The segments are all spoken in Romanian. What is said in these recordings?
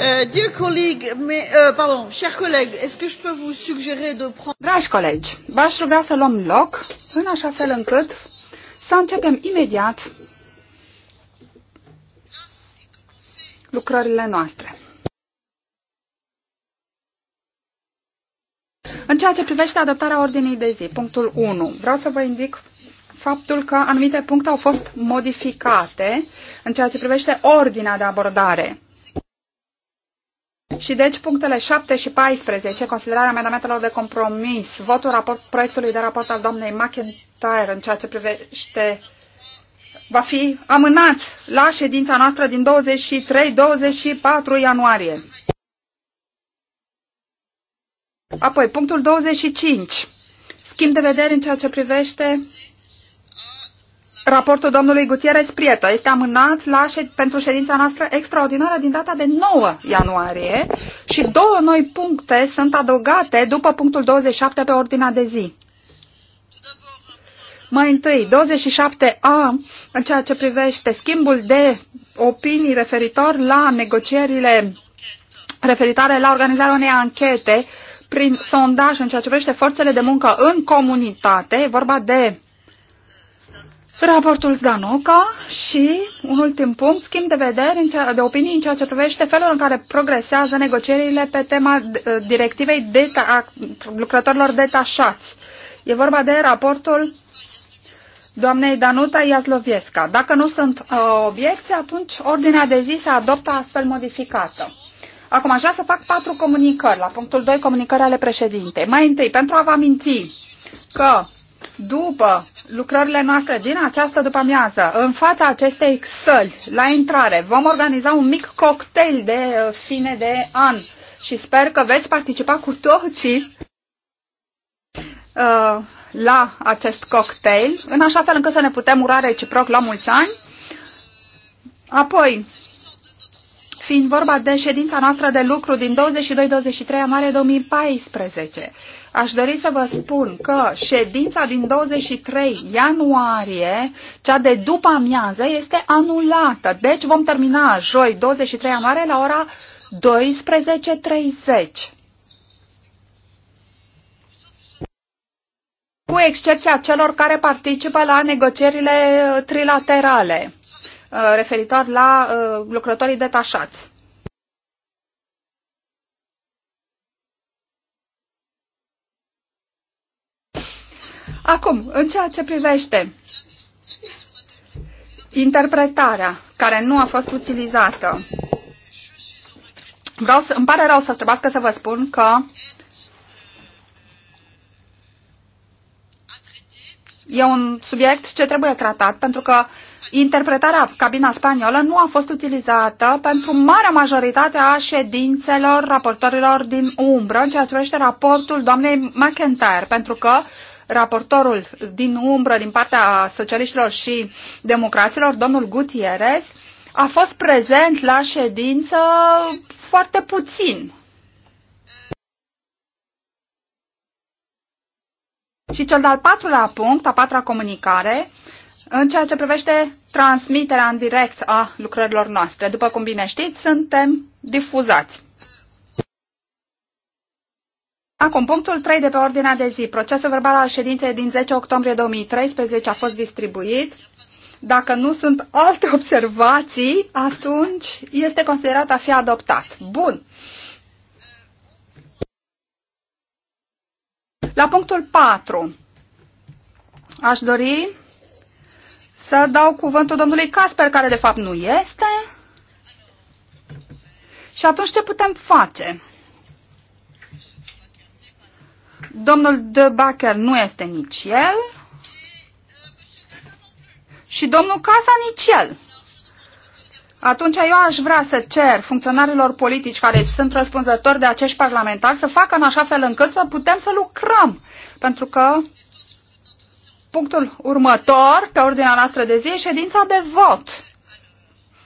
Euh, euh, pardon, ce de Dragi colegi, v-aș ruga să luăm loc în așa fel încât să începem imediat lucrările noastre. În ceea ce privește adoptarea ordinii de zi, punctul 1, vreau să vă indic faptul că anumite puncte au fost modificate în ceea ce privește ordinea de abordare. Și deci punctele 7 și 14, considerarea amendamentelor de compromis, votul raport, proiectului de raport al doamnei McIntyre în ceea ce privește va fi amânat la ședința noastră din 23-24 ianuarie. Apoi, punctul 25. Schimb de vedere în ceea ce privește raportul domnului Gutierrez Prieto este amânat la, pentru ședința noastră extraordinară din data de 9 ianuarie și două noi puncte sunt adăugate după punctul 27 pe ordinea de zi. Mai întâi, 27A, în ceea ce privește schimbul de opinii referitor la negocierile referitoare la organizarea unei anchete prin sondaj în ceea ce privește forțele de muncă în comunitate, e vorba de raportul Danoca și un ultim punct, schimb de vedere, de opinii în ceea ce privește felul în care progresează negocierile pe tema uh, directivei deta lucrătorilor detașați. E vorba de raportul doamnei Danuta Iazlovieska. Dacă nu sunt uh, obiecții, atunci ordinea de zi se adoptă astfel modificată. Acum aș vrea să fac patru comunicări. La punctul 2, comunicări ale președintei. Mai întâi, pentru a vă aminti că după lucrările noastre din această după-amiază, în fața acestei săli, la intrare, vom organiza un mic cocktail de uh, fine de an și sper că veți participa cu toții uh, la acest cocktail, în așa fel încât să ne putem ura reciproc la mulți ani. Apoi, fiind vorba de ședința noastră de lucru din 22-23 ianuarie 2014. Aș dori să vă spun că ședința din 23 ianuarie, cea de după amiază, este anulată. Deci vom termina joi 23 ianuarie la ora 12.30. cu excepția celor care participă la negocierile trilaterale. Uh, referitor la uh, lucrătorii detașați. Acum, în ceea ce privește interpretarea care nu a fost utilizată, vreau să, îmi pare rău să trebuiască să vă spun că e un subiect ce trebuie tratat, pentru că uh, interpretarea cabina spaniolă nu a fost utilizată pentru marea majoritate a ședințelor raportorilor din umbră în ceea ce privește raportul doamnei McIntyre, pentru că raportorul din umbră din partea socialiștilor și democraților, domnul Gutierrez, a fost prezent la ședință foarte puțin. Și cel de-al patrulea punct, a patra comunicare, în ceea ce privește transmiterea în direct a lucrărilor noastre, după cum bine știți, suntem difuzați. Acum, punctul 3 de pe ordinea de zi. Procesul verbal al ședinței din 10 octombrie 2013 a fost distribuit. Dacă nu sunt alte observații, atunci este considerat a fi adoptat. Bun. La punctul 4 aș dori să dau cuvântul domnului Casper, care de fapt nu este. Și atunci ce putem face? Domnul De Bacher nu este nici el. Și domnul Casa nici el. Atunci eu aș vrea să cer funcționarilor politici care sunt răspunzători de acești parlamentari să facă în așa fel încât să putem să lucrăm. Pentru că punctul următor, pe ordinea noastră de zi, e ședința de vot.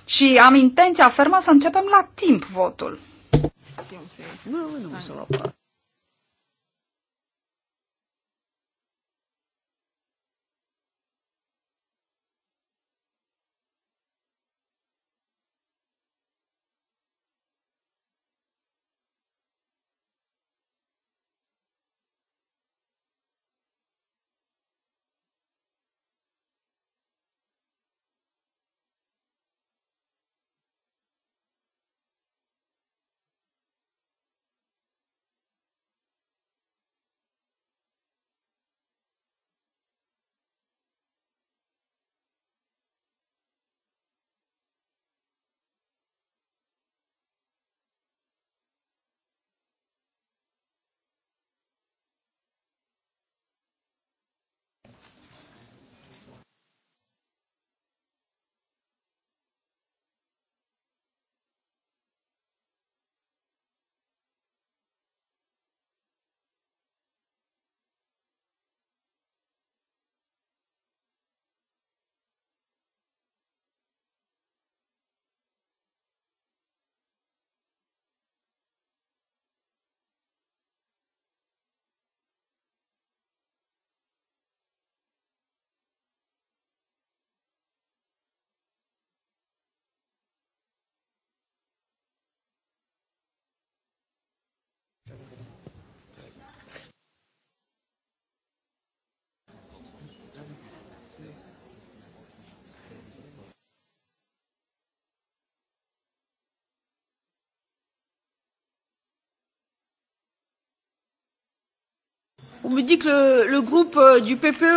Și am intenția fermă să începem la timp votul. Nu, nu, nu,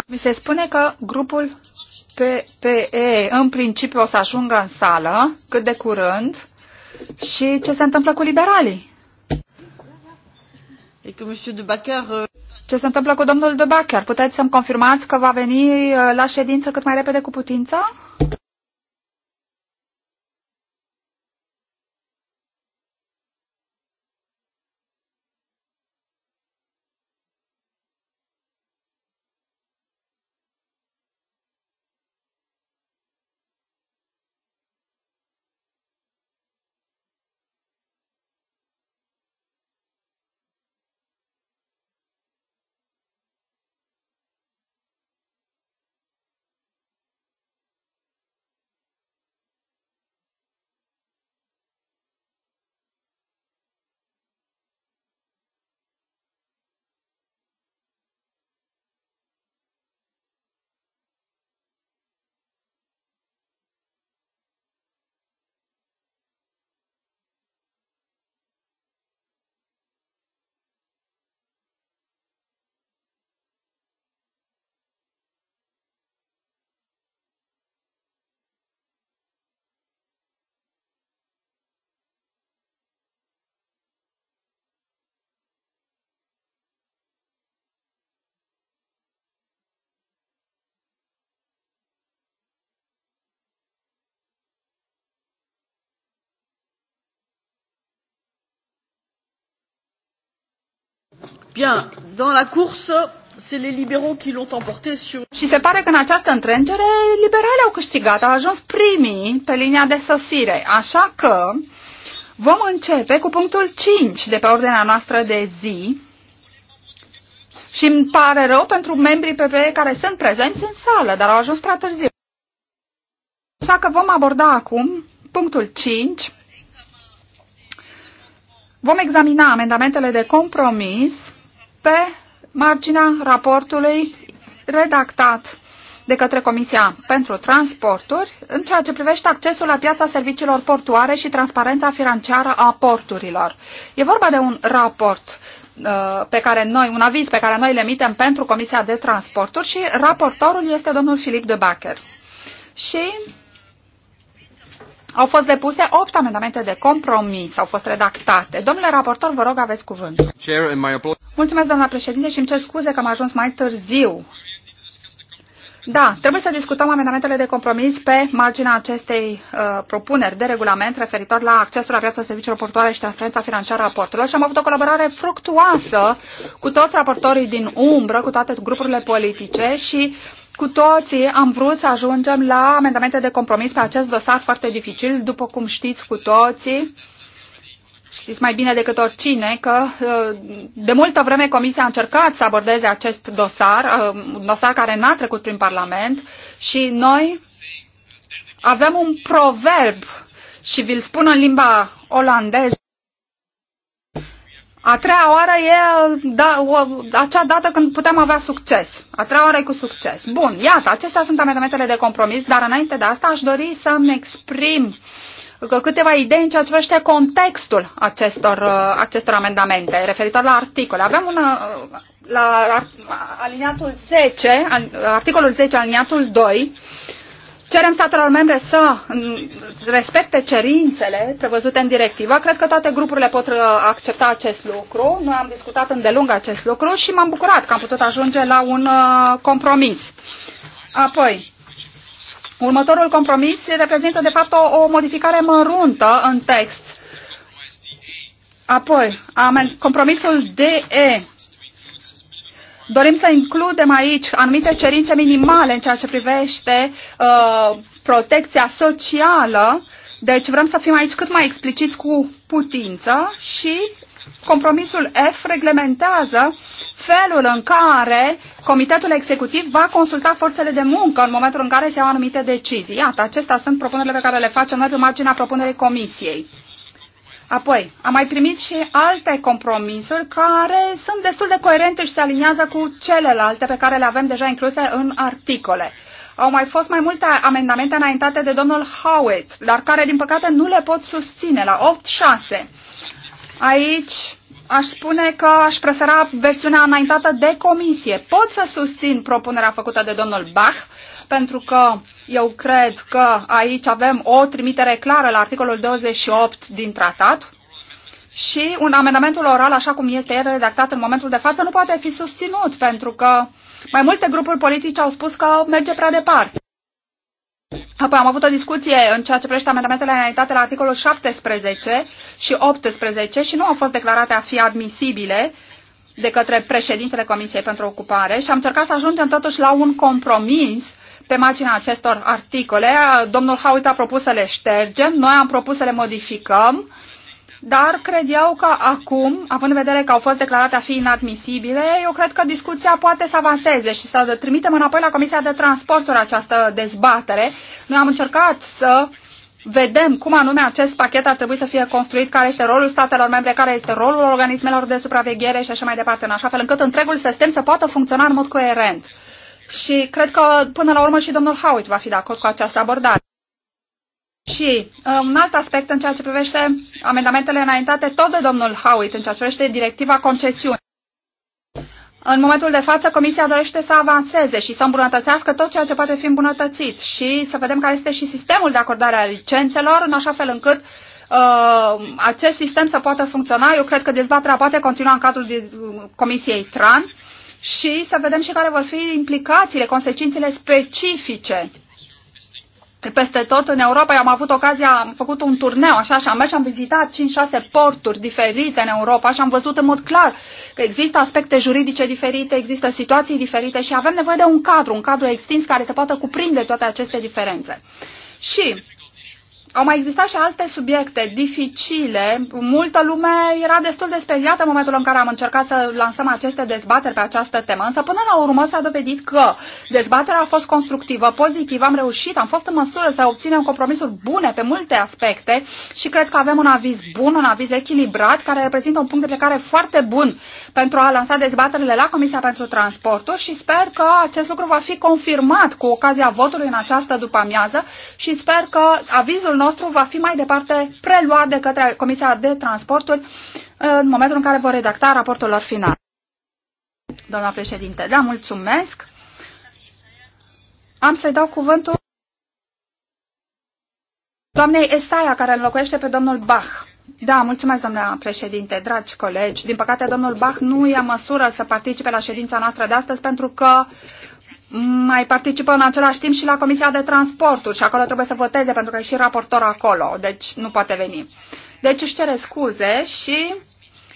Mi se spune că grupul PPE în principiu o să ajungă în sală cât de curând și ce se întâmplă cu liberalii? Euh- ce se întâmplă cu domnul de Bacher? Puteți să-mi confirmați că va veni uh, la ședință cât mai repede cu putință? Bien, dans la course, c'est les libéraux qui l'ont emporté sur... Și se pare că în această întrângere liberalii au câștigat, au ajuns primii pe linia de sosire. Așa că vom începe cu punctul 5 de pe ordinea noastră de zi. Și îmi pare rău pentru membrii PPE care sunt prezenți în sală, dar au ajuns prea târziu. Așa că vom aborda acum punctul 5. Vom examina amendamentele de compromis pe marginea raportului redactat de către Comisia pentru Transporturi în ceea ce privește accesul la piața serviciilor portuare și transparența financiară a porturilor. E vorba de un raport uh, pe care noi, un aviz pe care noi le emitem pentru Comisia de Transporturi și raportorul este domnul Filip de Bacher. Și au fost depuse 8 amendamente de compromis, au fost redactate. Domnule raportor, vă rog, aveți cuvânt. Mulțumesc, doamna președinte, și îmi cer scuze că am ajuns mai târziu. Da, trebuie să discutăm amendamentele de compromis pe marginea acestei uh, propuneri de regulament referitor la accesul la viața serviciilor portoare și transparența financiară a porturilor și am avut o colaborare fructuoasă cu toți raportorii din umbră, cu toate grupurile politice și uh, cu toții am vrut să ajungem la amendamente de compromis pe acest dosar foarte dificil, după cum știți cu toții. Știți mai bine decât oricine că uh, de multă vreme Comisia a încercat să abordeze acest dosar, uh, un dosar care n-a trecut prin Parlament și noi avem un proverb și vi-l spun în limba olandeză. A treia oară e da, o, acea dată când putem avea succes. A treia oară e cu succes. Bun, iată, acestea sunt amendamentele de compromis, dar înainte de asta aș dori să-mi exprim câteva idei în ceea ce privește contextul acestor, uh, acestor amendamente referitor la articole. Avem un uh, la aliniatul 10, articolul 10, aliniatul 2, Cerem statelor membre să mm, respecte cerințele prevăzute în directivă. Cred că toate grupurile pot uh, accepta acest lucru. Noi am discutat îndelung acest lucru și m-am bucurat că am putut ajunge la un uh, compromis. Apoi, următorul compromis reprezintă de fapt o, o modificare măruntă în text. Apoi, compromisul DE Dorim să includem aici anumite cerințe minimale în ceea ce privește uh, protecția socială, deci vrem să fim aici cât mai expliciți cu putință și compromisul F reglementează felul în care comitetul executiv va consulta forțele de muncă în momentul în care se iau anumite decizii. Iată, acestea sunt propunerile pe care le facem noi pe marginea propunerii comisiei. Apoi, am mai primit și alte compromisuri care sunt destul de coerente și se aliniază cu celelalte pe care le avem deja incluse în articole. Au mai fost mai multe amendamente înaintate de domnul Howitt, dar care, din păcate, nu le pot susține la 8-6. Aici aș spune că aș prefera versiunea înaintată de comisie. Pot să susțin propunerea făcută de domnul Bach, pentru că eu cred că aici avem o trimitere clară la articolul 28 din tratat și un amendamentul oral, așa cum este el redactat în momentul de față, nu poate fi susținut, pentru că mai multe grupuri politice au spus că merge prea departe. Apoi am avut o discuție în ceea ce privește amendamentele analitate la articolul 17 și 18 și nu au fost declarate a fi admisibile de către președintele Comisiei pentru Ocupare și am încercat să ajungem totuși la un compromis pe marginea acestor articole. Domnul Hault a propus să le ștergem, noi am propus să le modificăm, dar cred eu că acum, având în vedere că au fost declarate a fi inadmisibile, eu cred că discuția poate să avanseze și să trimitem înapoi la Comisia de Transporturi această dezbatere. Noi am încercat să vedem cum anume acest pachet ar trebui să fie construit, care este rolul statelor membre, care este rolul organismelor de supraveghere și așa mai departe, în așa fel încât întregul sistem să poată funcționa în mod coerent. Și cred că până la urmă și domnul Howitt va fi de acord cu această abordare. Și uh, un alt aspect în ceea ce privește amendamentele înaintate tot de domnul Howitt în ceea ce privește directiva concesiunii. În momentul de față, Comisia dorește să avanseze și să îmbunătățească tot ceea ce poate fi îmbunătățit și să vedem care este și sistemul de acordare a licențelor, în așa fel încât uh, acest sistem să poată funcționa. Eu cred că dezbaterea poate continua în cadrul Comisiei TRAN și să vedem și care vor fi implicațiile, consecințele specifice. Peste tot în Europa, eu am avut ocazia, am făcut un turneu așa și am mers și am vizitat 5-6 porturi diferite în Europa și am văzut în mod clar că există aspecte juridice diferite, există situații diferite și avem nevoie de un cadru, un cadru extins care să poată cuprinde toate aceste diferențe. Și au mai existat și alte subiecte dificile. Multă lume era destul de speriată în momentul în care am încercat să lansăm aceste dezbateri pe această temă, însă până la urmă s-a dovedit că dezbaterea a fost constructivă, pozitivă, am reușit, am fost în măsură să obținem compromisuri bune pe multe aspecte și cred că avem un aviz bun, un aviz echilibrat, care reprezintă un punct de plecare foarte bun pentru a lansa dezbaterile la Comisia pentru Transporturi și sper că acest lucru va fi confirmat cu ocazia votului în această după amiază și sper că avizul nostru va fi mai departe preluat de către Comisia de Transporturi în momentul în care vor redacta raportul lor final. Doamna președinte, da, mulțumesc. Am să-i dau cuvântul doamnei Esaia, care înlocuiește pe domnul Bach. Da, mulțumesc, doamna președinte, dragi colegi. Din păcate, domnul Bach nu e măsură să participe la ședința noastră de astăzi pentru că mai participă în același timp și la Comisia de Transporturi și acolo trebuie să voteze pentru că e și raportor acolo, deci nu poate veni. Deci își cere scuze și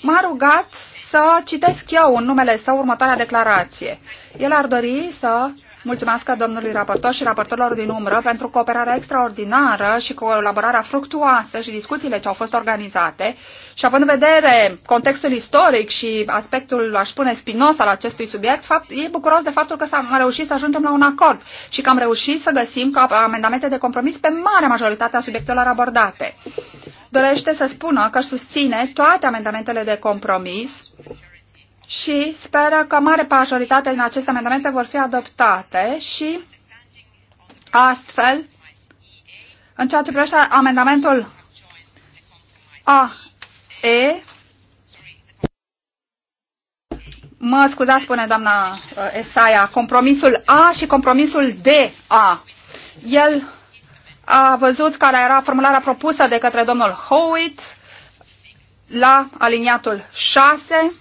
m-a rugat să citesc eu în numele său următoarea declarație. El ar dori să Mulțumesc domnului raportor și raportorilor din umbră pentru cooperarea extraordinară și colaborarea fructuoasă și discuțiile ce au fost organizate. Și având în vedere contextul istoric și aspectul, aș spune, spinos al acestui subiect, fapt, e bucuros de faptul că am reușit să ajungem la un acord și că am reușit să găsim amendamente de compromis pe marea majoritate a subiectelor abordate. Dorește să spună că susține toate amendamentele de compromis și speră că mare majoritate din aceste amendamente vor fi adoptate și astfel, în ceea ce privește amendamentul AE, mă scuzați, spune doamna uh, Esaia, compromisul A și compromisul DA. El a văzut care era formularea propusă de către domnul Howitt la aliniatul 6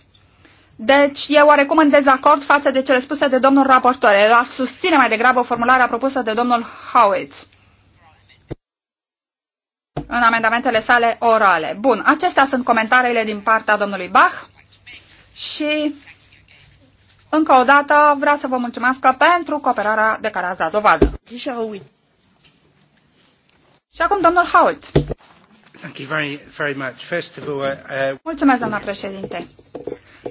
deci eu oarecum în dezacord față de cele spuse de domnul raportor. El ar susține mai degrabă formularea propusă de domnul Howitz în amendamentele sale orale. Bun, acestea sunt comentariile din partea domnului Bach și încă o dată vreau să vă mulțumesc pentru cooperarea de care ați dat dovadă. Și acum domnul Howitt. Uh, uh, mulțumesc, doamna președinte.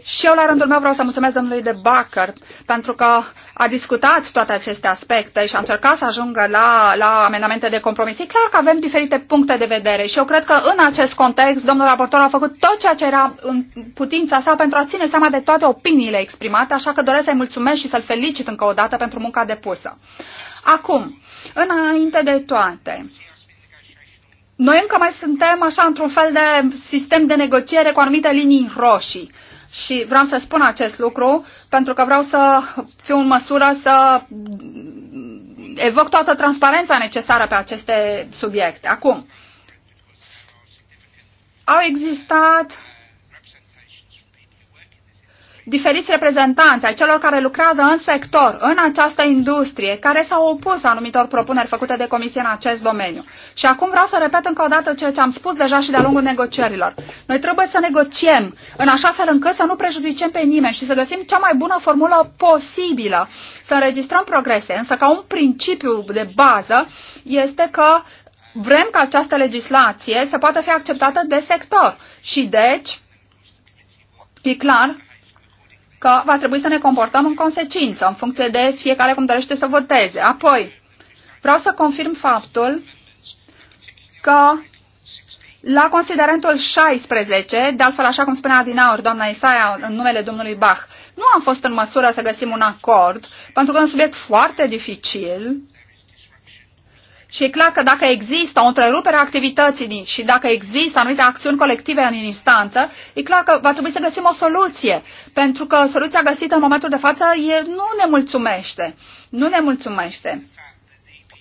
Și eu, la rândul meu, vreau să mulțumesc domnului de Bacăr pentru că a discutat toate aceste aspecte și a încercat să ajungă la, la amendamente de compromis. E clar că avem diferite puncte de vedere și eu cred că în acest context domnul raportor a făcut tot ceea ce era în putința sa pentru a ține seama de toate opiniile exprimate, așa că doresc să-i mulțumesc și să-l felicit încă o dată pentru munca depusă. Acum, înainte de toate, noi încă mai suntem așa într-un fel de sistem de negociere cu anumite linii roșii. Și vreau să spun acest lucru pentru că vreau să fiu în măsură să evoc toată transparența necesară pe aceste subiecte. Acum, au existat diferiți reprezentanți ai celor care lucrează în sector, în această industrie, care s-au opus anumitor propuneri făcute de comisie în acest domeniu. Și acum vreau să repet încă o dată ceea ce am spus deja și de-a lungul negocierilor. Noi trebuie să negociem în așa fel încât să nu prejudiciem pe nimeni și să găsim cea mai bună formulă posibilă, să înregistrăm progrese. Însă ca un principiu de bază este că vrem ca această legislație să poată fi acceptată de sector și deci E clar că va trebui să ne comportăm în consecință, în funcție de fiecare cum dorește să voteze. Apoi, vreau să confirm faptul că la considerentul 16, de altfel așa cum spunea din aur doamna Isaia în numele domnului Bach, nu am fost în măsură să găsim un acord, pentru că e un subiect foarte dificil, și e clar că dacă există o întrerupere a activității și dacă există anumite acțiuni colective în instanță, e clar că va trebui să găsim o soluție, pentru că soluția găsită în momentul de față e, nu ne mulțumește. Nu ne mulțumește.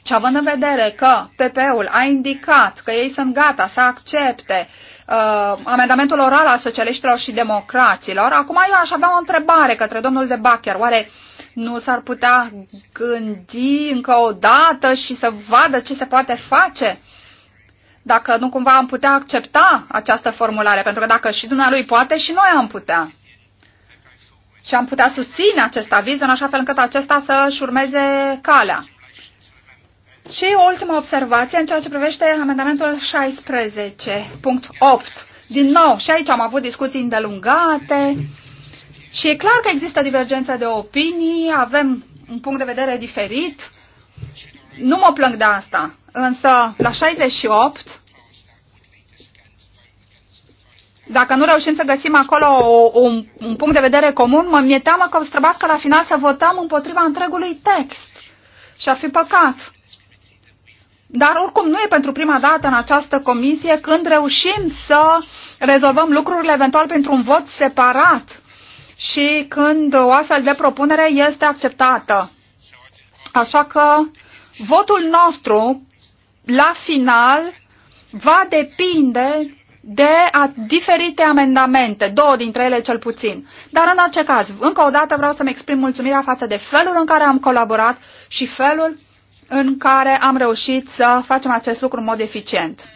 Și având în vedere că PP-ul a indicat că ei sunt gata să accepte uh, amendamentul oral al socialiștilor și democraților, acum eu aș avea o întrebare către domnul de Bacher. Oare uh, nu s-ar putea gândi încă o dată și să vadă ce se poate face? Dacă nu cumva am putea accepta această formulare, pentru că dacă și dumnealui poate, și noi am putea. Și am putea susține acest aviz în așa fel încât acesta să-și urmeze calea. Și o ultimă observație în ceea ce privește amendamentul 16.8. Din nou, și aici am avut discuții îndelungate și e clar că există divergența de opinii, avem un punct de vedere diferit. Nu mă plâng de asta, însă la 68, dacă nu reușim să găsim acolo o, un, un punct de vedere comun, mă mi-e teamă că o străbască la final să votăm împotriva întregului text. Și ar fi păcat. Dar oricum nu e pentru prima dată în această comisie când reușim să rezolvăm lucrurile eventual pentru un vot separat și când o astfel de propunere este acceptată. Așa că votul nostru la final va depinde de a diferite amendamente, două dintre ele cel puțin. Dar în orice caz, încă o dată vreau să-mi exprim mulțumirea față de felul în care am colaborat și felul în care am reușit să facem acest lucru în mod eficient.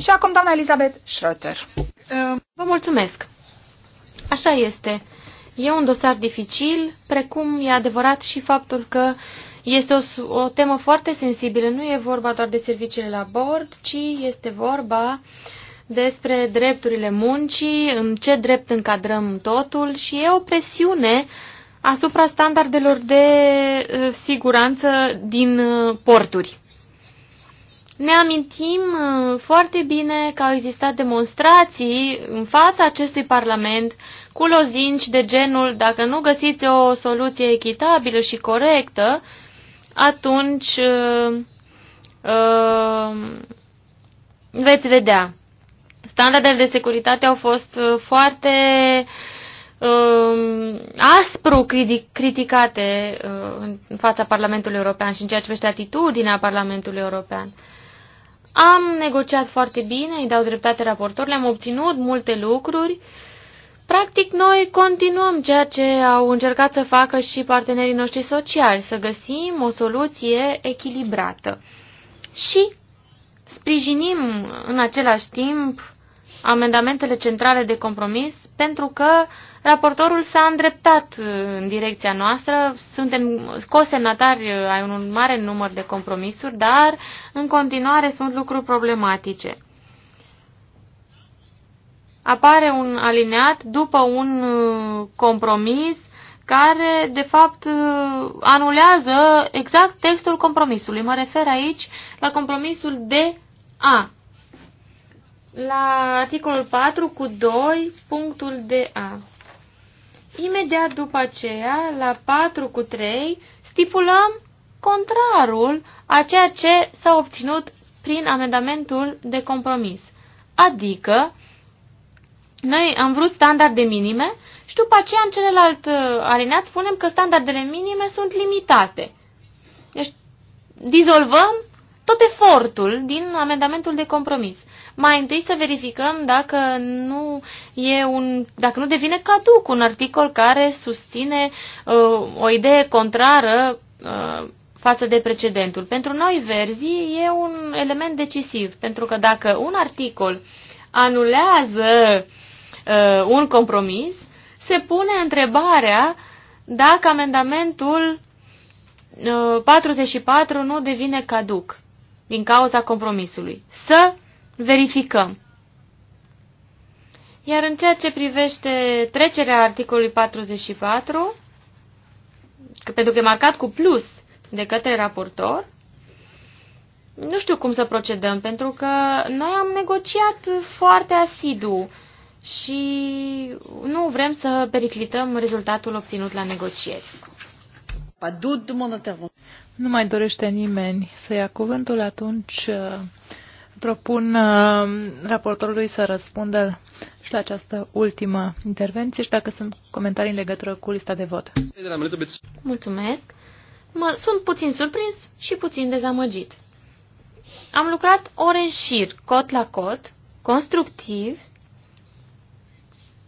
Și acum doamna Elizabeth Schröter. Vă mulțumesc. Așa este. E un dosar dificil, precum e adevărat și faptul că este o, o temă foarte sensibilă. Nu e vorba doar de serviciile la bord, ci este vorba despre drepturile muncii, în ce drept încadrăm totul și e o presiune asupra standardelor de eh, siguranță din eh, porturi ne amintim uh, foarte bine că au existat demonstrații în fața acestui Parlament cu lozinci de genul dacă nu găsiți o soluție echitabilă și corectă, atunci uh, uh, veți vedea. Standardele de securitate au fost uh, foarte uh, aspru criticate uh, în fața Parlamentului European și în ceea ce privește atitudinea Parlamentului European. Uh, am negociat foarte bine, îi dau dreptate raportorului, am obținut multe lucruri. Practic, noi continuăm ceea ce au încercat să facă și partenerii noștri sociali, să găsim o soluție echilibrată. Și sprijinim în același timp amendamentele centrale de compromis pentru că raportorul s-a îndreptat în direcția noastră. Suntem cosemnatari eh, ai un mare număr de compromisuri, dar în continuare sunt lucruri problematice. Apare un alineat după un eh, compromis care, de fapt, eh, anulează exact textul compromisului. Mă refer aici la compromisul de A, la articolul 4 cu 2, punctul de A. Imediat după aceea, la 4 cu 3, stipulăm contrarul a ceea ce s-a obținut prin amendamentul de compromis. Adică, noi am vrut standarde minime și după aceea în celălalt uh, alineat spunem că standardele minime sunt limitate. Deci, dizolvăm tot efortul din amendamentul de compromis mai întâi să verificăm dacă nu, e un, dacă nu devine caduc un articol care susține uh, o idee contrară uh, față de precedentul. Pentru noi, verzii, e un element decisiv, pentru că dacă un articol anulează uh, un compromis, se pune întrebarea dacă amendamentul 44 uh, nu devine caduc din cauza compromisului. Să verificăm. Iar în ceea ce privește trecerea articolului 44, că pentru că e marcat cu plus de către raportor, nu știu cum să procedăm, pentru că noi am negociat foarte asidu și nu vrem să periclităm rezultatul obținut la negocieri. Nu mai dorește nimeni să ia cuvântul, atunci uh, propun uh, raportorului să răspundă și la această ultimă intervenție și dacă sunt comentarii în legătură cu lista de vot. Mulțumesc! Mă, sunt puțin surprins și puțin dezamăgit. Am lucrat ore în șir, cot la cot, constructiv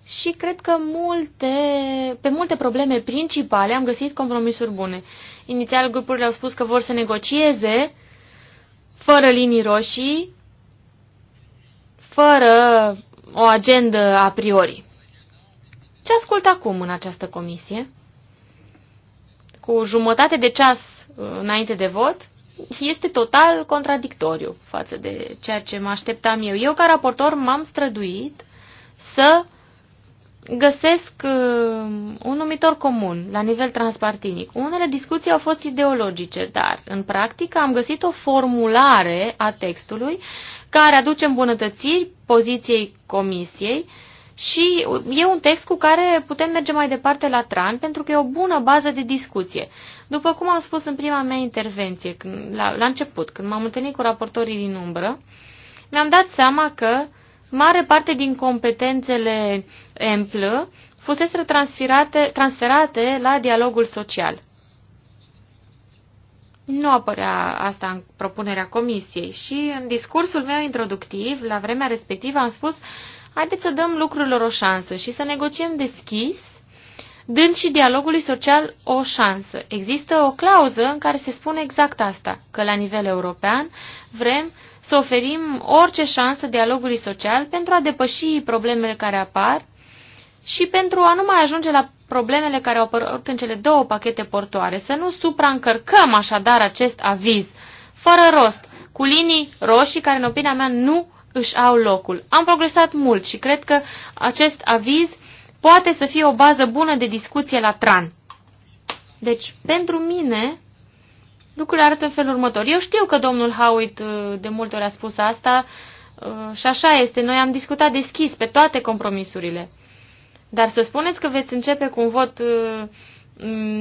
și cred că multe, pe multe probleme principale am găsit compromisuri bune. Inițial grupurile au spus că vor să negocieze fără linii roșii, fără o agendă a priori. Ce ascult acum în această comisie? Cu jumătate de ceas uh, înainte de vot, este total contradictoriu față de ceea ce mă așteptam eu. Eu, ca raportor, m-am străduit să uh, găsesc uh, un numitor comun la nivel transpartinic. Unele discuții au fost ideologice, dar în practică am găsit o formulare a textului care aduce îmbunătățiri poziției comisiei și e un text cu care putem merge mai departe la TRAN pentru că e o bună bază de discuție. După cum am spus în prima mea intervenție, la, la început, când m-am întâlnit cu raportorii din umbră, mi-am dat seama că uh, mare parte din competențele EMPLă fusese transferate, transferate la dialogul social. Nu apărea asta în propunerea comisiei și în discursul meu introductiv, la vremea respectivă, am spus haideți să dăm lucrurilor o șansă și să negociem deschis, dând și dialogului social o șansă. Există o clauză în care se spune exact asta, că la nivel european vrem să oferim orice șansă dialogului social pentru a depăși problemele care apar și pentru a nu mai ajunge la problemele care au apărut în cele două pachete portoare. Să nu supraîncărcăm așadar acest aviz, fără rost, cu linii roșii care, în opinia mea, nu își au locul. Am progresat mult și cred că acest aviz poate să fie o bază bună de discuție la TRAN. Deci, pentru mine, lucrurile arată în felul următor. Eu știu că domnul Howitt uh, de multe ori a spus asta uh, și așa este. Noi am discutat deschis pe toate compromisurile. Dar să spuneți că veți începe cu un vot uh,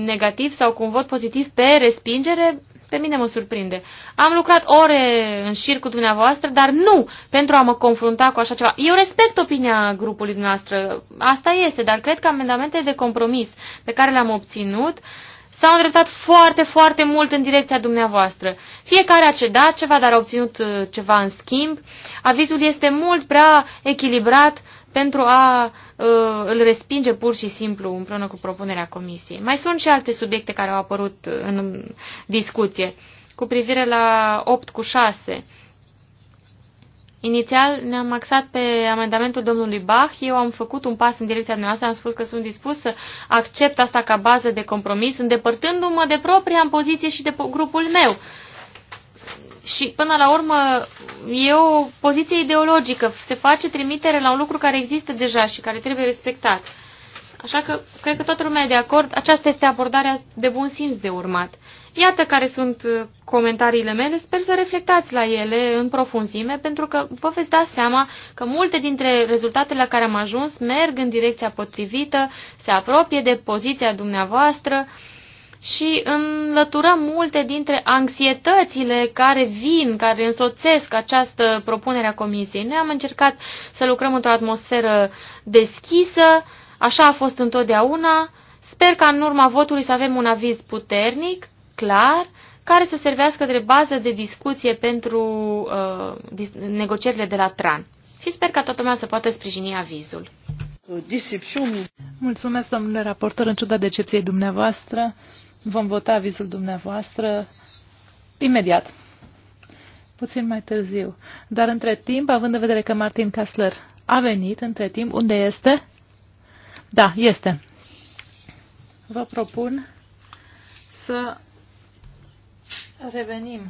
negativ sau cu un vot pozitiv pe respingere, pe mine mă surprinde. Am lucrat ore în șir cu dumneavoastră, dar nu pentru a mă confrunta cu așa ceva. Eu respect opinia grupului dumneavoastră, asta este, dar cred că amendamentele de compromis pe care le-am obținut uh, s-au îndreptat foarte, foarte mult în direcția dumneavoastră. Fiecare a cedat ceva, dar a obținut uh, ceva în schimb. Avizul este mult prea echilibrat pentru a uh, îl respinge pur și simplu împreună cu propunerea comisiei. Mai sunt și alte subiecte care au apărut uh, în discuție cu privire la 8 cu 6 Inițial ne-am axat pe amendamentul domnului Bach. Eu am făcut un pas în direcția noastră, am spus că sunt dispus să accept asta ca bază de compromis, îndepărtându-mă de propria poziție și de grupul meu. Și până la urmă e o poziție ideologică. Se face trimitere la un lucru care există deja și care trebuie respectat. Așa că cred că toată lumea e de acord. Aceasta este abordarea de bun simț de urmat. Iată care sunt uh, comentariile mele, sper să reflectați la ele în profunzime, pentru că vă veți da seama că multe dintre rezultatele la care am ajuns merg în direcția potrivită, se apropie de poziția dumneavoastră și înlăturăm multe dintre anxietățile care vin, care însoțesc această propunere a Comisiei. Noi am încercat să lucrăm într-o atmosferă deschisă, așa a fost întotdeauna. Sper ca în urma votului să avem un aviz puternic clar care să servească de bază de discuție pentru uh, negocierile de la TRAN. Și sper ca toată lumea să poată sprijini avizul. Mulțumesc, domnule raportor, în ciuda decepției dumneavoastră. Vom vota avizul dumneavoastră imediat, puțin mai târziu. Dar între timp, având în vedere că Martin Kassler a venit, între timp, unde este? Da, este. Vă propun să revenim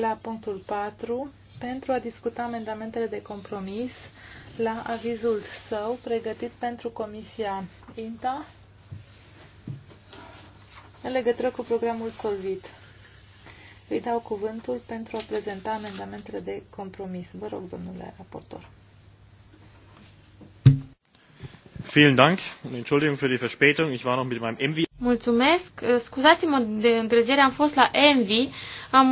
la punctul 4 pentru a discuta amendamentele de compromis la avizul său pregătit pentru Comisia INTA în legătură cu programul Solvit. Îi dau cuvântul pentru a prezenta amendamentele de compromis. Vă rog, domnule raportor. Vielen Dank und Entschuldigung für die Verspätung. Ich war noch mit meinem Mulțumesc. Eh, scuzați-mă de întârziere, am fost la Envy. Am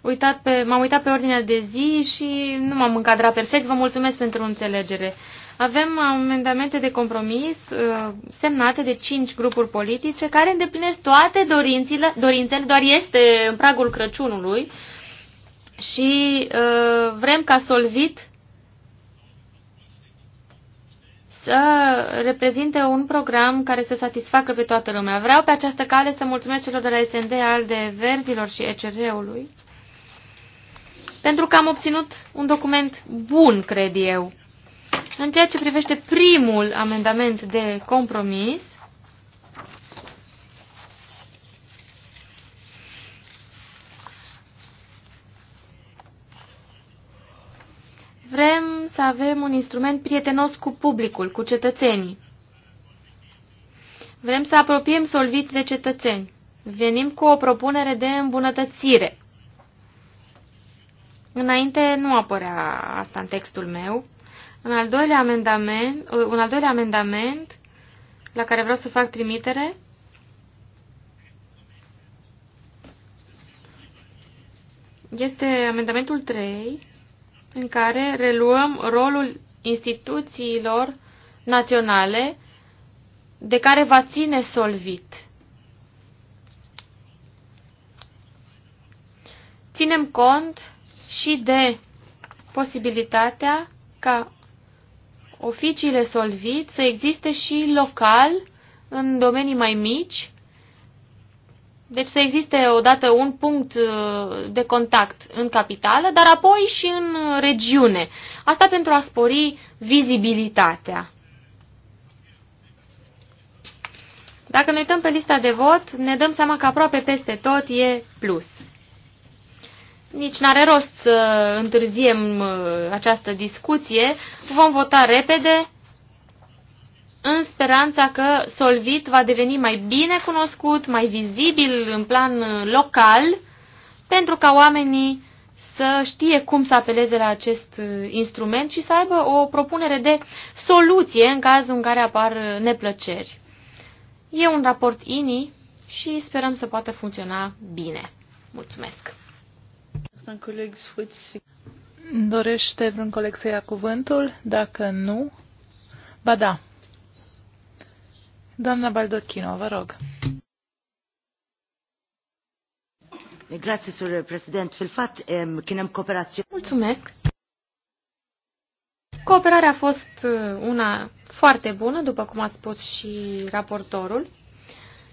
uitat pe, m-am uitat pe ordinea de zi și nu m-am încadrat perfect. Vă mulțumesc pentru înțelegere. Avem amendamente de compromis eh, semnate de cinci grupuri politice care îndeplinesc toate dorințele, dorințele doar este în pragul Crăciunului și eh, vrem ca Solvit să reprezinte un program care să satisfacă pe toată lumea. Vreau pe această cale să mulțumesc celor de la SND, al de Verzilor și ECR-ului, pentru că am obținut un document bun, cred eu. În ceea ce privește primul amendament de compromis, Vrem să avem un instrument prietenos cu publicul, cu cetățenii. Vrem să apropiem solvit de cetățeni. Venim cu o propunere de îmbunătățire. Înainte nu apărea asta în textul meu. În al doilea amendament, un al doilea amendament la care vreau să fac trimitere este amendamentul 3 în care reluăm rolul instituțiilor naționale de care va ține solvit. Ținem cont și de posibilitatea ca oficiile solvit să existe și local, în domenii mai mici, deci să existe odată un punct uh, de contact în capitală, dar apoi și în regiune. Asta pentru a spori vizibilitatea. Dacă ne uităm pe lista de vot, ne dăm seama că aproape peste tot e plus. Nici n-are rost să întârziem uh, această discuție. Vom vota repede în speranța că Solvit va deveni mai bine cunoscut, mai vizibil în plan uh, local, pentru ca oamenii să știe cum să apeleze la acest uh, instrument și să aibă o propunere de soluție în cazul în care apar uh, neplăceri. E un raport INI și sperăm să poată funcționa bine. Mulțumesc! Dorește vreun coleg să ia cuvântul? Dacă nu, ba da, Doamna Baldocchino, vă rog. Ehm, Mulțumesc. Cooperarea a fost uh, una foarte bună, după cum a spus și raportorul.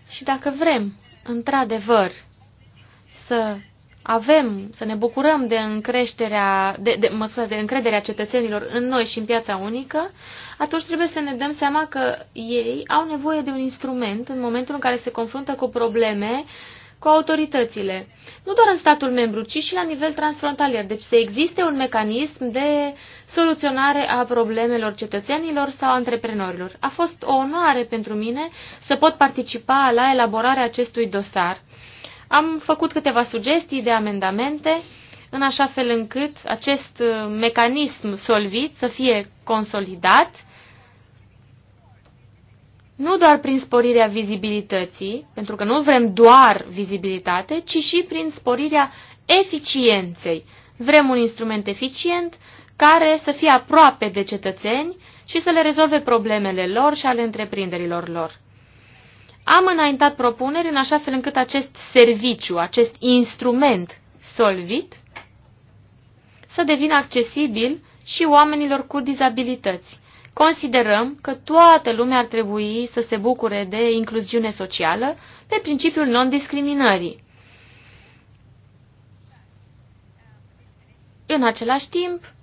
Și dacă vrem, într-adevăr, să avem, să ne bucurăm de, încreșterea, de, de, mă de încrederea cetățenilor în noi și în piața unică, atunci trebuie să ne dăm seama că ei au nevoie de un instrument în momentul în care se confruntă cu probleme cu autoritățile. Nu doar în statul membru, ci și la nivel transfrontalier. Deci să existe un mecanism de soluționare a problemelor cetățenilor sau antreprenorilor. A fost o onoare pentru mine să pot participa la elaborarea acestui dosar. Am făcut câteva sugestii de amendamente în așa fel încât acest uh, mecanism solvit să fie consolidat nu doar prin sporirea vizibilității, pentru că nu vrem doar vizibilitate, ci și prin sporirea eficienței. Vrem un instrument eficient care să fie aproape de cetățeni și să le rezolve problemele lor și ale întreprinderilor lor. Am înaintat propuneri în așa fel încât acest serviciu, acest instrument solvit, să devină accesibil și oamenilor cu dizabilități. Considerăm că toată lumea ar trebui să se bucure de incluziune socială pe principiul non-discriminării. În același timp,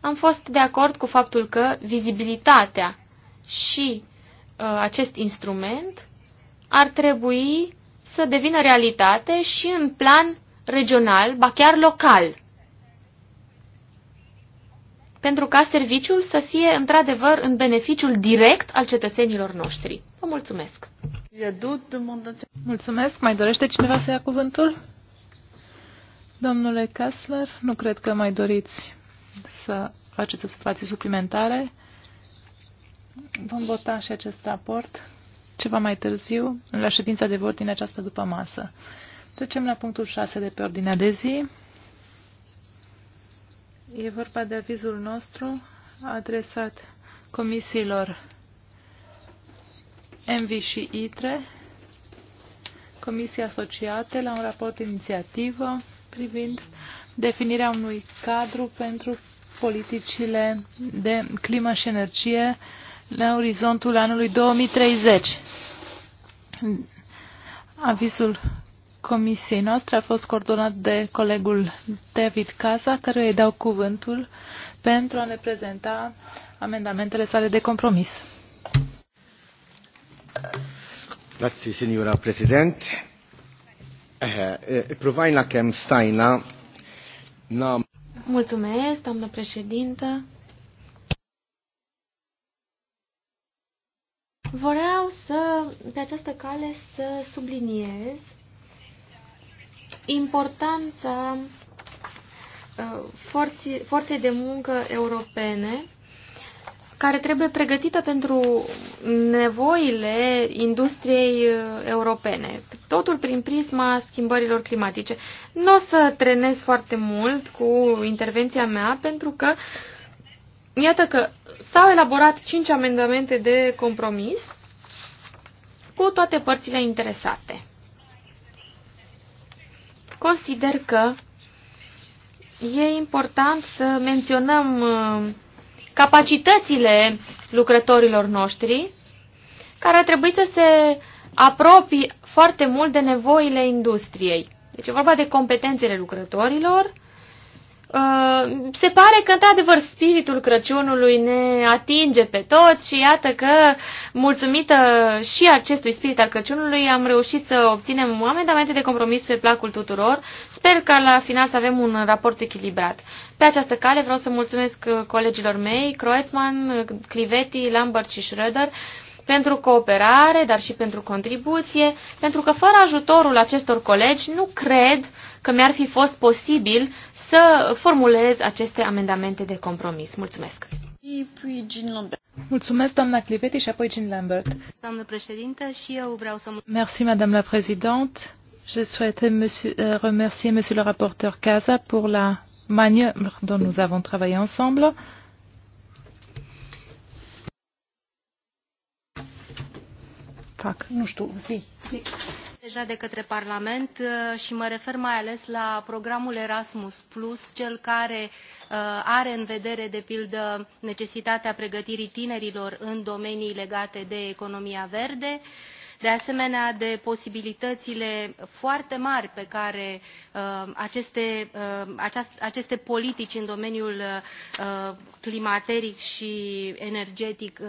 am fost de acord cu faptul că vizibilitatea și Uh, acest instrument ar trebui să devină realitate și în plan regional, ba chiar local. Pentru ca serviciul să fie într-adevăr în beneficiul direct al cetățenilor noștri. Vă mulțumesc! Mulțumesc! Mai dorește cineva să ia cuvântul? Domnule Kassler, nu cred că mai doriți să faceți observații suplimentare. Vom vota și acest raport ceva mai târziu, la ședința de vot din această după masă. Trecem la punctul 6 de pe ordinea de zi. E vorba de avizul nostru adresat comisiilor MV și ITRE, comisii asociate la un raport inițiativă privind definirea unui cadru pentru politicile de climă și energie uh, la orizontul anului 2030. Avisul comisiei noastre a fost coordonat de colegul David Casa, care îi dau cuvântul pentru a ne prezenta amendamentele sale de compromis. Grazie, signora Presidente. Eh, eh, provai la chem staina. Mulțumesc, doamnă președintă. Vreau să, pe această cale, să subliniez importanța uh, forții, forței de muncă europene care trebuie pregătită pentru nevoile industriei uh, europene. Totul prin prisma schimbărilor climatice. Nu o să trenez foarte mult cu intervenția mea pentru că uh, Iată că s-au elaborat cinci amendamente de compromis cu toate părțile interesate. Consider că e important să menționăm uh, capacitățile lucrătorilor noștri, care ar trebui să se apropie foarte mult de nevoile industriei. Deci e vorba de competențele lucrătorilor, Uh, se pare că, într-adevăr, spiritul Crăciunului ne atinge pe toți și iată că, mulțumită și acestui spirit al Crăciunului, am reușit să obținem amendamente de compromis pe placul tuturor. Sper că la final să avem un raport echilibrat. Pe această cale vreau să mulțumesc uh, colegilor mei, Croetzman, Clivetti, Lambert și Schröder, pentru cooperare, dar și pentru contribuție, pentru că fără ajutorul acestor colegi nu cred că mi-ar fi fost posibil să formulez aceste amendamente de compromis. Mulțumesc! Mulțumesc, doamna Cliveti și apoi Jean Lambert. Doamnă președintă, și eu vreau să... Merci, madame la présidente. Je souhaitais monsieur, euh, remercier monsieur le rapporteur Casa pour la manière dont nous avons travaillé ensemble. Fac, nu știu, zi. zi deja de către Parlament uh, și mă refer mai ales la programul Erasmus+, cel care uh, are în vedere, de pildă, necesitatea pregătirii tinerilor în domenii legate de economia verde, de asemenea de posibilitățile foarte mari pe care uh, aceste, aceste politici în domeniul climateric și energetic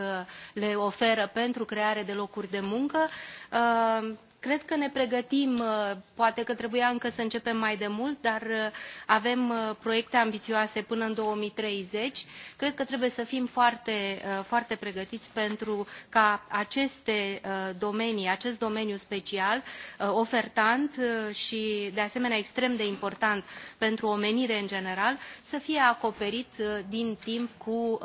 le oferă pentru creare de locuri de muncă Cred că ne pregătim, uh, poate că trebuia încă să începem mai de mult, dar uh, avem uh, proiecte ambițioase până în 2030. Cred că trebuie să fim foarte, foarte pregătiți pentru ca aceste domenii, acest domeniu special, ofertant și de asemenea extrem de important pentru omenire în general, să fie acoperit din timp cu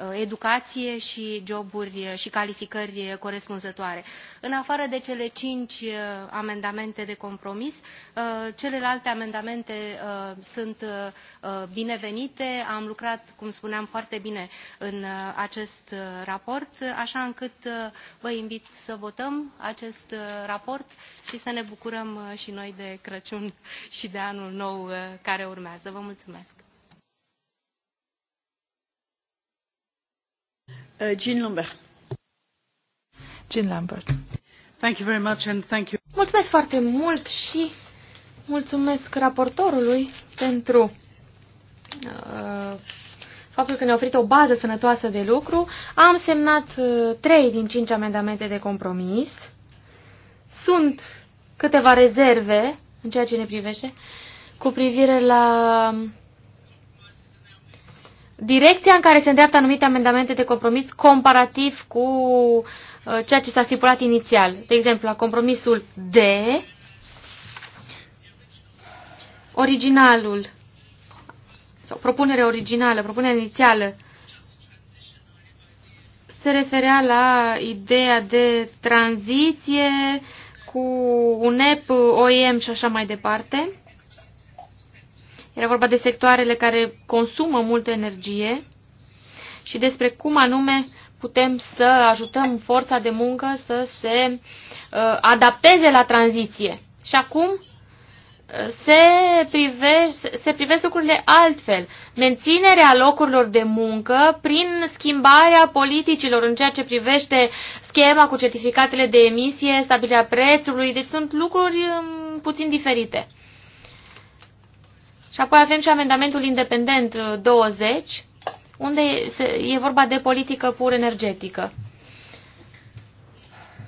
Uh, educație și joburi uh, și calificări corespunzătoare. În afară de cele cinci uh, amendamente de compromis, celelalte amendamente sunt binevenite. Am lucrat, cum spuneam, foarte bine în acest raport, așa încât vă invit să votăm acest raport și să ne bucurăm și noi de Crăciun și de anul nou care urmează. Vă mulțumesc! Uh, Jean Lambert. Jean Lambert. Thank you very much and thank you. Mulțumesc foarte mult și mulțumesc raportorului pentru uh, faptul că ne-a oferit o bază sănătoasă de lucru. Am semnat uh, trei uh, din cinci amendamente de compromis. Sunt câteva rezerve în ceea ce ne privește cu privire la direcția în care se îndreaptă anumite amendamente de compromis comparativ cu uh, ceea ce s-a stipulat inițial. De exemplu, la compromisul D, originalul, sau propunerea originală, propunerea inițială, se referea la ideea de tranziție cu EP, OEM și așa mai departe. Era vorba de sectoarele care consumă multă energie și despre cum anume putem să ajutăm forța de muncă să se uh, adapteze la tranziție. Și acum uh, se, prive, se privesc lucrurile altfel. Menținerea locurilor de muncă prin schimbarea politicilor în ceea ce privește schema cu certificatele de emisie, stabilirea prețului, deci sunt lucruri um, puțin diferite. Și apoi avem și amendamentul independent 20, uh, unde e vorba de politică pur energetică.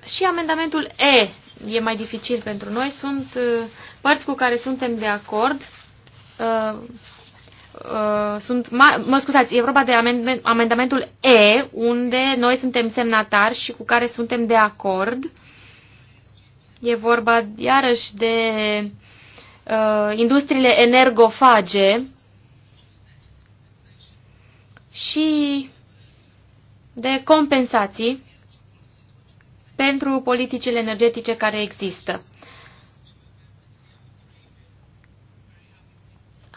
Și amendamentul E e mai dificil pentru noi. Sunt uh, părți cu care suntem de acord. Uh, sunt, mă scuzați, e vorba de amendamentul E, unde noi suntem semnatari și cu care suntem de acord. E vorba iarăși de uh, industriile energofage și de compensații pentru politicile energetice care există.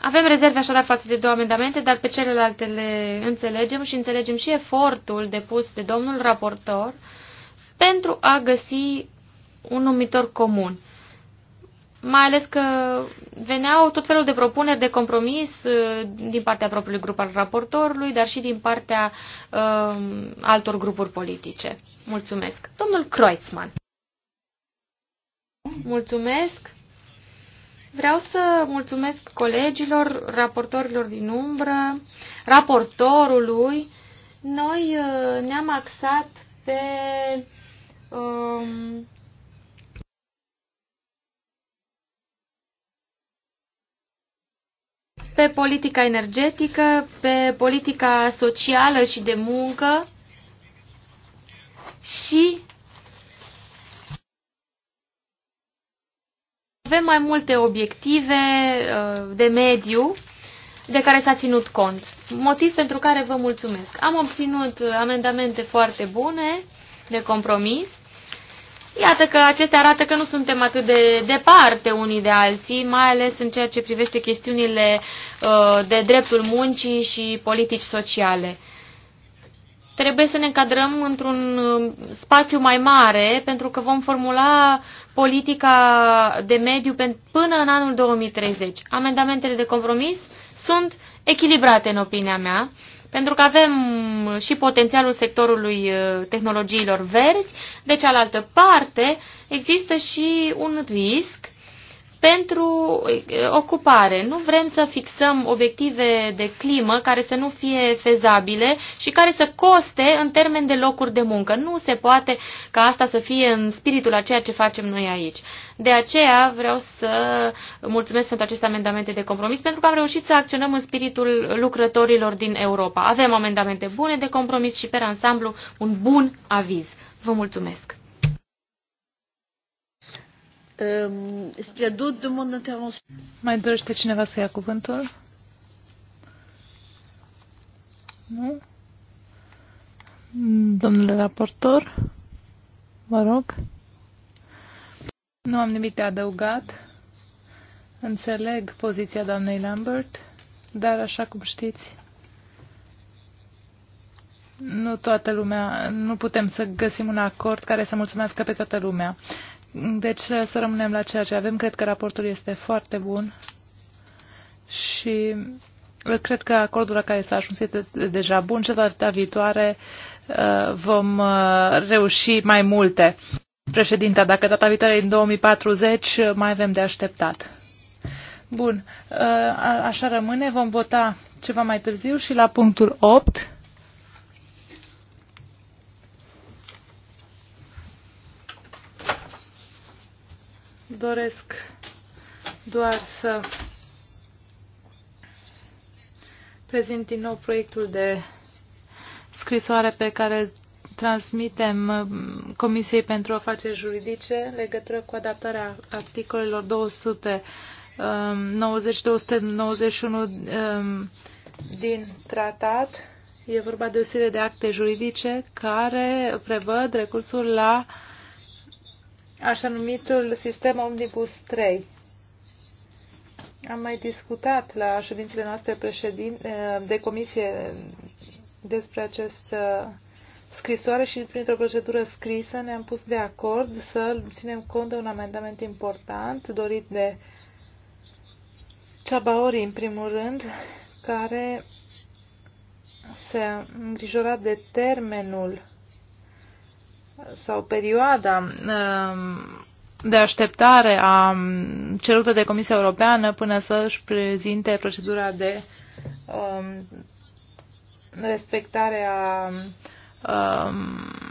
Avem rezerve așadar față de două amendamente, dar pe celelalte le înțelegem și înțelegem și efortul depus de domnul raportor pentru a găsi un numitor comun mai ales că veneau tot felul de propuneri de compromis uh, din partea propriului grup al raportorului, dar și din partea uh, altor grupuri politice. Mulțumesc. Domnul Kreutzmann. Mulțumesc. Vreau să mulțumesc colegilor, raportorilor din umbră, raportorului. Noi uh, ne-am axat pe... uh, pe politica energetică, pe politica socială și de muncă și avem mai multe obiective uh, de mediu de care s-a ținut cont. Motiv pentru care vă mulțumesc. Am obținut amendamente foarte bune de compromis Iată că acestea arată că nu suntem atât de departe unii de alții, mai ales în ceea ce privește chestiunile uh, de dreptul muncii și politici sociale. Trebuie să ne încadrăm într-un uh, spațiu mai mare, pentru că vom formula politica de mediu până în anul 2030. Amendamentele de compromis sunt echilibrate, în opinia mea. Pentru că avem și potențialul sectorului uh, tehnologiilor verzi, de cealaltă parte există și un risc pentru eh, ocupare. Nu vrem să fixăm obiective de climă care să nu fie fezabile și care să coste în termen de locuri de muncă. Nu se poate ca asta să fie în spiritul a ceea ce facem noi aici. De aceea vreau să mulțumesc pentru aceste amendamente de compromis, pentru că am reușit să acționăm în spiritul lucrătorilor din Europa. Avem amendamente bune de compromis și, pe ansamblu, un bun aviz. Vă mulțumesc! Ehm, Mai dorește cineva să ia cuvântul? Nu? Domnule raportor, vă rog. Nu am nimic de adăugat. Înțeleg poziția doamnei Lambert, dar așa cum știți, nu toată lumea, nu putem să găsim un acord care să mulțumească pe toată lumea. Deci să rămânem la ceea ce avem. Cred că raportul este foarte bun și cred că acordul la care s-a ajuns este deja bun. Și data viitoare uh, vom uh, reuși mai multe. Președinta, dacă data viitoare în 2040 uh, mai avem de așteptat. Bun, așa rămâne. Vom vota ceva mai târziu și la punctul 8 Doresc doar să prezint din nou proiectul de scrisoare pe care transmitem uh, Comisiei pentru Afaceri Juridice legătură cu adaptarea articolelor 290-291 um, um, din tratat. E vorba de o serie de acte juridice care prevăd recursul la uh, așa numitul sistem Omnibus 3. Am mai discutat la ședințele noastre președin, de comisie despre acest scrisoare și printr-o procedură scrisă ne-am pus de acord să ținem cont de un amendament important dorit de Ceabaori, în primul rând, care se îngrijora de termenul sau perioada um, de așteptare a cerută de Comisia Europeană până să își prezinte procedura de um, respectare a um,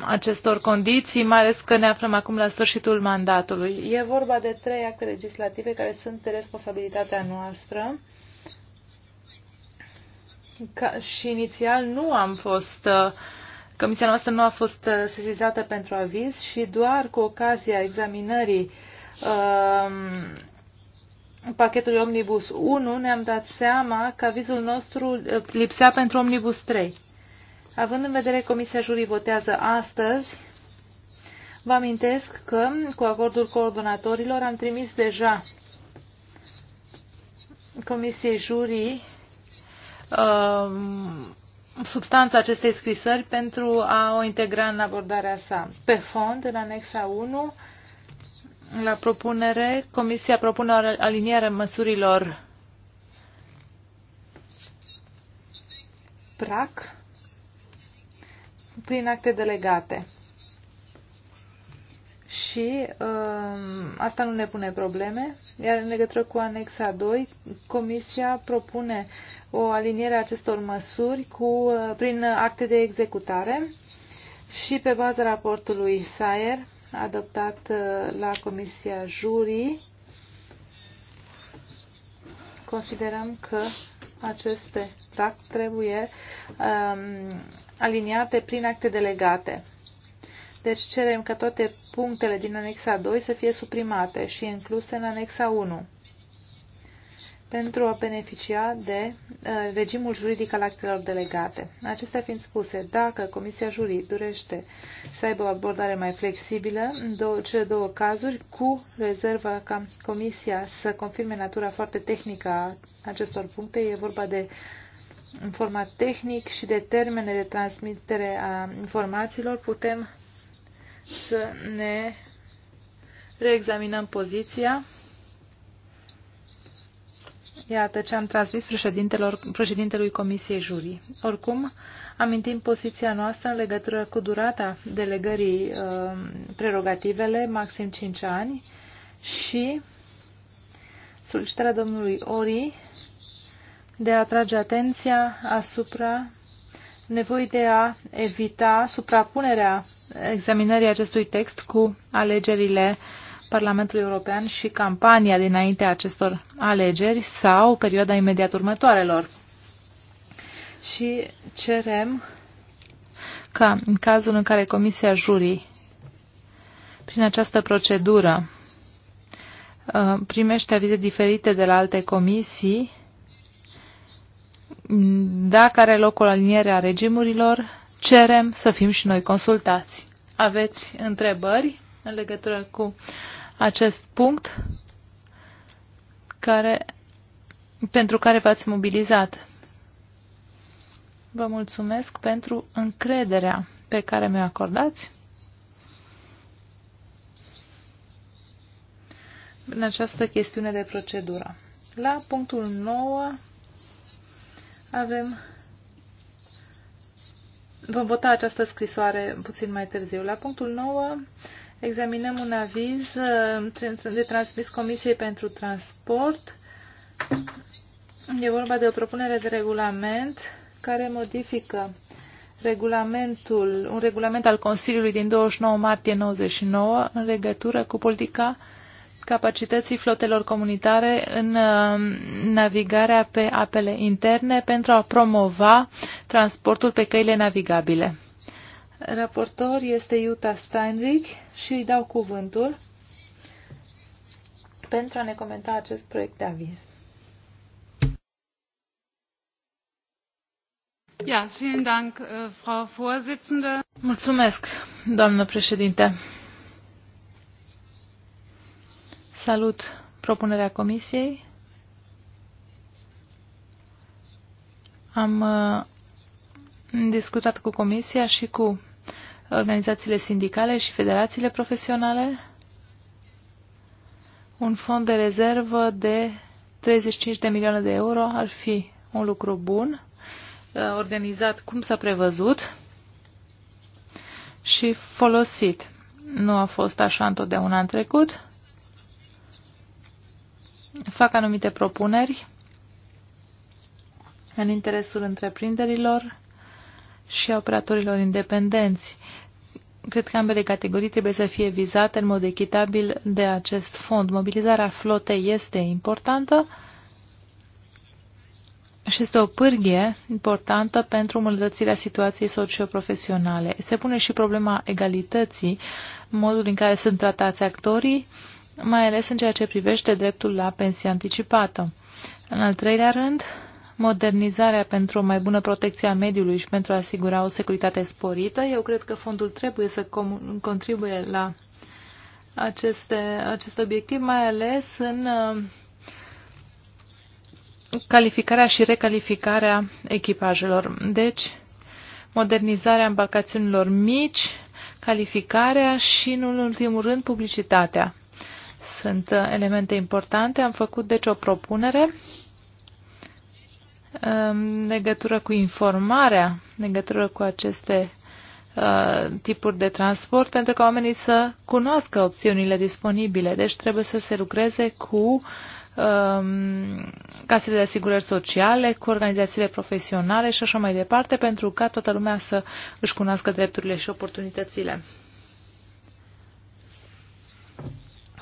acestor condiții, mai ales că ne aflăm acum la sfârșitul mandatului. E vorba de trei acte legislative care sunt responsabilitatea noastră ca, și inițial nu am fost uh, Comisia noastră nu a fost uh, sesizată pentru aviz și doar cu ocazia examinării um, pachetului Omnibus 1 ne-am dat seama că avizul nostru uh, lipsea pentru Omnibus 3. Având în vedere Comisia Jurii votează astăzi, vă amintesc că cu acordul coordonatorilor am trimis deja Comisiei Jurii um, substanța acestei scrisări pentru a o integra în abordarea sa. Pe fond, în anexa 1, la propunere, Comisia propune o aliniere măsurilor PRAC prin acte delegate și uh, asta nu ne pune probleme. Iar în legătură cu anexa 2, Comisia propune o aliniere a acestor măsuri cu, uh, prin acte de executare și pe baza raportului SAER adoptat uh, la Comisia Jurii, considerăm că aceste tract trebuie um, aliniate prin acte delegate. Deci cerem ca toate punctele din anexa 2 să fie suprimate și incluse în anexa 1 pentru a beneficia de uh, regimul juridic al actelor delegate. Acestea fiind spuse, dacă Comisia Jurii dorește să aibă o abordare mai flexibilă în două, cele două cazuri, cu rezerva ca Comisia să confirme natura foarte tehnică a acestor puncte, e vorba de în format tehnic și de termene de transmitere a informațiilor, putem să ne reexaminăm poziția. Iată ce am transmis președintelor, președintelui Comisiei Jurii. Oricum, amintim poziția noastră în legătură cu durata delegării uh, prerogativele, maxim 5 ani, și solicitarea domnului Ori de a atrage atenția asupra nevoii de a evita suprapunerea examinării acestui text cu alegerile Parlamentului European și campania dinaintea acestor alegeri sau perioada imediat următoarelor. Și cerem ca în cazul în care Comisia Jurii, prin această procedură, uh, primește avize diferite de la alte comisii, dacă are loc o aliniere a regimurilor, cerem să fim și noi consultați. Aveți întrebări în legătură cu acest punct care, pentru care v-ați mobilizat? Vă mulțumesc pentru încrederea pe care mi-o acordați. în această chestiune de procedură. La punctul 9 avem Vom vota această scrisoare puțin mai târziu. La punctul 9 examinăm un aviz uh, de transmis Comisiei pentru Transport. E vorba de o propunere de regulament care modifică regulamentul, un regulament al Consiliului din 29 martie 99 în legătură cu politica capacității flotelor comunitare în uh, navigarea pe apele interne pentru a promova transportul pe căile navigabile. Raportor este Iuta Steinrich și îi dau cuvântul pentru a ne comenta acest proiect de aviz. Ja, vielen Dank, äh, Frau Vorsitzende. Mulțumesc, doamnă președinte. Salut propunerea Comisiei. Am uh, discutat cu Comisia și cu organizațiile sindicale și federațiile profesionale un fond de rezervă de 35 de milioane de euro ar fi un lucru bun, uh, organizat cum s-a prevăzut și folosit. Nu a fost așa întotdeauna în trecut fac anumite propuneri în interesul întreprinderilor și a operatorilor independenți. Cred că ambele categorii trebuie să fie vizate în mod echitabil de acest fond. Mobilizarea flotei este importantă și este o pârghie importantă pentru îmbunătățirea situației socioprofesionale. Se pune și problema egalității, modul în care sunt tratați actorii mai ales în ceea ce privește dreptul la pensie anticipată. În al treilea rând, modernizarea pentru o mai bună protecție a mediului și pentru a asigura o securitate sporită. Eu cred că fondul trebuie să contribuie la aceste, acest obiectiv, mai ales în uh, calificarea și recalificarea echipajelor. Deci, modernizarea embarcațiunilor mici, calificarea și, în ultimul rând, publicitatea. Sunt uh, elemente importante. Am făcut deci o propunere um, în legătură cu informarea, în legătură cu aceste uh, tipuri de transport pentru ca oamenii să cunoască opțiunile disponibile. Deci trebuie să se lucreze cu um, casele de asigurări sociale, cu organizațiile profesionale și așa mai departe pentru ca toată lumea să își cunoască drepturile și oportunitățile.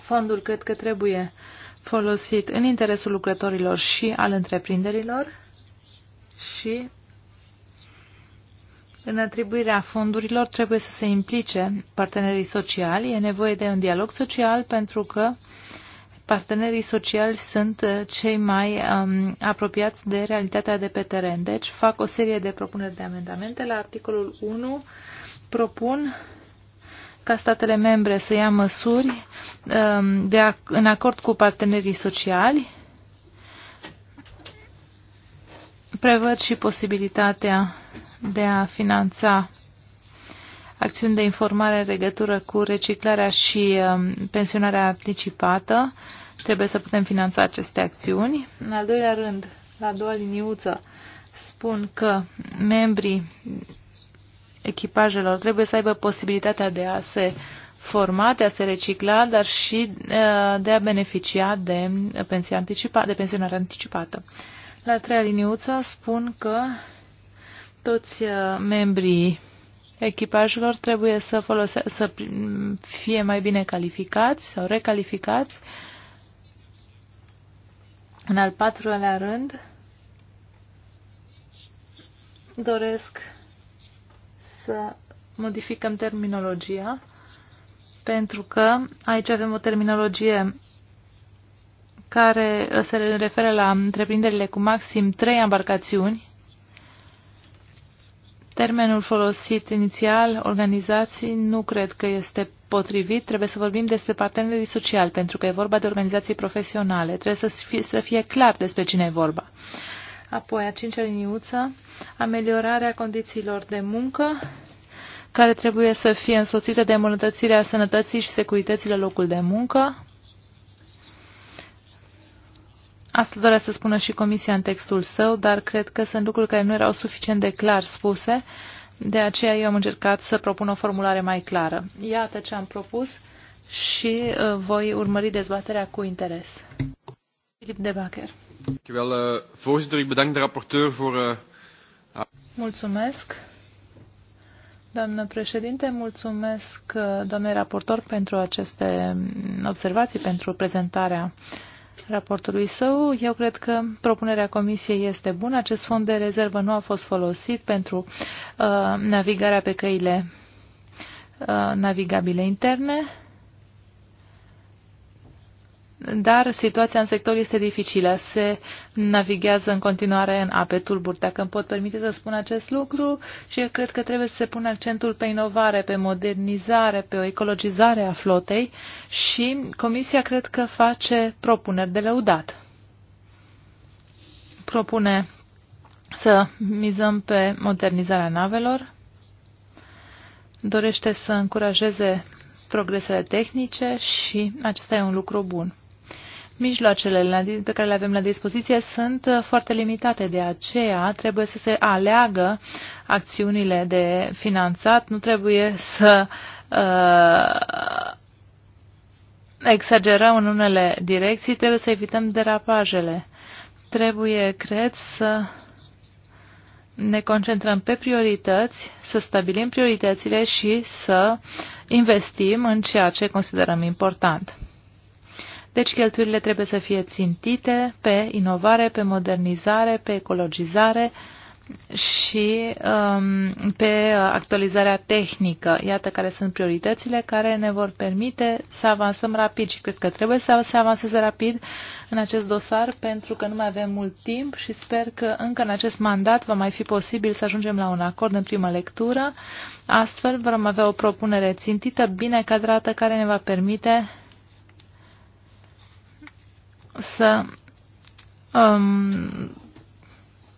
Fondul cred că trebuie folosit în interesul lucrătorilor și al întreprinderilor și în atribuirea fondurilor trebuie să se implice partenerii sociali. E nevoie de un dialog social pentru că partenerii sociali sunt uh, cei mai um, apropiați de realitatea de pe teren. Deci fac o serie de propuneri de amendamente. La articolul 1 propun ca statele membre să ia măsuri um, de a, în acord cu partenerii sociali. Prevăd și posibilitatea de a finanța acțiuni de informare în legătură cu reciclarea și um, pensionarea anticipată. Trebuie să putem finanța aceste acțiuni. În al doilea rând, la a doua liniuță, spun că membrii echipajelor trebuie să aibă posibilitatea de a se forma, de a se recicla, dar și eh, de a beneficia de, pensia anticipa, de pensionare anticipată. La treia liniuță spun că toți eh, membrii echipajelor trebuie să, folose, să fie mai bine calificați sau recalificați. În al patrulea rând, doresc să modificăm terminologia, pentru că aici avem o terminologie care se referă la întreprinderile cu maxim 3 embarcațiuni. Termenul folosit inițial, organizații, nu cred că este potrivit. Trebuie să vorbim despre partenerii sociali, pentru că e vorba de organizații profesionale. Trebuie să fie, să fie clar despre cine e vorba. Uh, Apoi, a cincea liniuță, ameliorarea condițiilor de muncă, care trebuie să fie însoțită de îmbunătățirea sănătății și securității la locul de muncă. Asta doresc să spună și Comisia în textul său, dar cred că sunt lucruri care nu erau suficient de clar spuse, de aceea eu am încercat să propun o formulare mai clară. Iată ce am propus și uh, voi urmări dezbaterea cu interes. Filip de Bacher. Mulțumesc. Doamnă președinte, mulțumesc eh, doamne raportor pentru aceste mm, observații, pentru prezentarea raportului său. Eu cred că propunerea comisiei este bună. Acest fond de rezervă nu a fost folosit pentru uh, navigarea pe căile uh, navigabile interne. Uh, dar situația în sector este dificilă. Se navighează în continuare în ape tulburi. Dacă îmi pot permite să spun acest lucru și eu cred că trebuie să se pună accentul pe inovare, pe modernizare, pe o ecologizare a flotei și Comisia cred că face propuneri de lăudat. Propune să mizăm pe modernizarea navelor, dorește să încurajeze progresele tehnice și acesta e un lucru bun mijloacele pe care le avem la dispoziție sunt uh, foarte limitate, de aceea trebuie să se aleagă acțiunile de finanțat, nu trebuie să uh, exagerăm în unele direcții, trebuie să evităm derapajele. Trebuie, cred, să ne concentrăm pe priorități, să stabilim prioritățile și să investim în ceea ce considerăm important. Deci cheltuielile trebuie să fie țintite pe inovare, pe modernizare, pe ecologizare și um, pe actualizarea tehnică. Iată care sunt prioritățile care ne vor permite să avansăm rapid și cred că trebuie să se avanseze rapid în acest dosar pentru că nu mai avem mult timp și sper că încă în acest mandat va mai fi posibil să ajungem la un acord în primă lectură. Astfel vom avea o propunere țintită, bine cadrată, care ne va permite să um,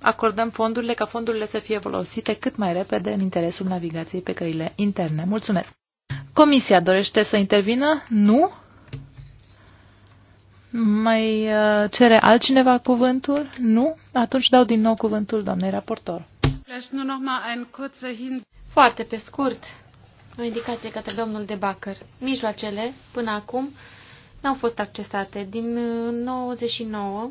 acordăm fondurile ca fondurile să fie folosite cât mai repede în interesul navigației pe căile interne. Mulțumesc! Comisia dorește să intervină? Nu? Mai uh, cere altcineva cuvântul? Nu? Atunci dau din nou cuvântul doamnei raportor. Foarte pe scurt, o indicație către domnul de Bacăr. Mijloacele, până acum, n-au fost accesate din 99 uh,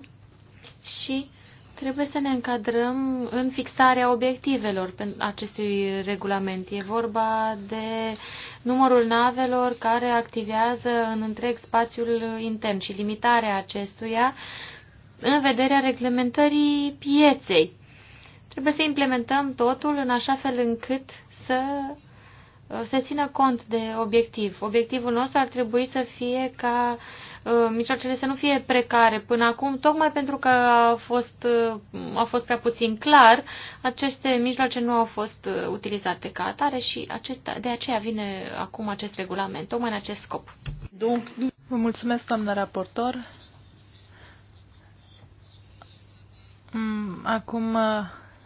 și trebuie să ne încadrăm în fixarea obiectivelor acestui regulament. E vorba de numărul navelor care activează în întreg spațiul intern și limitarea acestuia în vederea reglementării pieței. Trebuie să implementăm totul în așa fel încât să Uh, se țină cont de obiectiv. Obiectivul nostru ar trebui să fie ca uh, mijloacele să nu fie precare până acum, tocmai pentru că a fost, uh, a fost prea puțin clar, aceste mijloace nu au fost utilizate ca atare și acesta, de aceea vine acum acest regulament, tocmai în acest scop. Vă mulțumesc, doamnă raportor. Mm, acum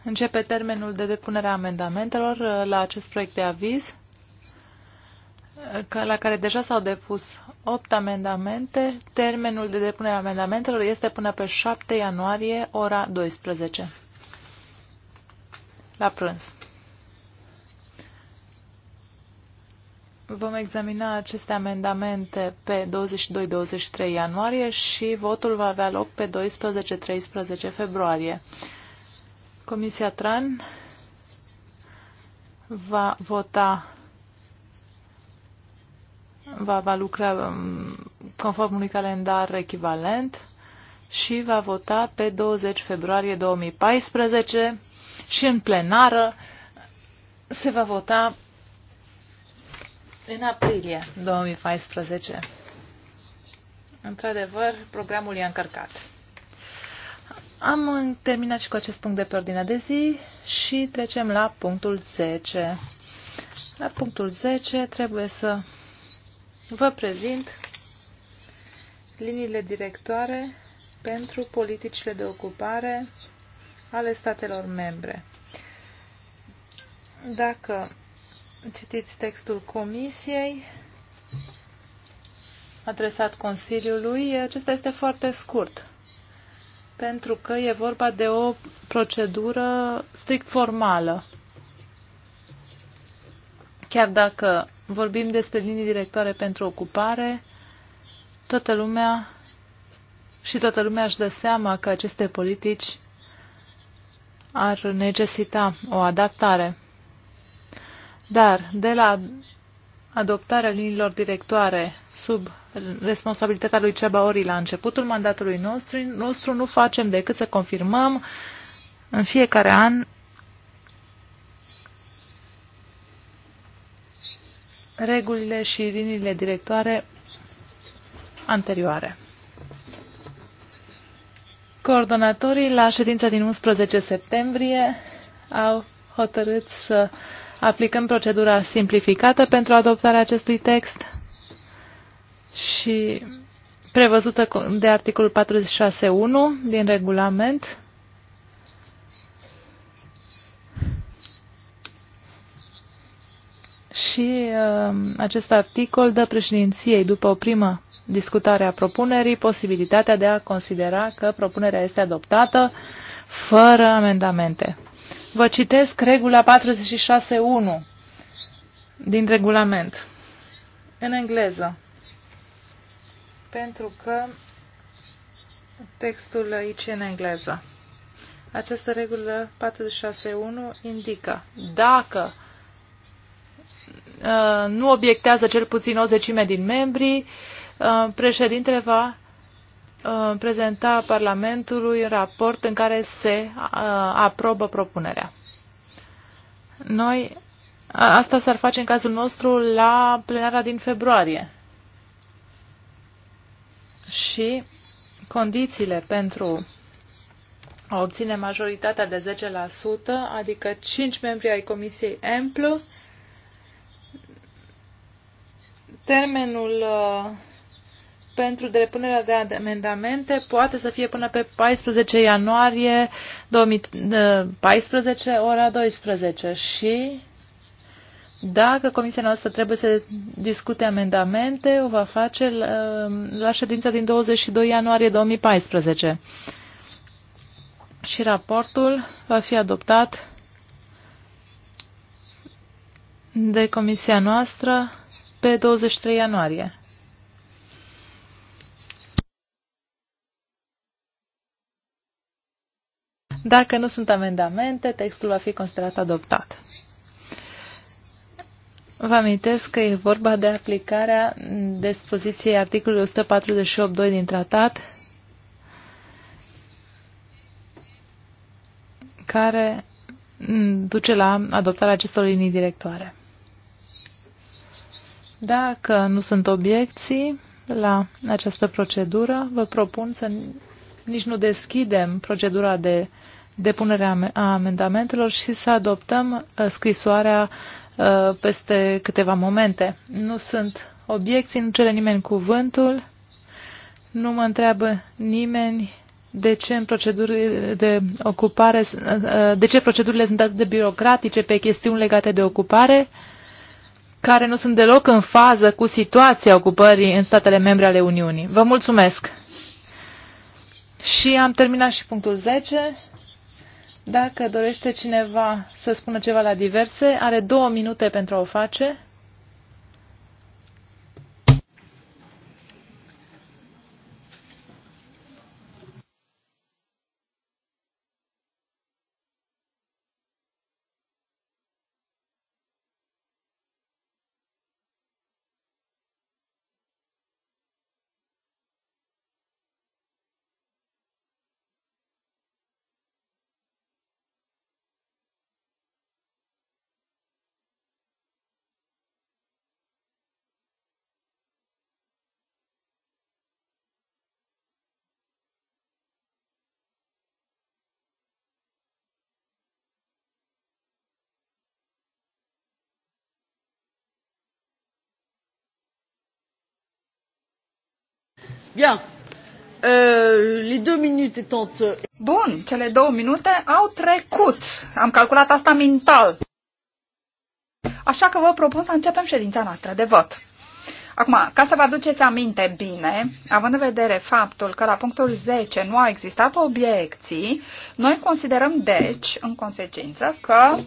începe termenul de depunere a amendamentelor la acest proiect de aviz la care deja s-au depus 8 amendamente. Termenul de depunere a amendamentelor este până pe 7 ianuarie, ora 12, la prânz. Vom examina aceste amendamente pe 22-23 ianuarie și votul va avea loc pe 12-13 februarie. Comisia TRAN va vota va, va lucra um, conform unui calendar echivalent și va vota pe 20 februarie 2014 și în plenară se va vota în aprilie 2014. Într-adevăr, programul e încărcat. Am terminat și cu acest punct de pe ordinea de zi și trecem la punctul 10. La punctul 10 trebuie să vă prezint liniile directoare pentru politicile de ocupare ale statelor membre. Dacă citiți textul Comisiei adresat Consiliului, acesta este foarte scurt, pentru că e vorba de o procedură strict formală. Chiar dacă vorbim despre linii directoare pentru ocupare, toată lumea și toată lumea își dă seama că aceste politici ar necesita o adaptare. Dar de la adoptarea liniilor directoare sub responsabilitatea lui Ceba Ori la începutul mandatului nostru, nostru nu facem decât să confirmăm în fiecare an regulile și liniile directoare anterioare. Coordonatorii la ședința din 11 septembrie au hotărât să aplicăm procedura simplificată pentru adoptarea acestui text și prevăzută de articolul 46.1 din regulament Și uh, acest articol dă președinției, după o primă discutare a propunerii, posibilitatea de a considera că propunerea este adoptată fără amendamente. Vă citesc regula 46.1 din regulament, în engleză, pentru că textul aici în engleză. Această regulă 46.1 indică dacă Uh, nu obiectează cel puțin o zecime din membrii, uh, președintele va uh, prezenta Parlamentului raport în care se aprobă propunerea. Noi, asta s-ar face în cazul nostru la plenara din februarie. Și condițiile pentru a obține majoritatea de 10%, adică 5 membri ai Comisiei Amplu, Termenul uh, pentru depunerea de amendamente poate să fie până pe 14 ianuarie 2014, ora 12 și dacă comisia noastră trebuie să discute amendamente, o va face uh, la ședința din 22 ianuarie 2014. Și raportul va fi adoptat de comisia noastră pe 23 ianuarie. Dacă nu sunt amendamente, textul va fi considerat adoptat. Vă amintesc că e vorba de aplicarea dispoziției articolului 148.2 din tratat, care duce la adoptarea acestor linii directoare. Dacă nu sunt obiecții la această procedură, vă propun să nici nu deschidem procedura de depunere a amendamentelor și să adoptăm uh, scrisoarea uh, peste câteva momente. Nu sunt obiecții, nu cere nimeni cuvântul, nu mă întreabă nimeni de ce în de ocupare, uh, de ce procedurile sunt atât de birocratice pe chestiuni legate de ocupare care nu sunt deloc în fază cu situația ocupării în statele membre ale Uniunii. Vă mulțumesc! Și am terminat și punctul 10. Dacă dorește cineva să spună ceva la diverse, are două minute pentru a o face. Euh, euh, Bun, cele două minute au trecut. Am calculat asta mental. Așa că vă propun să începem ședința noastră de vot. Acum, ca să vă aduceți aminte bine, având în vedere faptul că la punctul 10 nu au existat obiecții, noi considerăm, deci, în consecință, că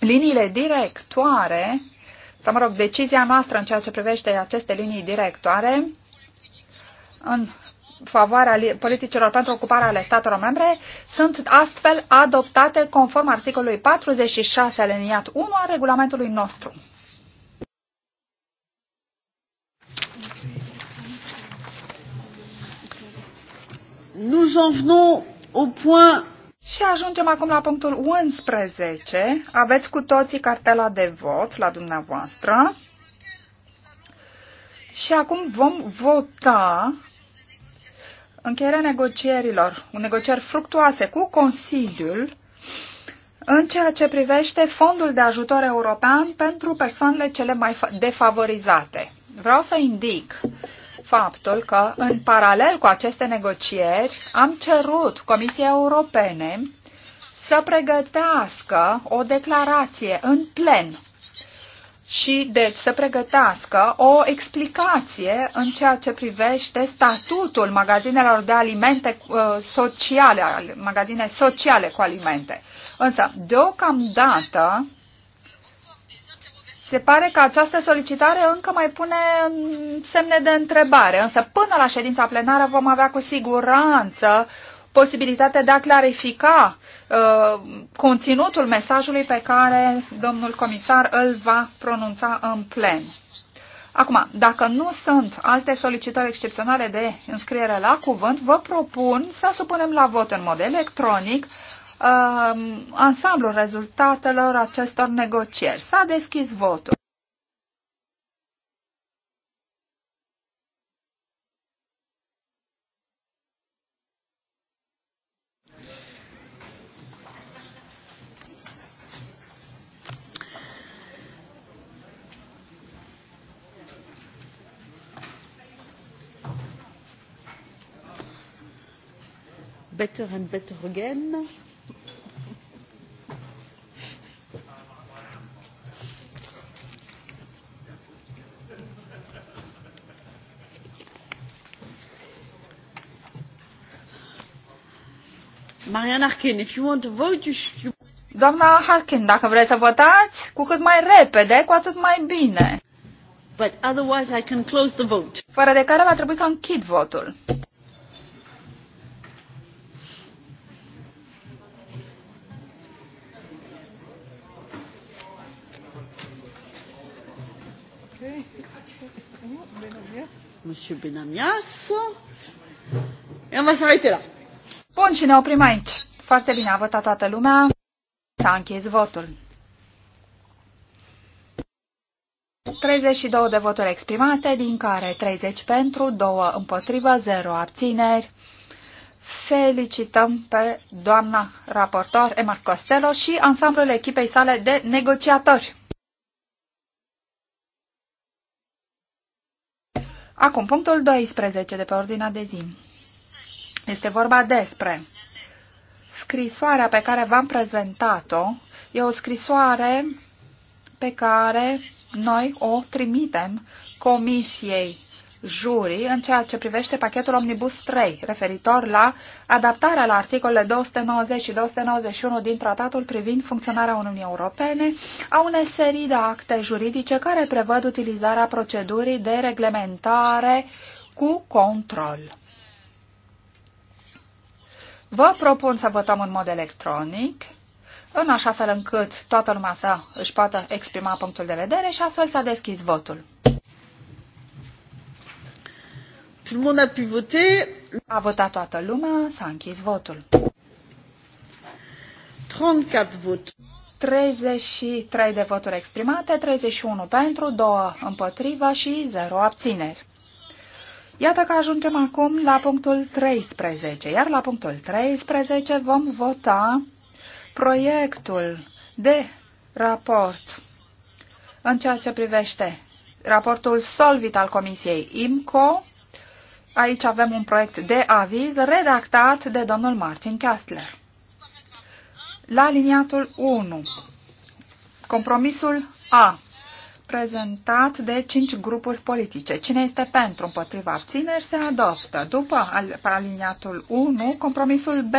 liniile directoare, sau mă rog, decizia noastră în ceea ce privește aceste linii directoare, în favoarea politicilor pentru ocuparea ale statelor membre sunt astfel adoptate conform articolului 46 aliniat 1 al regulamentului nostru. Nous en venons au point și ajungem acum la punctul 11. Aveți cu toții cartela de vot la dumneavoastră. Și acum vom vota încheierea negocierilor, negocieri fructuoase cu Consiliul în ceea ce privește fondul de ajutor european pentru persoanele cele mai defavorizate. Vreau să indic faptul că, în paralel cu aceste negocieri, am cerut Comisiei Europene să pregătească o declarație în plen și deci să pregătească o explicație în ceea ce privește statutul magazinelor de alimente uh, sociale, magazine sociale cu alimente. Însă, deocamdată, se pare că această solicitare încă mai pune semne de întrebare, însă până la ședința plenară vom avea cu siguranță posibilitatea de a clarifica Uh, conținutul mesajului pe care domnul comisar îl va pronunța în plen. Acum, dacă nu sunt alte solicitări excepționale de înscriere la cuvânt, vă propun să supunem la vot în mod electronic uh, ansamblul rezultatelor acestor negocieri. S-a deschis votul. better and better again. Mariana Harkin, if you want to vote, you should... Doamna Harkin, dacă vreți să votați, cu cât mai repede, cu atât mai bine. But otherwise I can close the vote. Fără de care va trebui să închid votul. Monsieur Benamias. Am va la. Bun, și ne oprim aici. Foarte bine, a votat toată lumea. S-a închis votul. 32 de voturi exprimate, din care 30 pentru, 2 împotrivă, 0 abțineri. Felicităm pe doamna raportor Emar Costello și ansamblul echipei sale de negociatori. Acum, punctul 12 de pe ordinea de zi. Este vorba despre scrisoarea pe care v-am prezentat-o. E o scrisoare pe care noi o trimitem Comisiei jurii în ceea ce privește pachetul Omnibus 3, referitor la adaptarea la articolele 290 și 291 din tratatul privind funcționarea Uniunii Europene a unei serii de acte juridice care prevăd utilizarea procedurii de reglementare cu control. Vă propun să votăm în mod electronic, în așa fel încât toată lumea să își poată exprima punctul de vedere și astfel s-a deschis votul. Tout le monde a pu voter. A votat toată lumea, s-a închis votul. 34 voturi. 33 de voturi exprimate, 31 pentru, 2 împotriva și 0 abțineri. Iată că ajungem acum la punctul 13, iar la punctul 13 vom vota proiectul de raport în ceea ce privește raportul Solvit al Comisiei IMCO Aici avem un proiect de aviz redactat de domnul Martin Kastler. La liniatul 1, compromisul A, prezentat de cinci grupuri politice. Cine este pentru, împotriva, abțineri, se adoptă. După aliniatul 1, compromisul B,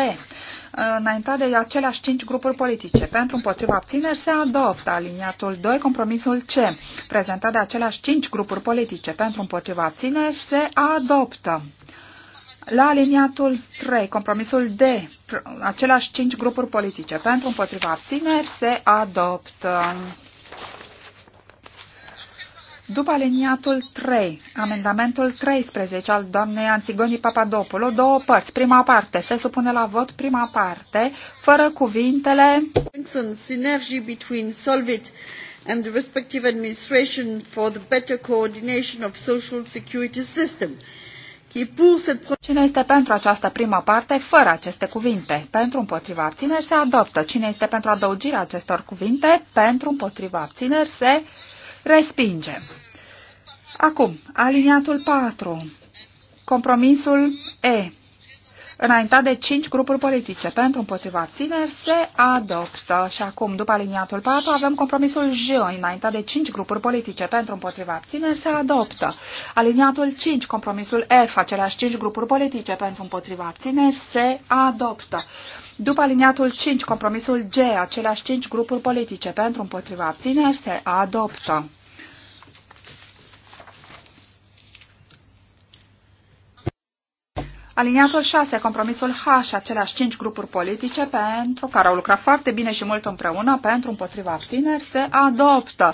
înaintat de aceleași cinci grupuri politice. Pentru, împotriva, abțineri, se adoptă. Aliniatul 2, compromisul C, prezentat de aceleași cinci grupuri politice. Pentru, împotriva, abțineri, se adoptă. La aliniatul 3, compromisul D, aceleași cinci grupuri politice. Pentru, împotriva, abțineri, se adoptă. După aliniatul 3, amendamentul 13 al doamnei Antigonii Papadopoulou, două părți. Prima parte se supune la vot, prima parte, fără cuvintele synergy between Solvit and the respective administration for the better coordination of social security system. Cine este pentru această primă parte, fără aceste cuvinte? Pentru împotriva abțineri se adoptă. Cine este pentru adăugirea acestor cuvinte? Pentru împotriva abțineri se respingem. Acum, aliniatul 4. Compromisul E înaintat de cinci grupuri politice. Pentru împotriva țineri, se adoptă. Și acum, după aliniatul 4, avem compromisul J, înaintat de cinci grupuri politice. Pentru împotriva țineri, se adoptă. Aliniatul 5, compromisul F, aceleași cinci grupuri politice. Pentru împotriva țineri, se adoptă. După aliniatul 5, compromisul G, aceleași cinci grupuri politice. Pentru împotriva țineri, se adoptă. Aliniatul 6, compromisul H aceleași cinci grupuri politice pentru care au lucrat foarte bine și mult împreună pentru împotriva abțineri se adoptă.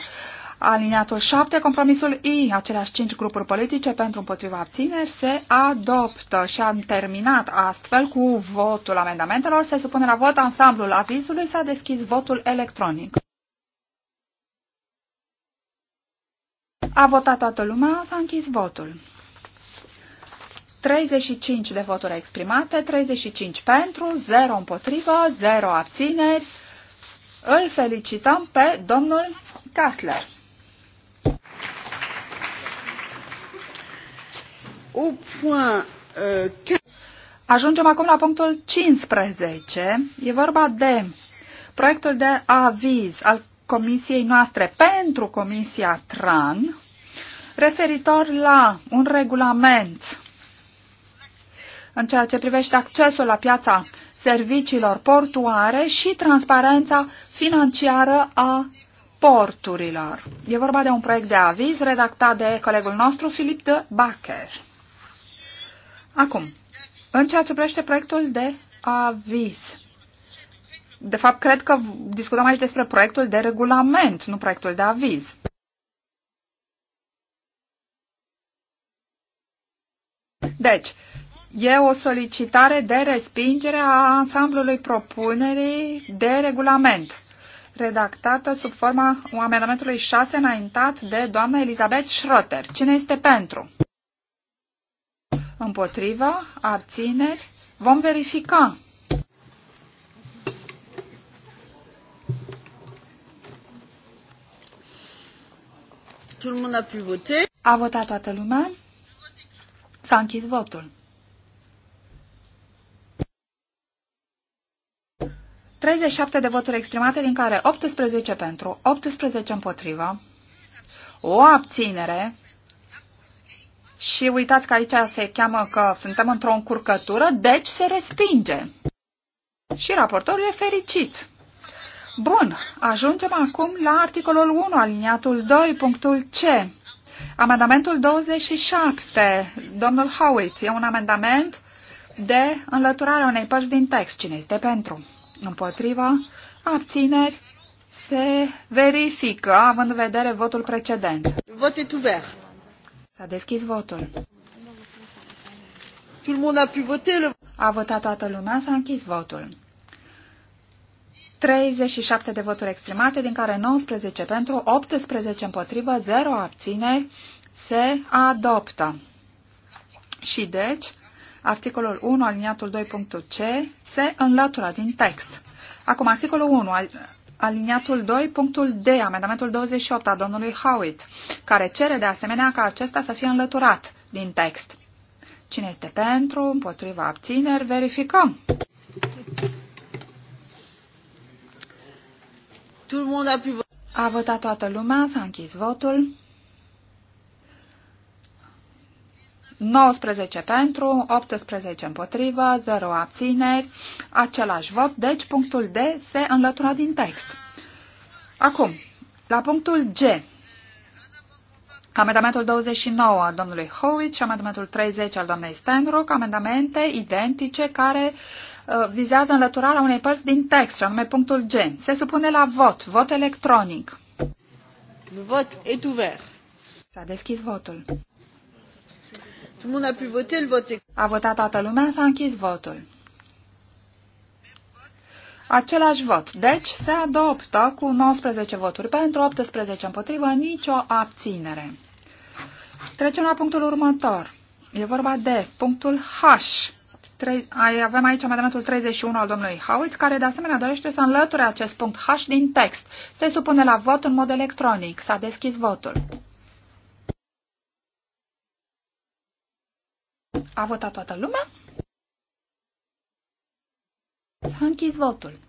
Aliniatul 7, compromisul I, aceleași cinci grupuri politice pentru împotriva abțineri se adoptă și am terminat astfel cu votul amendamentelor. Se supune la vot ansamblul avizului, s-a deschis votul electronic. A votat toată lumea, s-a închis votul. 35 de voturi exprimate, 35 pentru, 0 împotrivă, 0 abțineri. Îl felicităm pe domnul Kassler. Euh, Ajungem acum la punctul 15. E vorba de proiectul de aviz al comisiei noastre pentru Comisia TRAN referitor la un regulament în ceea ce privește accesul la piața serviciilor portuare și transparența financiară a porturilor. E vorba de un proiect de aviz redactat de colegul nostru, Filip de Bacher. Acum, în ceea ce privește proiectul de aviz. De fapt, cred că discutăm aici despre proiectul de regulament, nu proiectul de aviz. Deci, e o solicitare de respingere a ansamblului propunerii de regulament, redactată sub forma amendamentului 6 înaintat de doamna Elizabeth Schroeter. Cine este pentru? Împotrivă? Abțineri? Vom verifica. A votat toată lumea. S-a închis votul. 37 de voturi exprimate, din care 18 pentru, 18 împotrivă, o abținere și uitați că aici se cheamă că suntem într-o încurcătură, deci se respinge. Și raportorul e fericit. Bun, ajungem acum la articolul 1, aliniatul 2, punctul C. Amendamentul 27, domnul Howitt, e un amendament de înlăturare unei părți din text. Cine este pentru? Împotriva. Abțineri. Se verifică, având în vedere votul precedent. Votul ouvert. S-a deschis votul. Tout le monde a pu voter. Le... A votat toată lumea, s-a închis votul. 37 de voturi exprimate, din care 19 pentru, 18 împotrivă, 0 abține, se adoptă. Și deci, Articolul 1, aliniatul 2.c, se înlătura din text. Acum, articolul 1, aliniatul 2, D, amendamentul 28 a domnului Howitt, care cere de asemenea ca acesta să fie înlăturat din text. Cine este pentru, împotriva abțineri, verificăm. A votat toată lumea, s-a închis votul. 19 pentru, 18 împotrivă, 0 abțineri, același vot, deci punctul D se înlătura din text. Acum, la punctul G, amendamentul 29 al domnului Howitt și amendamentul 30 al domnului Stenrock, amendamente identice care uh, vizează înlăturarea unei părți din text, și anume punctul G. Se supune la vot, vot electronic. Le vot est ouvert. S-a deschis votul. A votat toată lumea, s-a închis votul. Același vot. Deci se adoptă cu 19 voturi pentru, 18 împotrivă, nicio abținere. Trecem la punctul următor. E vorba de punctul H. Tre avem aici amendamentul 31 al domnului Howitz, care de asemenea dorește să înlăture acest punct H din text. Se supune la vot în mod electronic. S-a deschis votul. A votat toată lumea? S-a închis votul.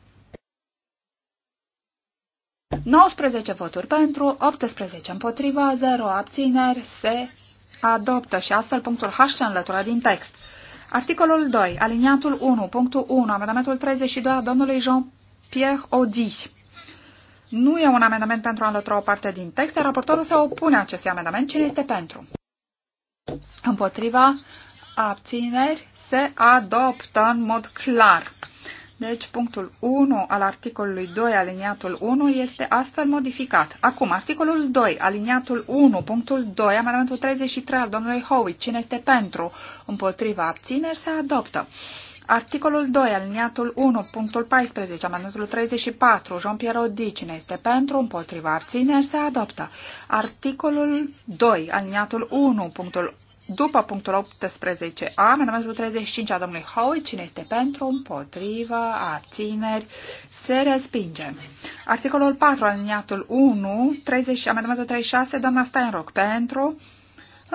19 voturi pentru, 18 împotriva, 0 abțineri, se adoptă și astfel punctul H se înlătură din text. Articolul 2, aliniatul 1, punctul 1, amendamentul 32 a domnului Jean-Pierre Audi. Nu e un amendament pentru a înlătura o parte din text, dar raportorul se opune acestui amendament. Cine este pentru? Împotriva, abțineri, se adoptă în mod clar. Deci punctul 1 al articolului 2 aliniatul 1 este astfel modificat. Acum, articolul 2 aliniatul 1 punctul 2 amendamentul 33 al domnului Howitt. Cine este pentru? Împotriva abțineri se adoptă. Articolul 2 aliniatul 1 punctul 14 amendamentul 34 Jean-Pierre Odi. Cine este pentru? Împotriva abțineri se adoptă. Articolul 2 aliniatul 1 punctul după punctul 18a, amendamentul 35 a domnului Howe, cine este pentru, împotrivă, abțineri, se respinge. Articolul 4, aliniatul 1, 30, amendamentul 36, doamna Steinrock, pentru,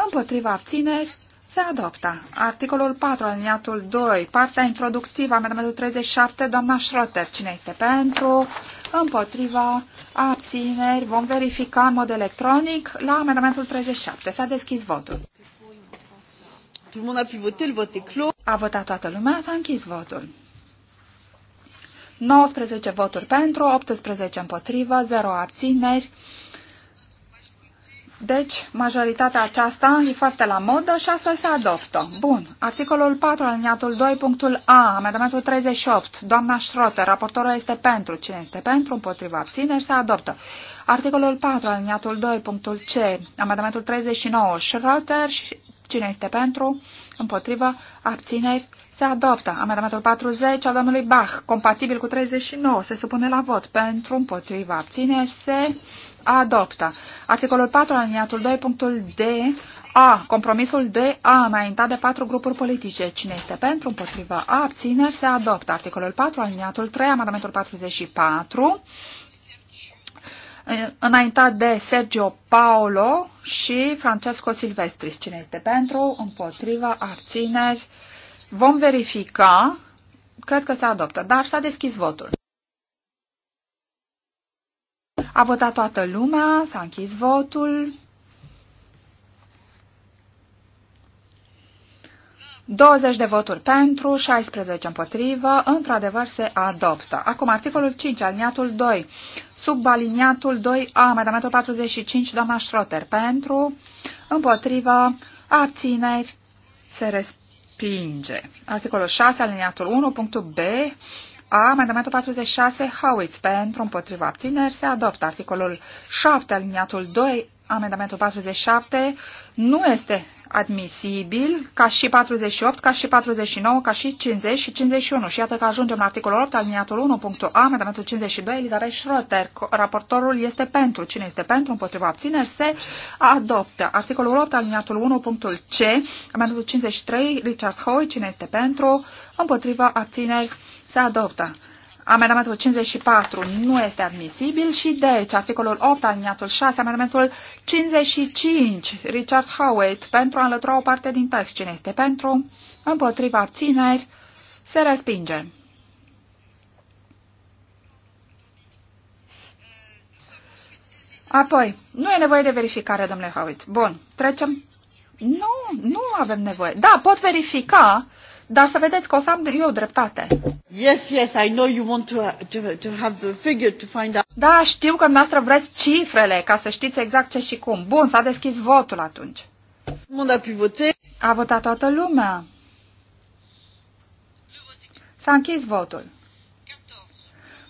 împotrivă, abțineri, se adoptă. Articolul 4, aliniatul 2, partea introductivă, amendamentul 37, doamna Schroeter, cine este pentru, împotriva, abțineri, vom verifica în mod electronic la amendamentul 37. S-a deschis votul a votat toată lumea, s-a închis votul. 19 voturi pentru, 18 împotrivă, 0 abțineri. Deci, majoritatea aceasta e foarte la modă și astfel se adoptă. Bun. Articolul 4, aliniatul 2, punctul A, amendamentul 38. Doamna Schroter, raportorul este pentru. Cine este pentru? Împotriva abțineri, se adoptă. Articolul 4, aliniatul 2, punctul C, amendamentul 39. Schroter Cine este pentru? Împotrivă? Abțineri? Se adoptă. Amendamentul 40 al domnului Bach, compatibil cu 39, se supune la vot. Pentru, împotrivă, abțineri, se adoptă. Articolul 4, aliniatul 2, punctul D, A, compromisul D, A, înaintat de patru grupuri politice. Cine este pentru, împotrivă, abțineri, se adoptă. Articolul 4, aliniatul 3, amendamentul 44, înaintat de Sergio Paolo și Francesco Silvestris. Cine este pentru, împotriva, abțineri. Vom verifica. Cred că se adoptă, dar s-a deschis votul. A votat toată lumea, s-a închis votul. 20 de voturi pentru, 16 împotrivă, într-adevăr se adoptă. Acum articolul 5, aliniatul 2, sub aliniatul 2A, amendamentul 45, doamna Schroter, pentru, împotrivă, abțineri, se respinge. Articolul 6, aliniatul 1, punctul B, a, amendamentul 46, Howitz, pentru, împotrivă, abțineri, se adoptă. Articolul 7, aliniatul 2, amendamentul 47 nu este admisibil, ca și 48, ca și 49, ca și 50 și 51. Și iată că ajungem la articolul 8, aliniatul 1.a, amendamentul 52, Elizabeth Schroeter. Raportorul este pentru. Cine este pentru, împotriva abțineri, se adoptă. Articolul 8, aliniatul 1.c, amendamentul 53, Richard Hoy. Cine este pentru, împotriva abțineri, se adoptă. Amendamentul 54 nu este admisibil și deci articolul 8, aliniatul 6, amendamentul 55, Richard Howitt, pentru a înlătura o parte din text. Cine este pentru? Împotriva abțineri? Se respinge. Apoi, nu e nevoie de verificare, domnule Howitt. Bun, trecem. Nu, nu avem nevoie. Da, pot verifica dar să vedeți că o să am eu dreptate. Yes, yes, I know you want to, to, to have the figure to find out. Da, știu că noastră vreți cifrele ca să știți exact ce și cum. Bun, s-a deschis votul atunci. Monde a pu A votat toată lumea. S-a închis votul.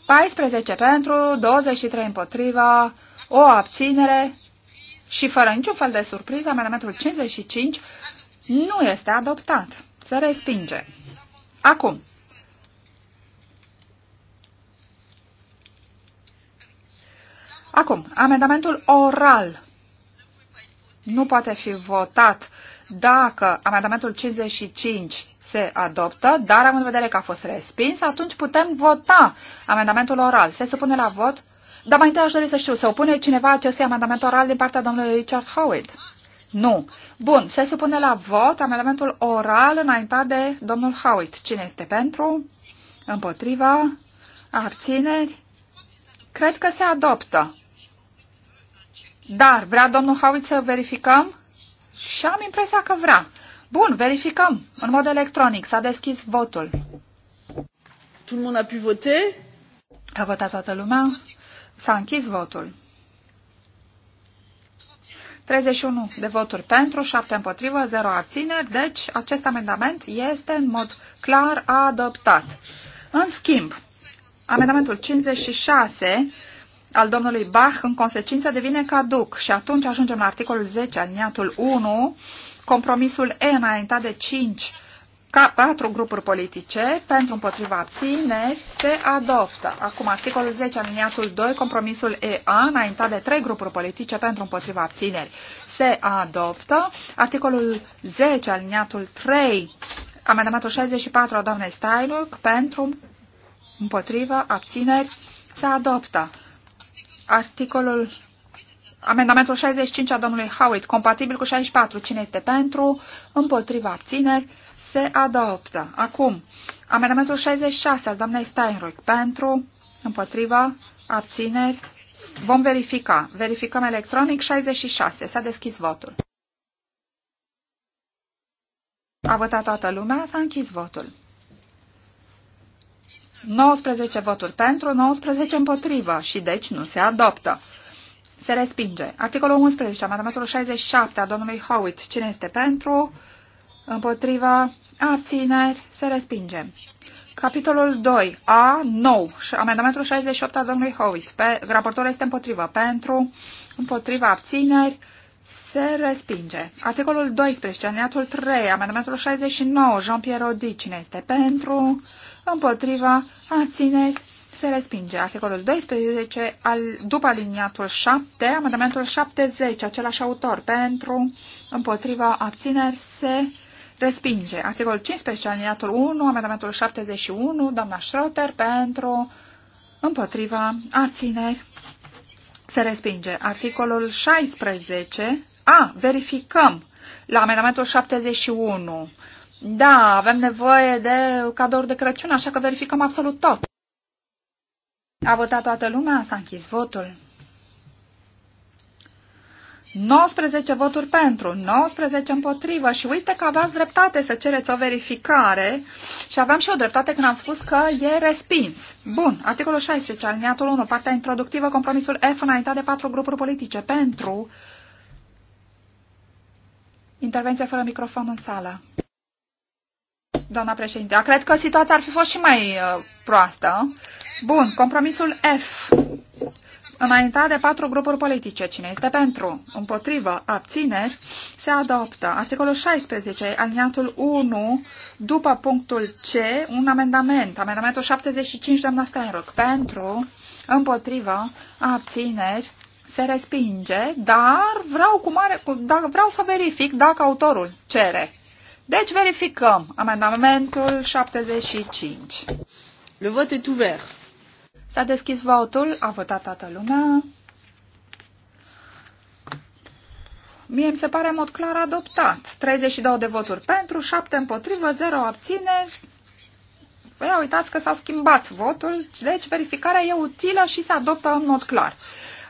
14 pentru, 23 împotriva, o abținere și fără niciun fel de surpriză, amendamentul 55 nu este adoptat. Se respinge. Acum. Acum, amendamentul oral nu poate fi votat dacă amendamentul 55 se adoptă, dar am în vedere că a fost respins, atunci putem vota amendamentul oral. Se supune la vot? Dar mai întâi aș dori să știu, se opune cineva acestui amendament oral din partea domnului Richard Howard? Nu. Bun, se supune la vot amendamentul oral înaintat de domnul Howitt. Cine este pentru? Împotriva? Abțineri? Cred că se adoptă. Dar vrea domnul Howitt să verificăm? Și am impresia că vrea. Bun, verificăm. În mod electronic s-a deschis votul. Tout le monde a pu voter? A votat toată lumea? S-a închis votul. 31 de voturi pentru, 7 împotrivă, 0 abțineri, deci acest amendament este în mod clar adoptat. În schimb, amendamentul 56 al domnului Bach în consecință devine caduc și atunci ajungem la articolul 10, aliniatul 1, compromisul E înaintat de 5 ca patru grupuri politice, pentru împotriva abțineri, se adoptă. Acum, articolul 10, aliniatul 2, compromisul EA, înaintat de trei grupuri politice pentru împotriva abțineri, se adoptă. Articolul 10, aliniatul 3, amendamentul 64 a doamnei Steinuc pentru împotriva abțineri, se adoptă. Articolul Amendamentul 65 a domnului Howitt, compatibil cu 64. Cine este pentru? Împotriva abțineri? se adoptă. Acum, amendamentul 66 al doamnei Steinruck pentru, împotriva, abțineri, vom verifica. Verificăm electronic 66. S-a deschis votul. A votat toată lumea, s-a închis votul. 19 voturi pentru, 19 împotrivă și deci nu se adoptă. Se respinge. Articolul 11, amendamentul 67 a domnului Howitt. Cine este pentru? Împotriva abțineri se respinge. Capitolul 2. A. Nou. Amendamentul 68 al domnului Howitt. Pe, raportor este împotrivă. Pentru, împotriva abțineri, se respinge. Articolul 12, aliniatul 3, amendamentul 69, Jean-Pierre Odi, cine este pentru, împotriva, abțineri, se respinge. Articolul 12, al, după aliniatul 7, amendamentul 70, același autor, pentru, împotriva, abțineri, se respinge respinge. Articolul 15, aliniatul 1, amendamentul 71, doamna Schroeter pentru, împotriva, abțineri, se respinge. Articolul 16, a, verificăm la amendamentul 71. Da, avem nevoie de cadou de Crăciun, așa că verificăm absolut tot. A votat toată lumea? S-a închis votul. 19 voturi pentru, 19 împotrivă și uite că aveați dreptate să cereți o verificare și aveam și o dreptate când am spus că e respins. Bun, articolul 16, aliniatul 1, partea introductivă, compromisul F înaintea de patru grupuri politice pentru intervenție fără microfon în sală. Doamna președinte, cred că situația ar fi fost și mai uh, proastă. Bun, compromisul F înaintat de patru grupuri politice. Cine este pentru? Împotrivă? Abțineri? Se adoptă. Articolul 16, aliniatul 1, după punctul C, un amendament. Amendamentul 75, doamna Steinruck. Pentru? Împotrivă? Abțineri? Se respinge, dar vreau, cu mare, cu, da, vreau să verific dacă autorul cere. Deci verificăm amendamentul 75. Le vot est ouvert. S-a deschis votul, a votat toată lumea. Mie îmi se pare în mod clar adoptat. 32 de voturi pentru, 7 împotrivă, 0 abțineri. Păi, uitați că s-a schimbat votul, deci verificarea e utilă și se adoptă în mod clar.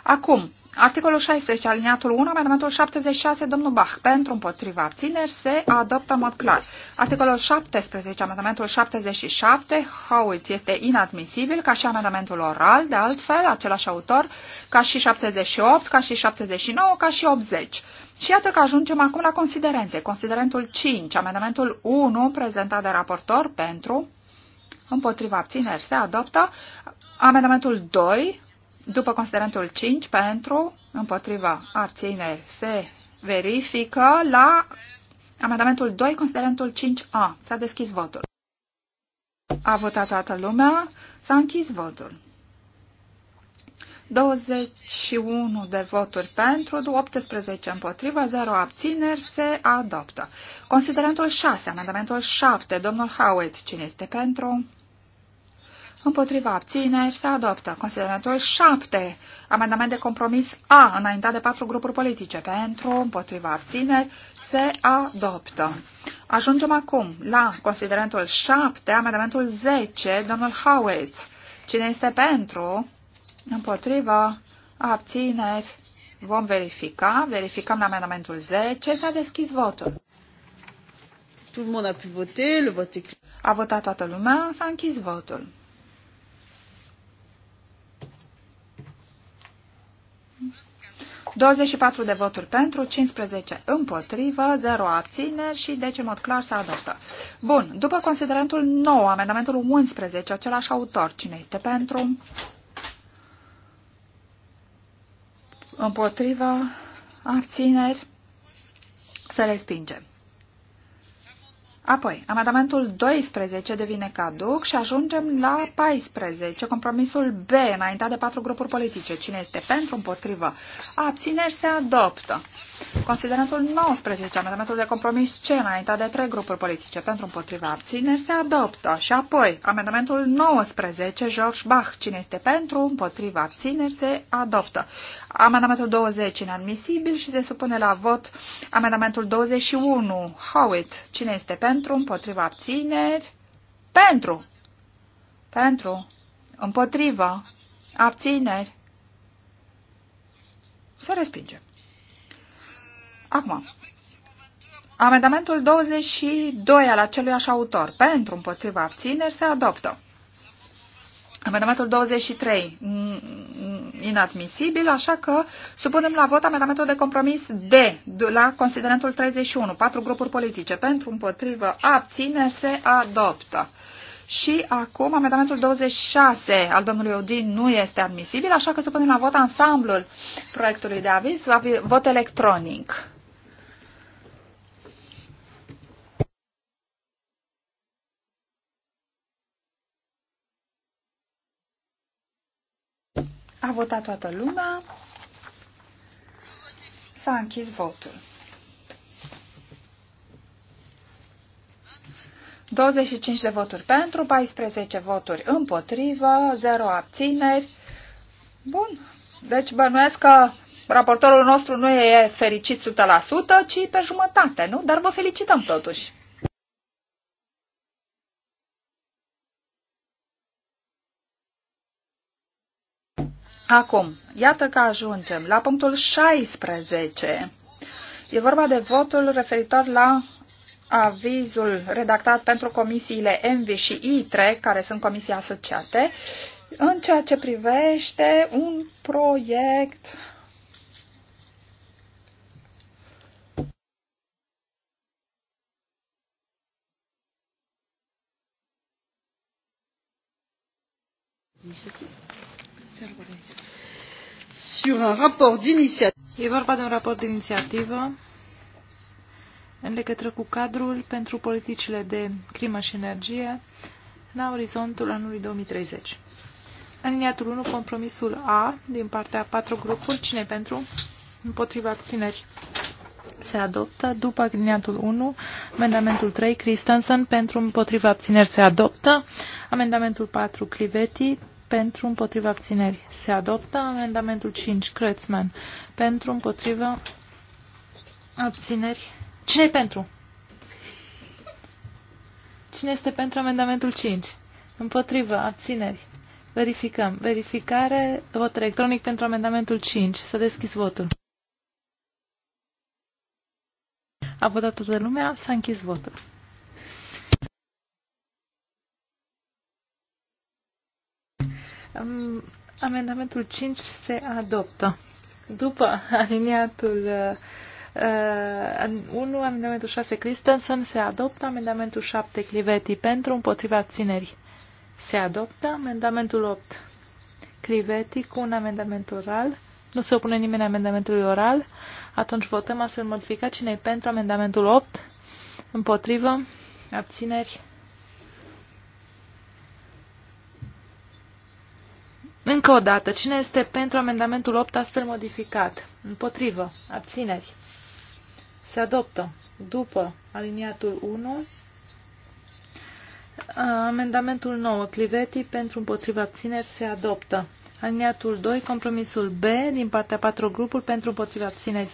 Acum, Articolul 16, aliniatul 1, amendamentul 76, domnul Bach, pentru împotriva abțineri, se adoptă în mod clar. Articolul 17, amendamentul 77, Howitt este inadmisibil, ca și amendamentul oral, de altfel, același autor, ca și 78, ca și 79, ca și 80. Și iată că ajungem acum la considerente. Considerentul 5, amendamentul 1, prezentat de raportor, pentru, împotriva abțineri, se adoptă. Amendamentul 2, după considerentul 5, pentru, împotriva, abține se verifică la amendamentul 2, considerentul 5A. S-a deschis votul. A votat toată lumea, s-a închis votul. 21 de voturi pentru, 18 împotriva, 0 abțineri, se adoptă. Considerentul 6, amendamentul 7, domnul Howitt, cine este pentru? împotriva abțineri, se adoptă. Considerentul 7, amendament de compromis A, înaintat de patru grupuri politice, pentru, împotriva abțineri, se adoptă. Ajungem acum la considerentul 7, amendamentul 10, domnul Howitz. Cine este pentru, împotriva abțineri, vom verifica. Verificăm la amendamentul 10, s-a deschis votul. A votat toată lumea, s-a închis votul. 24 de voturi pentru, 15 împotrivă, 0 abțineri și deci în mod clar se adoptă. Bun, după considerentul 9, amendamentul 11, același autor, cine este pentru? Împotrivă, abțineri, se respinge. Apoi, amendamentul 12 devine caduc și ajungem la 14, compromisul B, înaintea de patru grupuri politice. Cine este pentru, împotrivă, abțineri, se adoptă. Considerentul 19, amendamentul de compromis C, înaintea de trei grupuri politice, pentru, împotrivă, abțineri, se adoptă. Și apoi, amendamentul 19, George Bach, cine este pentru, împotrivă, abțineri, se adoptă. Amendamentul 20, inadmisibil și se supune la vot amendamentul 21, Howitt, cine este pentru, pentru, împotriva abțineri, pentru, pentru, împotriva, abțineri, se respinge. Acum, amendamentul 22 al aceluiași autor, pentru, împotriva, abțineri, se adoptă. Amendamentul 23, inadmisibil, așa că supunem la vot amendamentul de compromis D la considerentul 31, patru grupuri politice, pentru împotrivă abține se adoptă. Și acum amendamentul 26 al domnului Odin nu este admisibil, așa că supunem la vot ansamblul proiectului de aviz, vot electronic. A votat toată lumea. S-a închis votul. 25 de voturi pentru, 14 voturi împotrivă, 0 abțineri. Bun. Deci bănuiesc că raportorul nostru nu e fericit 100%, ci pe jumătate, nu? Dar vă felicităm totuși. Acum, iată că ajungem la punctul 16. E vorba de votul referitor la avizul redactat pentru comisiile ENVI și ITRE, care sunt comisii asociate, în ceea ce privește un proiect sur un rapport d'initiative. E vorba de un raport de inițiativă în legătură cu cadrul pentru politicile de climă și energie la orizontul anului 2030. Aliniatul 1, compromisul A, din partea a patru grupuri, cine pentru? Împotriva abțineri. Se adoptă. După aliniatul 1, amendamentul 3, Christensen, pentru împotriva abțineri se adoptă. Amendamentul 4, Cliveti, pentru împotriva abținerii. Se adoptă amendamentul 5, Crețman, pentru împotriva abținerii. cine pentru? Cine este pentru amendamentul 5? împotriva abținerii. Verificăm. Verificare, vot electronic pentru amendamentul 5. Să deschis votul. A votat toată lumea, s-a închis votul. Amendamentul 5 se adoptă. După aliniatul uh, 1, uh, amendamentul 6 Christensen se adoptă, amendamentul 7 Cliveti pentru, împotriva abțineri se adoptă, amendamentul 8 Cliveti cu un amendament oral. Nu se opune nimeni amendamentului oral. Atunci votăm astfel modificat cine e pentru amendamentul 8, împotrivă, abțineri Încă o dată, cine este pentru amendamentul 8 astfel modificat? Împotrivă. Abțineri. Se adoptă. După aliniatul 1, amendamentul 9, Cliveti, pentru împotriva abțineri, se adoptă. Aliniatul 2, compromisul B, din partea 4 grupuri, pentru împotriva abțineri,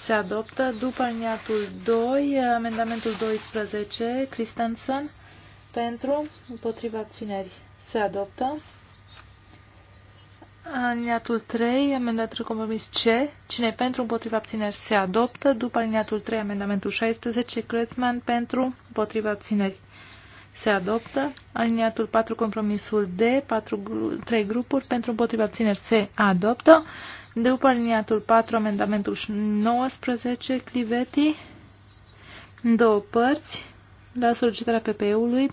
se adoptă. După aliniatul 2, amendamentul 12, Christensen, pentru împotriva abțineri, se adoptă. Aliniatul 3, amendatul compromis C. Cine pentru, împotriva abțineri se adoptă. După aliniatul 3, amendamentul 16, Crețman pentru, împotriva abțineri se adoptă. Aliniatul 4, compromisul D, 4, 3 grupuri pentru, împotriva abțineri se adoptă. După aliniatul 4, amendamentul 19, Cliveti, în două părți, la solicitarea PP-ului.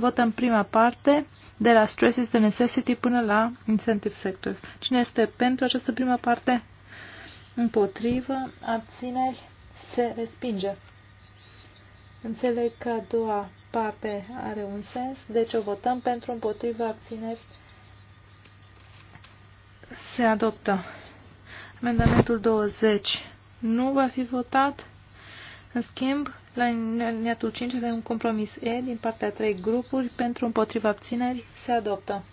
Votăm prima parte de la is the necessity până la incentive sectors. Cine este pentru această prima parte? Împotrivă, abțineri, se respinge. Înțeleg că a doua parte are un sens, deci o votăm pentru împotrivă, abțineri, se adoptă. Amendamentul 20 nu va fi votat. În schimb, la liniatul 5 avem un compromis E din partea 3 grupuri pentru împotriva abțineri se adoptă.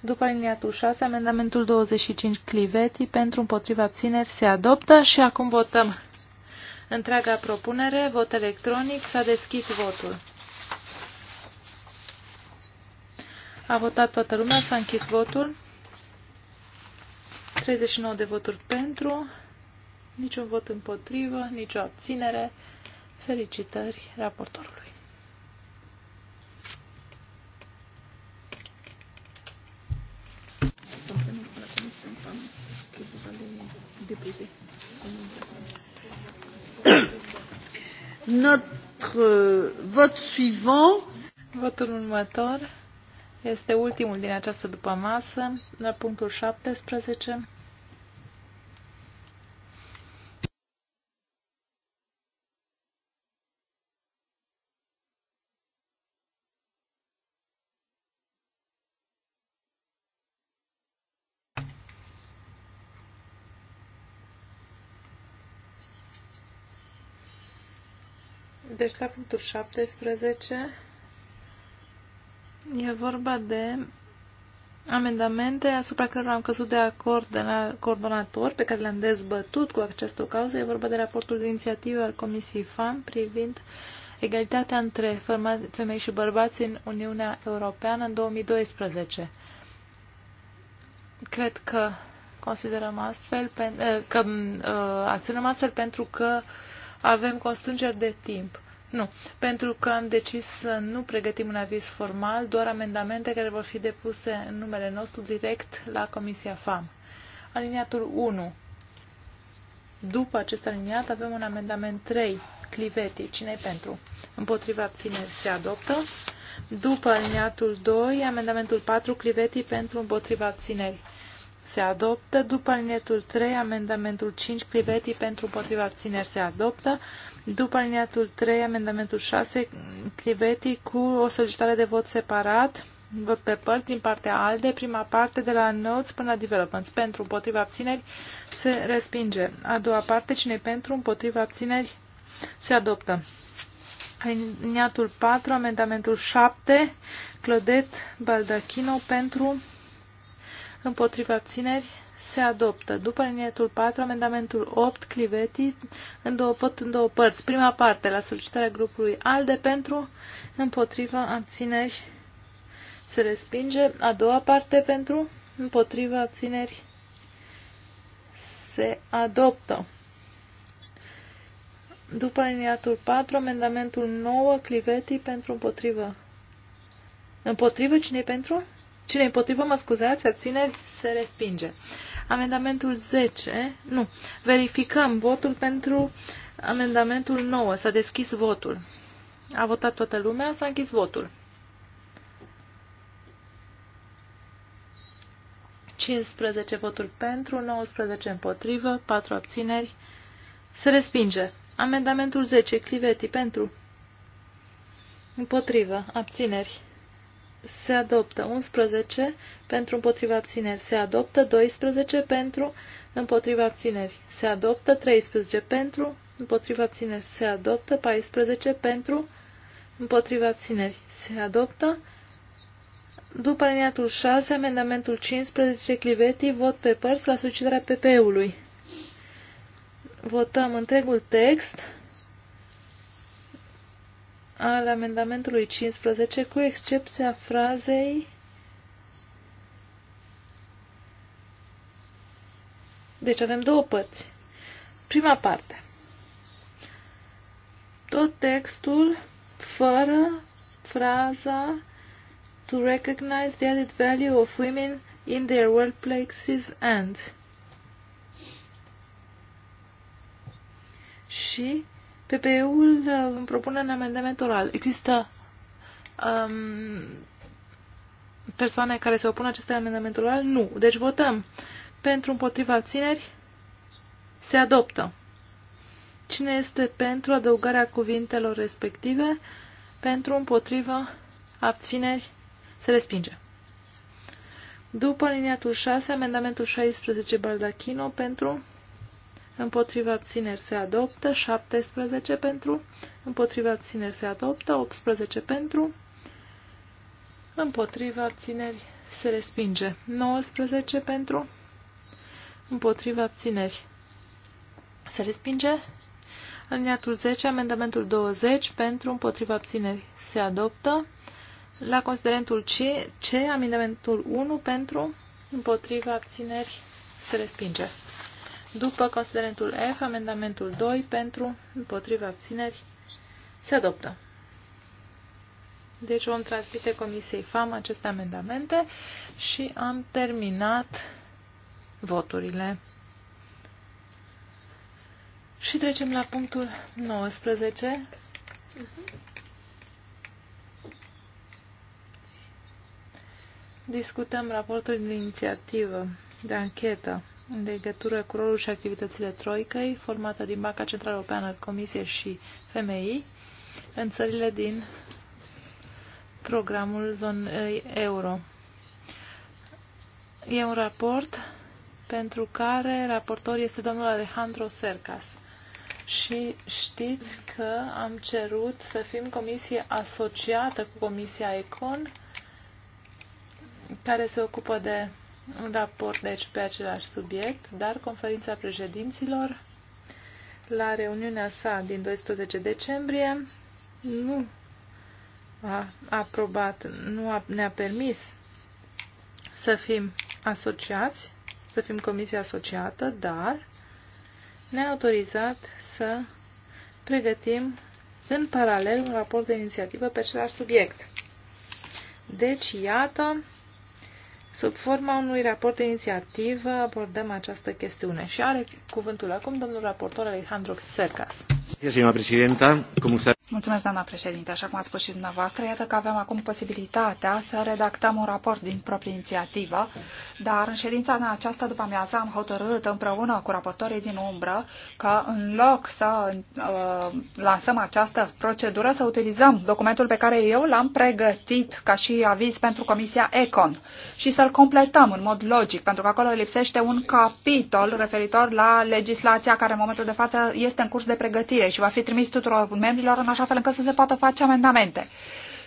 După liniatul 6, amendamentul 25 Cliveti pentru împotriva abțineri se adoptă și acum votăm întreaga propunere, vot electronic, s-a deschis votul. A votat toată lumea, s-a închis votul. 39 de voturi pentru, niciun vot împotrivă, nicio abținere. Felicitări raportorului. Notre euh, vote suivant. Votul următor este ultimul din această după masă, la punctul 17. Deci la punctul 17 e vorba de amendamente asupra cărora am căzut de acord de la coordonator pe care le-am dezbătut cu această cauză. E vorba de raportul de inițiativă al Comisiei FAM privind egalitatea între femei și bărbați în Uniunea Europeană în 2012. Cred că considerăm astfel, că ă, acționăm astfel pentru că avem constrângeri de timp. Nu, pentru că am decis să nu pregătim un aviz formal, doar amendamente care vor fi depuse în numele nostru direct la Comisia FAM. Aliniatul 1. După acest aliniat avem un amendament 3, Cliveti. cine pentru? Împotriva abțineri se adoptă. După aliniatul 2, amendamentul 4, Cliveti pentru împotriva abțineri se adoptă. După aliniatul 3, amendamentul 5, Cliveti pentru împotriva abțineri se adoptă. După aliniatul 3, amendamentul 6, Cliveti cu o solicitare de vot separat, vot pe părți din partea ALDE, prima parte de la Notes până la Developments. Pentru, împotriva abțineri, se respinge. A doua parte, cine pentru, împotriva abțineri, se adoptă. Aliniatul 4, amendamentul 7, Clodet Baldachino pentru, împotriva abțineri, se adoptă. După alineatul 4, amendamentul 8, Cliveti, în două, pot în două părți. Prima parte, la solicitarea grupului ALDE, pentru, împotrivă, abțineri, se respinge. A doua parte, pentru, împotrivă, abțineri, se adoptă. După liniatul 4, amendamentul 9, Cliveti, pentru, împotrivă. Împotrivă, cine pentru? Cine împotrivă, mă scuzați, abțineri, se respinge. Amendamentul 10, nu, verificăm votul pentru amendamentul 9. S-a deschis votul. A votat toată lumea, s-a închis votul. 15 voturi pentru, 19 împotrivă, 4 abțineri. Se respinge. Amendamentul 10, Cliveti, pentru. Împotrivă, abțineri se adoptă 11 pentru împotriva abțineri, se adoptă 12 pentru împotriva abțineri, se adoptă 13 pentru împotriva abțineri, se adoptă 14 pentru împotriva abțineri, se adoptă după liniatul 6, amendamentul 15, Cliveti, vot pe părți la solicitarea PP-ului. Votăm întregul text al amendamentului 15, cu excepția frazei Deci avem două părți. Prima parte. Tot textul fără fraza to recognize the added value of women in their workplaces and și PPE-ul uh, propune un amendament oral. Există um, persoane care se opun acestui amendament oral? Nu. Deci votăm. Pentru împotriva abțineri se adoptă. Cine este pentru adăugarea cuvintelor respective? Pentru împotriva abțineri se respinge. După liniatul 6, amendamentul 16 Baldachino pentru împotriva țineri se adoptă, 17 pentru, împotriva țineri se adoptă, 18 pentru, împotriva țineri se respinge, 19 pentru, împotriva țineri se respinge, aliniatul 10, amendamentul 20 pentru, împotriva abțineri se adoptă, la considerentul C, C amendamentul 1 pentru, împotriva abțineri se respinge. După considerentul F, amendamentul 2 pentru, împotriva abțineri, se adoptă. Deci vom transmite Comisiei FAM aceste amendamente și am terminat voturile. Și trecem la punctul 19. Discutăm raportul de inițiativă de anchetă în legătură cu rolul și activitățile Troicăi, formată din Banca Centrală Europeană, Comisie și FMI, în țările din programul zonei eh, euro. E un raport pentru care raportor este domnul Alejandro Sercas. Și știți că am cerut să fim comisie asociată cu Comisia Econ, care se ocupă de un raport, deci, pe același subiect, dar conferința președinților, la reuniunea sa din 12 decembrie, nu a aprobat, nu a, ne-a permis să fim asociați, să fim comisie asociată, dar ne-a autorizat să pregătim în paralel un raport de inițiativă pe același subiect. Deci, iată, Sub forma unui raport de inițiativă abordăm această chestiune și are cuvântul acum domnul raportor Alejandro Cercas. Mulțumesc, doamna președintă. Cum Mulțumesc, doamna președinte. Așa cum a spus și dumneavoastră, iată că avem acum posibilitatea să redactăm un raport din proprie inițiativă, dar în ședința în aceasta după amiază am hotărât împreună cu raportorii din umbră că în loc să uh, lansăm această procedură, să utilizăm documentul pe care eu l-am pregătit ca și aviz pentru Comisia ECON și să-l completăm în mod logic, pentru că acolo lipsește un capitol referitor la legislația care în momentul de față este în curs de pregătire și va fi trimis tuturor membrilor în așa fel încât să se poată face amendamente.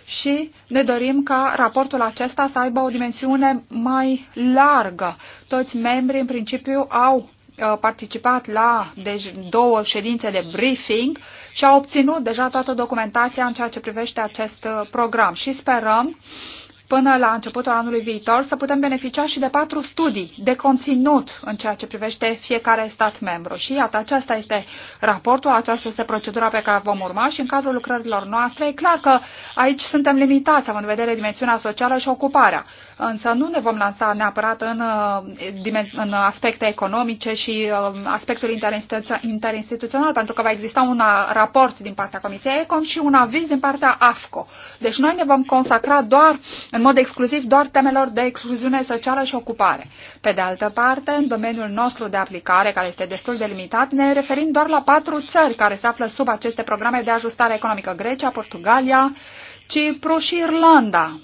Și ne dorim ca raportul acesta să aibă o dimensiune mai largă. Toți membrii, în principiu, au uh, participat la deci, două ședințe de briefing și au obținut deja toată documentația în ceea ce privește acest uh, program. Și sperăm uh, până la începutul anului viitor să putem beneficia și de patru studii de conținut în ceea ce privește fiecare stat membru. Și iată, aceasta este raportul, aceasta este procedura pe care vom urma și în cadrul lucrărilor noastre e clar că aici suntem limitați, având în vedere dimensiunea socială și ocuparea. Însă nu ne vom lansa neapărat în, uh, în aspecte economice și uh, aspectul interinstituțional, pentru că va exista un uh, raport din partea Comisiei Econ și un aviz din partea AFCO. Deci noi ne vom consacra doar în în mod exclusiv doar temelor de excluziune socială și ocupare. Pe de altă parte, în domeniul nostru de aplicare, care este destul de limitat, ne referim doar la patru țări care se află sub aceste programe de ajustare economică, Grecia, Portugalia, Cipru și Irlanda.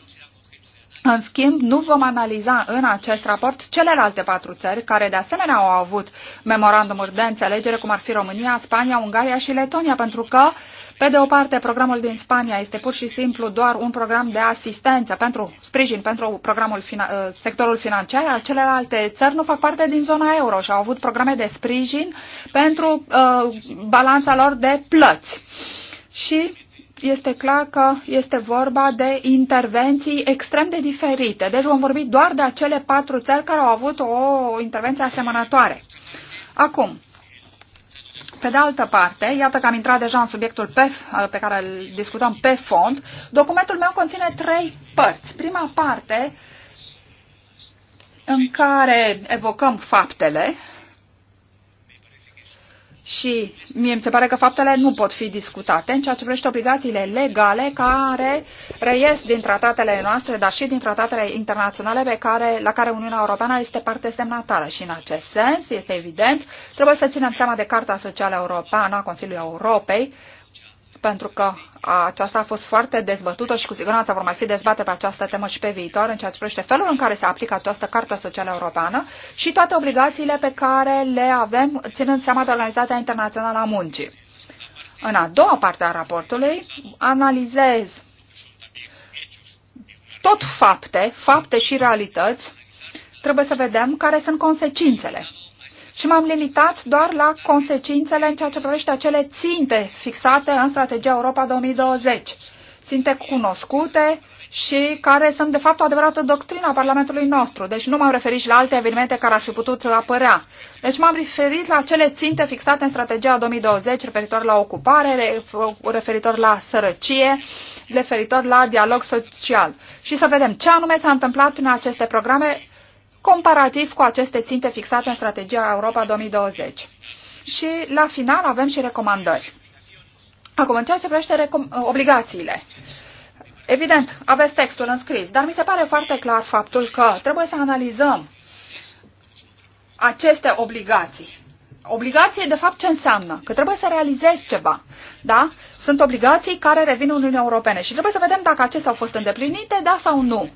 În schimb, nu vom analiza în acest raport celelalte patru țări care de asemenea au avut memorandumuri de înțelegere, cum ar fi România, Spania, Ungaria și Letonia, pentru că uh, pe de o parte, programul din Spania este pur și simplu doar un program de asistență pentru sprijin pentru programul fina, uh, sectorul financiar, iar celelalte țări nu fac parte din zona euro și au avut programe de sprijin pentru uh, balanța lor de plăți. Și este clar că este vorba de intervenții extrem de diferite. Deci vom vorbi doar de acele patru țări care au avut o intervenție asemănătoare. Acum, pe de altă parte, iată că am intrat deja în subiectul pe, uh, pe care îl discutăm pe fond, documentul meu conține trei părți. Prima parte în care evocăm faptele, și mie mi se pare că faptele nu pot fi discutate în ceea ce privește obligațiile legale care reies din tratatele noastre, dar și din tratatele internaționale pe care, la care Uniunea Europeană este parte semnatară. Și în acest sens, este evident, trebuie să ținem seama de Carta Socială Europeană a Consiliului Europei, pentru că aceasta a fost foarte dezbătută și cu siguranță vor mai fi dezbate pe această temă și pe viitor în ceea ce privește felul în care se aplică această Carta Socială Europeană și toate obligațiile pe care le avem ținând seama de Organizația Internațională a Muncii. În a doua parte a raportului analizez tot fapte, fapte și realități. Trebuie să vedem care sunt consecințele și m-am limitat doar la consecințele în ceea ce privește acele ținte fixate în strategia Europa 2020. Ținte cunoscute și care sunt de fapt o adevărată doctrină a Parlamentului nostru. Deci nu m-am referit și la alte evenimente care ar fi putut apărea. Deci m-am referit la cele ținte fixate în strategia 2020 referitor la ocupare, referitor la sărăcie, referitor la dialog social. Și să vedem ce anume s-a întâmplat prin aceste programe comparativ cu aceste ținte fixate în strategia Europa 2020. Și la final avem și recomandări. Acum, în ceea ce privește obligațiile, evident, aveți textul înscris, dar mi se pare foarte clar faptul că trebuie să analizăm aceste obligații. Obligație, de fapt, ce înseamnă? Că trebuie să realizezi ceva. Da? Sunt obligații care revin Uniunii Europene și trebuie să vedem dacă acestea au fost îndeplinite, da sau nu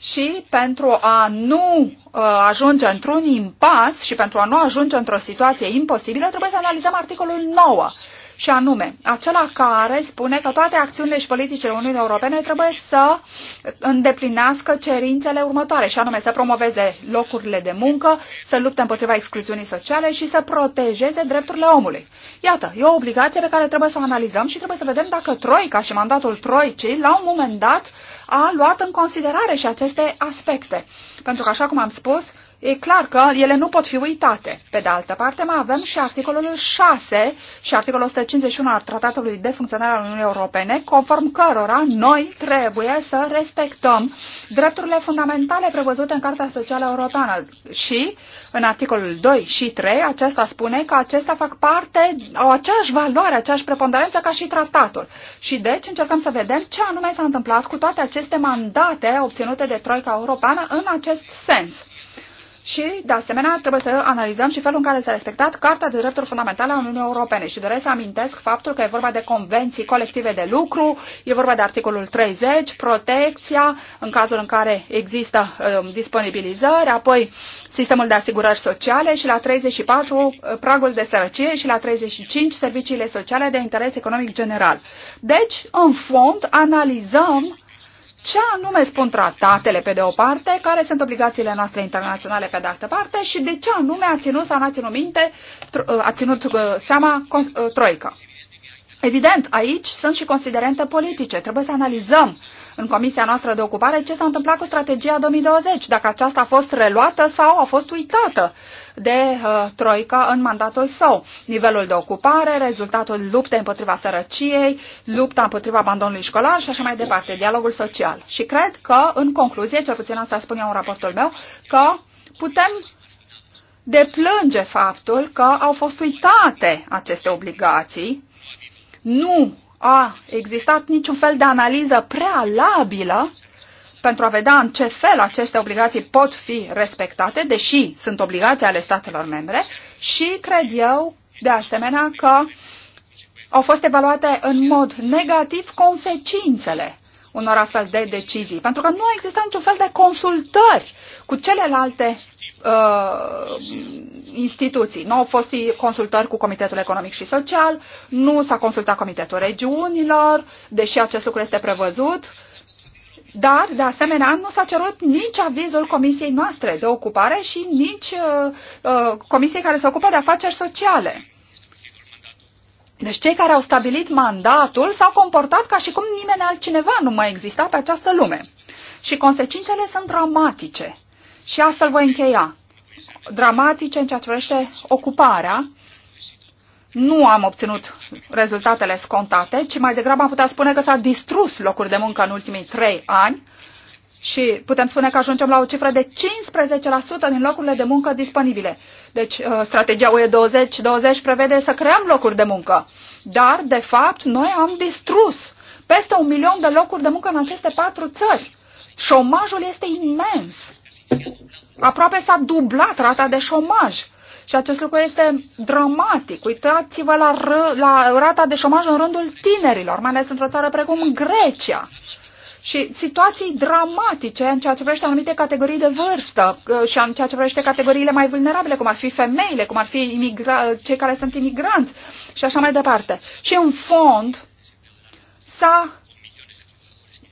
și pentru a nu uh, ajunge într-un impas și pentru a nu ajunge într-o situație imposibilă, trebuie să analizăm articolul 9 și anume acela care spune că toate acțiunile și politicile Uniunii Europene trebuie să îndeplinească cerințele următoare, și anume să promoveze locurile de muncă, să lupte împotriva excluziunii sociale și să protejeze drepturile omului. Iată, e o obligație pe care trebuie să o analizăm și trebuie să vedem dacă Troica și mandatul Troicii, la un moment dat, a luat în considerare și aceste aspecte. Pentru că, așa cum am spus, e clar că ele nu pot fi uitate. Pe de altă parte, mai avem și articolul 6 și articolul 151 al Tratatului de Funcționare al Uniunii Europene, conform cărora noi trebuie să respectăm drepturile fundamentale prevăzute în Carta Socială Europeană. Și în articolul 2 și 3, acesta spune că acestea fac parte, au aceeași valoare, aceeași preponderență ca și tratatul. Și deci încercăm să vedem ce anume s-a întâmplat cu toate aceste mandate obținute de Troica Europeană în acest sens și, de asemenea, trebuie să analizăm și felul în care s-a respectat Carta de Drepturi Fundamentale a Uniunii Europene. Și doresc să amintesc faptul că e vorba de convenții colective de lucru, e vorba de articolul 30, protecția în cazul în care există um, disponibilizări, apoi sistemul de asigurări sociale și la 34 uh, pragul de sărăcie și la 35 serviciile sociale de interes economic general. Deci, în fond, analizăm ce anume spun tratatele pe de o parte, care sunt obligațiile noastre internaționale pe de altă parte și de ce anume a ținut sau n-a ținut minte, uh, a ținut uh, seama uh, troică. Evident, aici sunt și considerente politice. Trebuie să analizăm în Comisia noastră de ocupare ce s-a întâmplat cu strategia 2020, dacă aceasta a fost reluată sau a fost uitată de uh, Troica în mandatul său. Nivelul de ocupare, rezultatul luptei împotriva sărăciei, lupta împotriva abandonului școlar și așa mai departe, dialogul social. Și cred că, în concluzie, cel puțin asta spun eu în raportul meu, că putem deplânge faptul că au fost uitate aceste obligații, nu a existat niciun fel de analiză prealabilă pentru a vedea în ce fel aceste obligații pot fi respectate, deși sunt obligații ale statelor membre, și cred eu, de asemenea, că au fost evaluate în mod negativ consecințele unor astfel de decizii, pentru că nu există niciun fel de consultări cu celelalte uh, instituții. Nu au fost consultări cu Comitetul Economic și Social, nu s-a consultat Comitetul Regiunilor, deși acest lucru este prevăzut, dar, de asemenea, nu s-a cerut nici avizul Comisiei noastre de ocupare și nici uh, uh, Comisiei care se ocupă de afaceri sociale. Deci cei care au stabilit mandatul s-au comportat ca și cum nimeni altcineva nu mai exista pe această lume. Și consecințele sunt dramatice. Și astfel voi încheia. Dramatice în ceea ce privește ocuparea. Nu am obținut rezultatele scontate, ci mai degrabă am putea spune că s-a distrus locuri de muncă în ultimii trei ani și putem spune că ajungem la o cifră de 15% din locurile de muncă disponibile. Deci, uh, strategia UE 2020 prevede să creăm locuri de muncă, dar, de fapt, noi am distrus peste un milion de locuri de muncă în aceste patru țări. Șomajul este imens aproape s-a dublat rata de șomaj. Și acest lucru este dramatic. Uitați-vă la, la rata de șomaj în rândul tinerilor, mai ales într-o țară precum Grecia. Și situații dramatice în ceea ce privește anumite categorii de vârstă uh, și în ceea ce privește categoriile mai vulnerabile, cum ar fi femeile, cum ar fi imigra- cei care sunt imigranți și așa mai departe. Și în fond s-a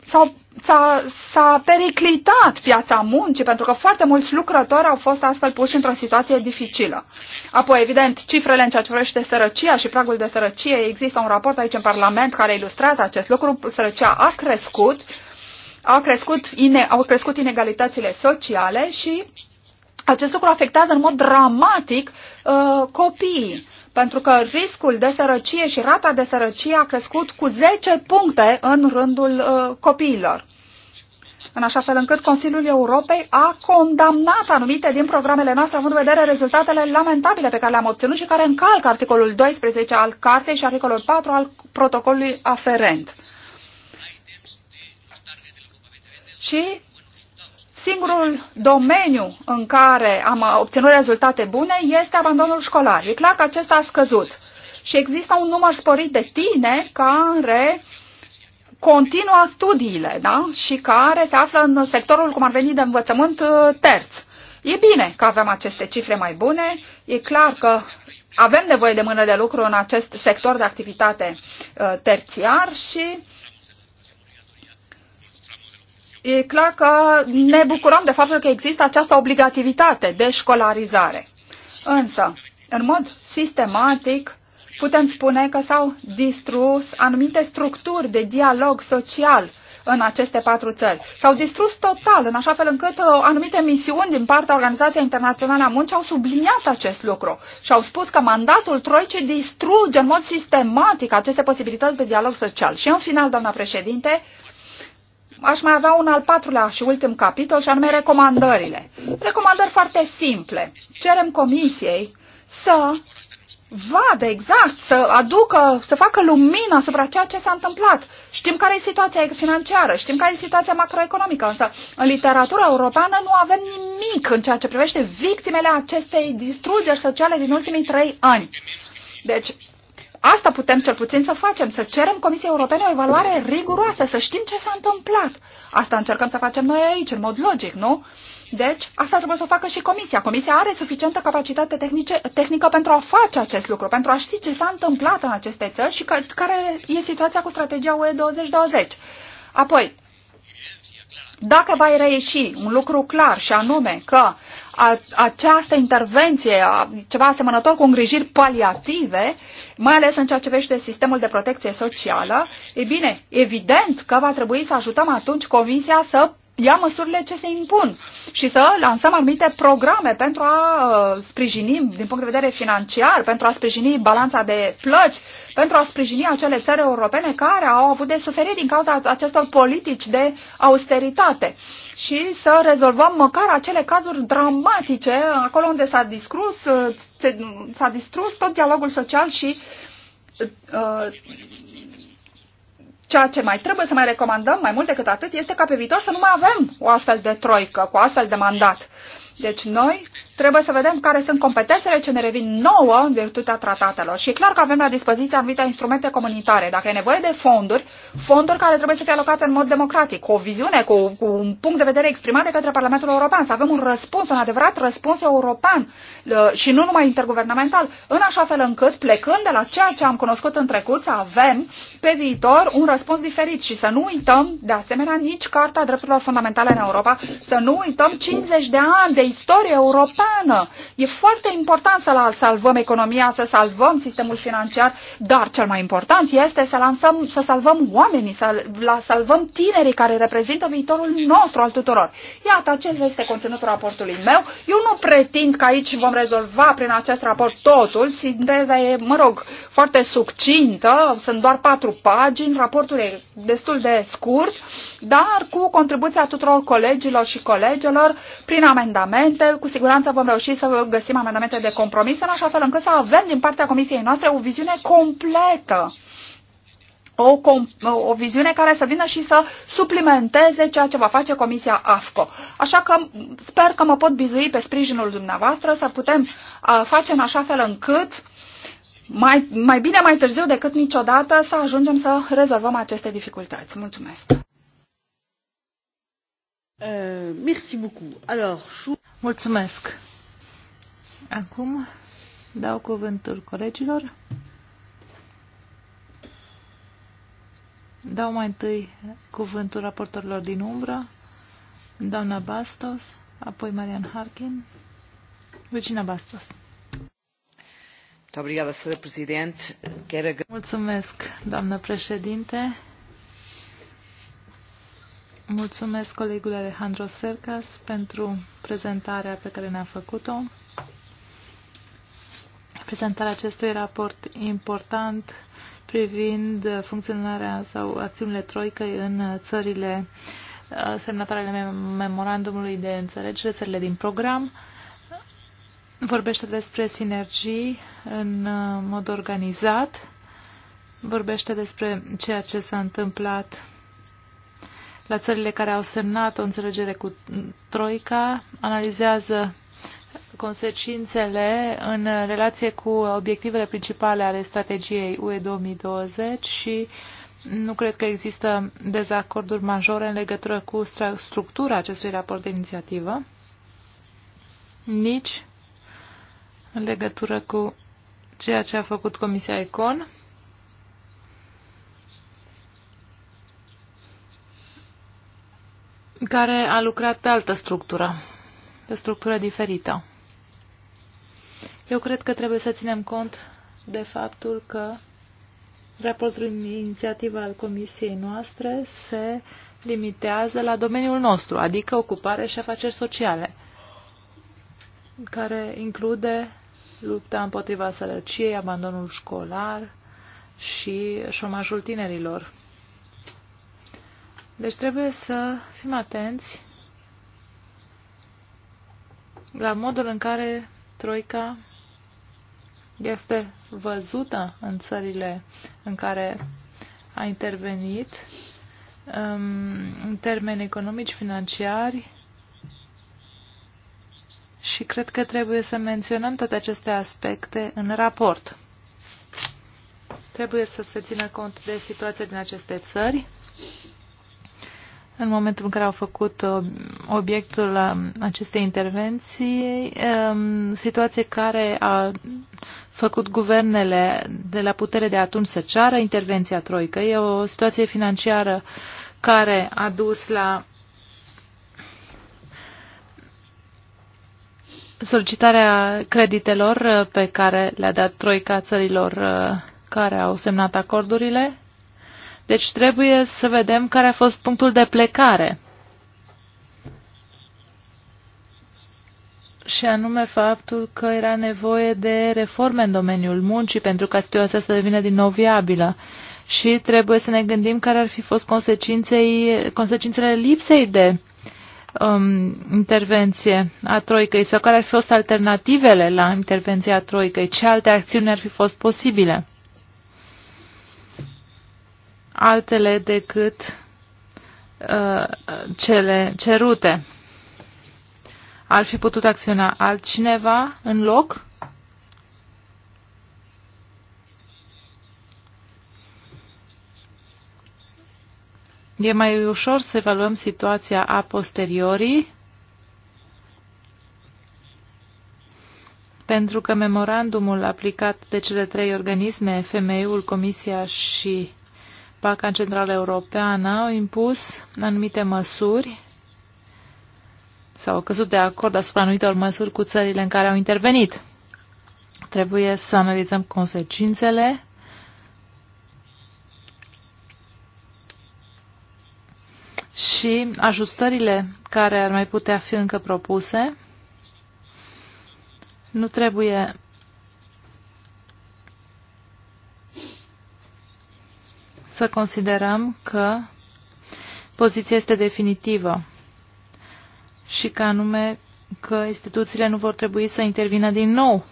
s-a, periclitat piața muncii pentru că foarte mulți lucrători au fost astfel puși într-o situație dificilă. Apoi, evident, cifrele în ceea ce privește sărăcia și pragul de sărăcie, există un raport aici în Parlament care ilustrează acest lucru, sărăcia a crescut, a crescut ine, au crescut inegalitățile sociale și acest lucru afectează în mod dramatic uh, copiii pentru că riscul de sărăcie și rata de sărăcie a crescut cu 10 puncte în rândul uh, copiilor. În așa fel încât Consiliul Europei a condamnat anumite din programele noastre, având în vedere rezultatele lamentabile pe care le-am obținut și care încalcă articolul 12 al cartei și articolul 4 al protocolului aferent. Și Singurul domeniu în care am obținut rezultate bune este abandonul școlar. E clar că acesta a scăzut. Și există un număr sporit de tineri care continuă studiile, da? Și care se află în sectorul, cum ar veni, de învățământ uh, terț. E bine că avem aceste cifre mai bune, e clar că avem nevoie de mână de lucru în acest sector de activitate uh, terțiar și e clar că ne bucurăm de faptul că există această obligativitate de școlarizare. Însă, în mod sistematic, putem spune că s-au distrus anumite structuri de dialog social în aceste patru țări. S-au distrus total, în așa fel încât uh, anumite misiuni din partea Organizației Internaționale a Muncii au subliniat acest lucru și au spus că mandatul Troicii distruge în mod sistematic aceste posibilități de dialog social. Și în final, doamna președinte, aș mai avea un al patrulea și ultim capitol, și anume recomandările. Recomandări foarte simple. Cerem comisiei să vadă exact, să aducă, să facă lumină asupra ceea ce s-a întâmplat. Știm care e situația financiară, știm care e situația macroeconomică, însă în literatura europeană nu avem nimic în ceea ce privește victimele acestei distrugeri sociale din ultimii trei ani. Deci, Asta putem cel puțin să facem, să cerem Comisiei Europene o evaluare riguroasă, să știm ce s-a întâmplat. Asta încercăm să facem noi aici, în mod logic, nu? Deci, asta trebuie să o facă și Comisia. Comisia are suficientă capacitate tehnice, tehnică pentru a face acest lucru, pentru a ști ce s-a întâmplat în aceste țări și că, care e situația cu strategia UE 2020. Apoi, dacă va reieși un lucru clar și anume că a, această intervenție, a, ceva asemănător cu îngrijiri paliative, mai ales în ceea ce privește sistemul de protecție socială, e bine, evident că va trebui să ajutăm atunci Comisia să ia măsurile ce se impun și să lansăm anumite programe pentru a uh, sprijini din punct de vedere financiar, pentru a sprijini balanța de plăți, pentru a sprijini acele țări europene care au avut de suferit din cauza acestor politici de austeritate și să rezolvăm măcar acele cazuri dramatice acolo unde s-a distrus, uh, s-a distrus tot dialogul social și uh, Ceea ce mai trebuie să mai recomandăm, mai mult decât atât, este ca pe viitor să nu mai avem o astfel de troică, cu astfel de mandat. Deci noi Trebuie să vedem care sunt competențele ce ne revin nouă în virtutea tratatelor. Și e clar că avem la dispoziție anumite instrumente comunitare. Dacă e nevoie de fonduri, fonduri care trebuie să fie alocate în mod democratic, cu o viziune, cu, cu un punct de vedere exprimat de către Parlamentul European, să avem un răspuns, un adevărat răspuns european uh, și nu numai interguvernamental, în așa fel încât, plecând de la ceea ce am cunoscut în trecut, să avem pe viitor un răspuns diferit și să nu uităm, de asemenea, nici Carta Drepturilor Fundamentale în Europa, să nu uităm 50 de ani de istorie europeană Europeană. E foarte important să salvăm economia, să salvăm sistemul financiar, dar cel mai important este să, lansăm, să salvăm oamenii, să salvăm tinerii care reprezintă viitorul nostru al tuturor. Iată, acesta este conținutul raportului meu. Eu nu pretind că aici vom rezolva prin acest raport totul. Sinteza e, mă rog, foarte succintă. Sunt doar patru pagini. Raportul e destul de scurt, dar cu contribuția tuturor colegilor și colegelor prin amendamente. Cu siguranță vom reuși să găsim amendamente de compromis în așa fel încât să avem din partea comisiei noastre o viziune completă o, o viziune care să vină și să suplimenteze ceea ce va face Comisia AFCO. Așa că sper că mă pot bizui pe sprijinul dumneavoastră să putem uh, face în așa fel încât mai, mai bine mai târziu decât niciodată să ajungem să rezolvăm aceste dificultăți. Mulțumesc! Uh, merci beaucoup. Alors, je... Mulțumesc. Acum dau cuvântul colegilor. Dau mai întâi cuvântul raportorilor din umbră, doamna Bastos, apoi Marian Harkin, Regina Bastos. Mulțumesc, doamnă președinte. Mulțumesc colegul Alejandro Sercas pentru prezentarea pe care ne-a făcut-o. Prezentarea acestui raport important privind funcționarea sau acțiunile troicăi în țările semnatarele memorandumului de înțelegere, țările din program. Vorbește despre sinergii în mod organizat, vorbește despre ceea ce s-a întâmplat la țările care au semnat o înțelegere cu Troica, analizează consecințele în relație cu obiectivele principale ale strategiei UE 2020 și nu cred că există dezacorduri majore în legătură cu structura acestui raport de inițiativă, nici în legătură cu ceea ce a făcut Comisia ECON care a lucrat pe altă structură, pe structură diferită. Eu cred că trebuie să ținem cont de faptul că raportul inițiativă al comisiei noastre se limitează la domeniul nostru, adică ocupare și afaceri sociale, care include lupta împotriva sărăciei, abandonul școlar și șomajul tinerilor. Deci trebuie să fim atenți la modul în care Troica este văzută în țările în care a intervenit um, în termeni economici, financiari și cred că trebuie să menționăm toate aceste aspecte în raport. Trebuie să se țină cont de situația din aceste țări în momentul în care au făcut uh, obiectul uh, acestei intervenții, um, situație care a făcut guvernele de la putere de atunci să ceară intervenția troică. E o situație financiară care a dus la solicitarea creditelor uh, pe care le-a dat troica țărilor care au semnat acordurile deci trebuie să vedem care a fost punctul de plecare. și anume faptul că era nevoie de reforme în domeniul muncii pentru ca situația să devină din nou viabilă. Și trebuie să ne gândim care ar fi fost consecințele lipsei de um, intervenție a Troicăi sau care ar fi fost alternativele la intervenția Troicăi, ce alte acțiuni ar fi fost posibile altele decât uh, cele cerute. Ar fi putut acționa altcineva în loc? E mai ușor să evaluăm situația a posteriori, pentru că memorandumul aplicat de cele trei organisme, femeiul, comisia și Banca Centrală Europeană au impus anumite măsuri sau au căzut de acord asupra anumitor măsuri cu țările în care au intervenit. Trebuie să analizăm consecințele și ajustările care ar mai putea fi încă propuse. Nu trebuie să considerăm că poziția este definitivă și că anume că instituțiile nu vor trebui să intervină din nou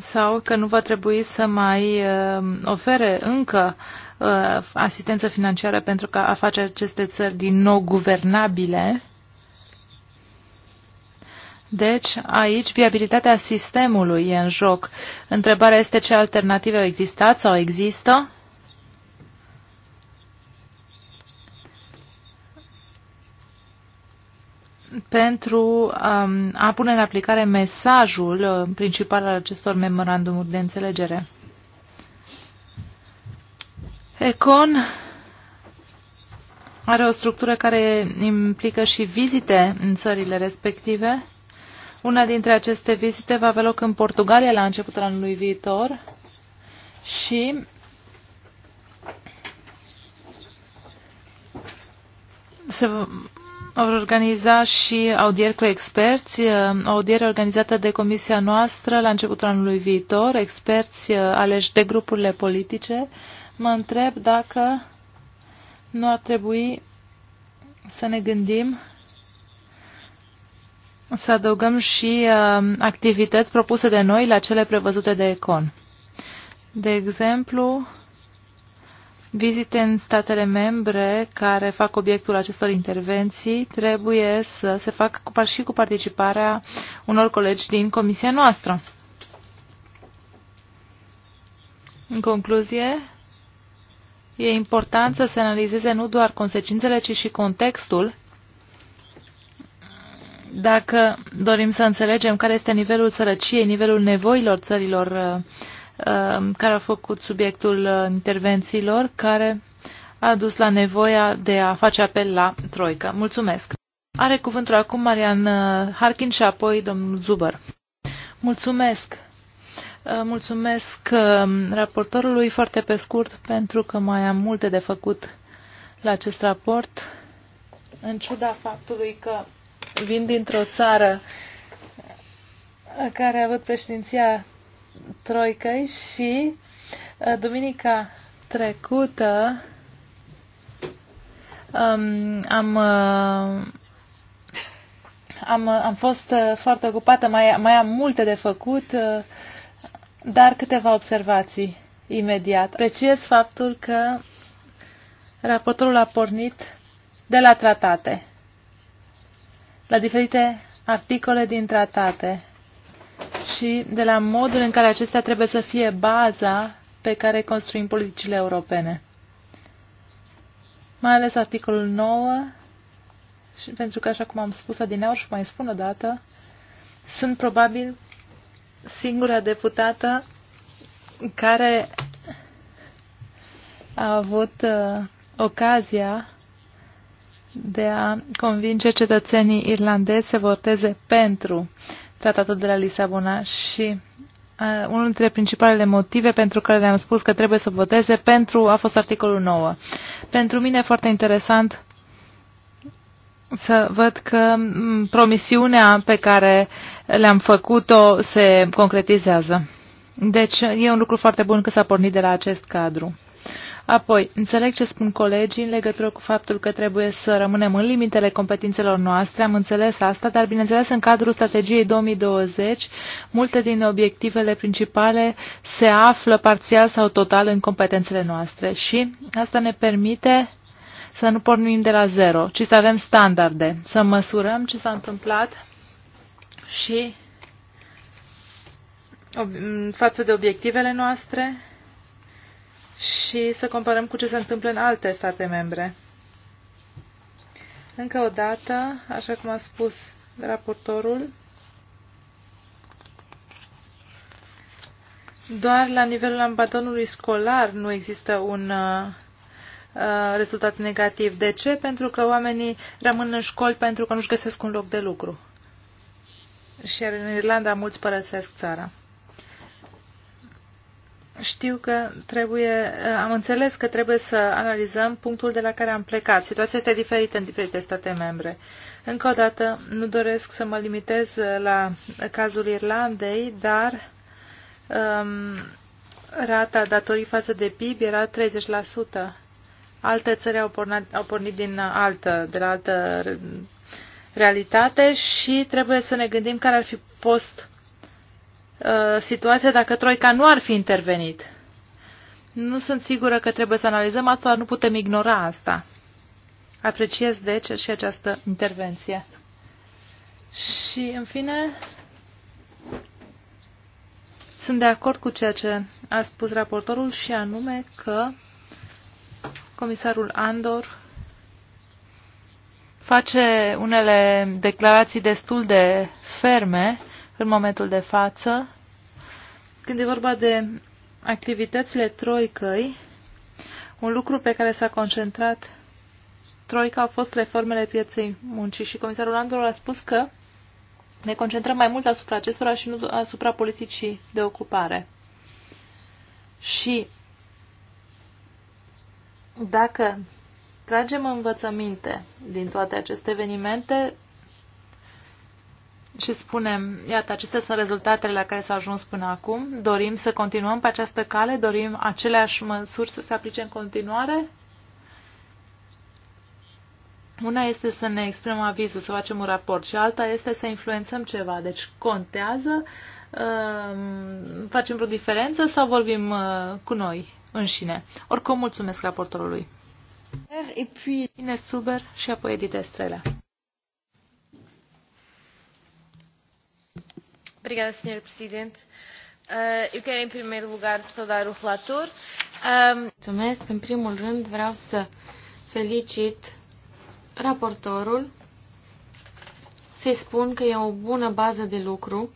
sau că nu va trebui să mai uh, ofere încă uh, asistență financiară pentru ca a face aceste țări din nou guvernabile deci, aici, viabilitatea sistemului e în joc. Întrebarea este ce alternative au existat sau există? pentru um, a pune în aplicare mesajul uh, principal al acestor memorandumuri de înțelegere. Econ are o structură care implică și vizite în țările respective una dintre aceste vizite va avea loc în Portugalia la începutul anului viitor și se vor organiza și audieri cu experți, o audiere organizată de comisia noastră la începutul anului viitor, experți uh, aleși de grupurile politice. Mă întreb dacă nu ar trebui să ne gândim să adăugăm și uh, activități propuse de noi la cele prevăzute de Econ. De exemplu, vizite în statele membre care fac obiectul acestor intervenții trebuie să se facă cu, și cu participarea unor colegi din comisia noastră. În concluzie, e important să se analizeze nu doar consecințele, ci și contextul dacă dorim să înțelegem care este nivelul sărăciei, nivelul nevoilor țărilor uh, uh, care au făcut subiectul uh, intervențiilor, care a dus la nevoia de a face apel la Troică. Mulțumesc! Are cuvântul acum Marian Harkin și apoi domnul Zuber. Mulțumesc! Mulțumesc raportorului foarte pe scurt pentru că mai am multe de făcut la acest raport, în ciuda faptului că vin dintr-o țară care a avut președinția Troicăi și uh, duminica trecută um, am, uh, am, uh, am fost foarte ocupată, mai, mai am multe de făcut, dar câteva observații imediat. Preciez faptul că raportul a pornit de la tratate la diferite articole din tratate și de la modul în care acestea trebuie să fie baza pe care construim politicile europene. Mai ales articolul 9, și pentru că, așa cum am spus adineaur și mai spun o dată, sunt probabil singura deputată care a avut uh, ocazia de a convinge cetățenii irlandezi să voteze pentru tratatul de la Lisabona și uh, unul dintre principalele motive pentru care le-am spus că trebuie să voteze pentru a fost articolul 9. Pentru mine e foarte interesant să văd că promisiunea pe care le-am făcut-o se concretizează. Deci e un lucru foarte bun că s-a pornit de la acest cadru. Apoi, înțeleg ce spun colegii în legătură cu faptul că trebuie să rămânem în limitele competințelor noastre, am înțeles asta, dar bineînțeles în cadrul strategiei 2020, multe din obiectivele principale se află parțial sau total în competențele noastre și asta ne permite să nu pornim de la zero, ci să avem standarde, să măsurăm ce s-a întâmplat și față de obiectivele noastre și să comparăm cu ce se întâmplă în alte state membre. Încă o dată, așa cum a spus raportorul, doar la nivelul ambadonului școlar nu există un uh, uh, rezultat negativ. De ce? Pentru că oamenii rămân în școli pentru că nu-și găsesc un loc de lucru. Și în Irlanda mulți părăsesc țara. Știu că trebuie, eh, am înțeles că trebuie să analizăm punctul de la care am plecat. Situația este diferită în diferite state membre. Încă o dată, nu doresc să mă limitez eh, la cazul Irlandei, dar um, rata datorii față de PIB era 30%. Alte țări au, pornit, au pornit din altă, de la altă realitate și trebuie să ne gândim care ar fi fost Uh, situația dacă Troica nu ar fi intervenit. Nu sunt sigură că trebuie să analizăm asta, nu putem ignora asta. Apreciez, deci, și această intervenție. Și, în fine, sunt de acord cu ceea ce a spus raportorul și anume că comisarul Andor face unele declarații destul de ferme în momentul de față. Când e vorba de activitățile troicăi, un lucru pe care s-a concentrat troica au fost reformele pieței muncii și comisarul Andor a spus că ne concentrăm mai mult asupra acestora și nu asupra politicii de ocupare. Și dacă tragem învățăminte din toate aceste evenimente, și spunem, iată, acestea sunt rezultatele la care s-a ajuns până acum, dorim să continuăm pe această cale, dorim aceleași măsuri să se aplice în continuare? Una este să ne exprimăm avizul, să facem un raport și alta este să influențăm ceva. Deci contează, um, facem vreo diferență sau vorbim uh, cu noi înșine. Oricum, mulțumesc raportorului. Ines Suber și apoi Edith Estrela. Obrigada, Sr. Presidente. Ah, eu quero, em primeiro lugar, saudar o relator. Ah, Mulțumesc. În primul rând, vreau să felicit raportorul, să-i spun că e o bună bază de lucru.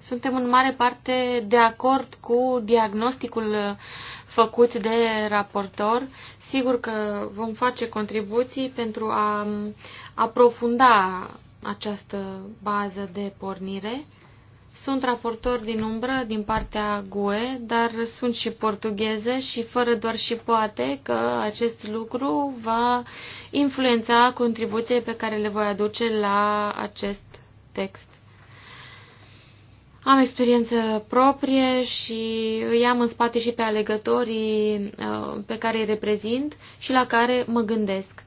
Suntem în mare parte de acord cu diagnosticul făcut de raportor. Sigur că vom face contribuții pentru a aprofunda această bază de pornire. Sunt raportor din umbră, din partea GUE, dar sunt și portugheză și fără doar și poate că acest lucru va influența contribuției pe care le voi aduce la acest text. Am experiență proprie și îi am în spate și pe alegătorii uh, pe care îi reprezint și la care mă gândesc.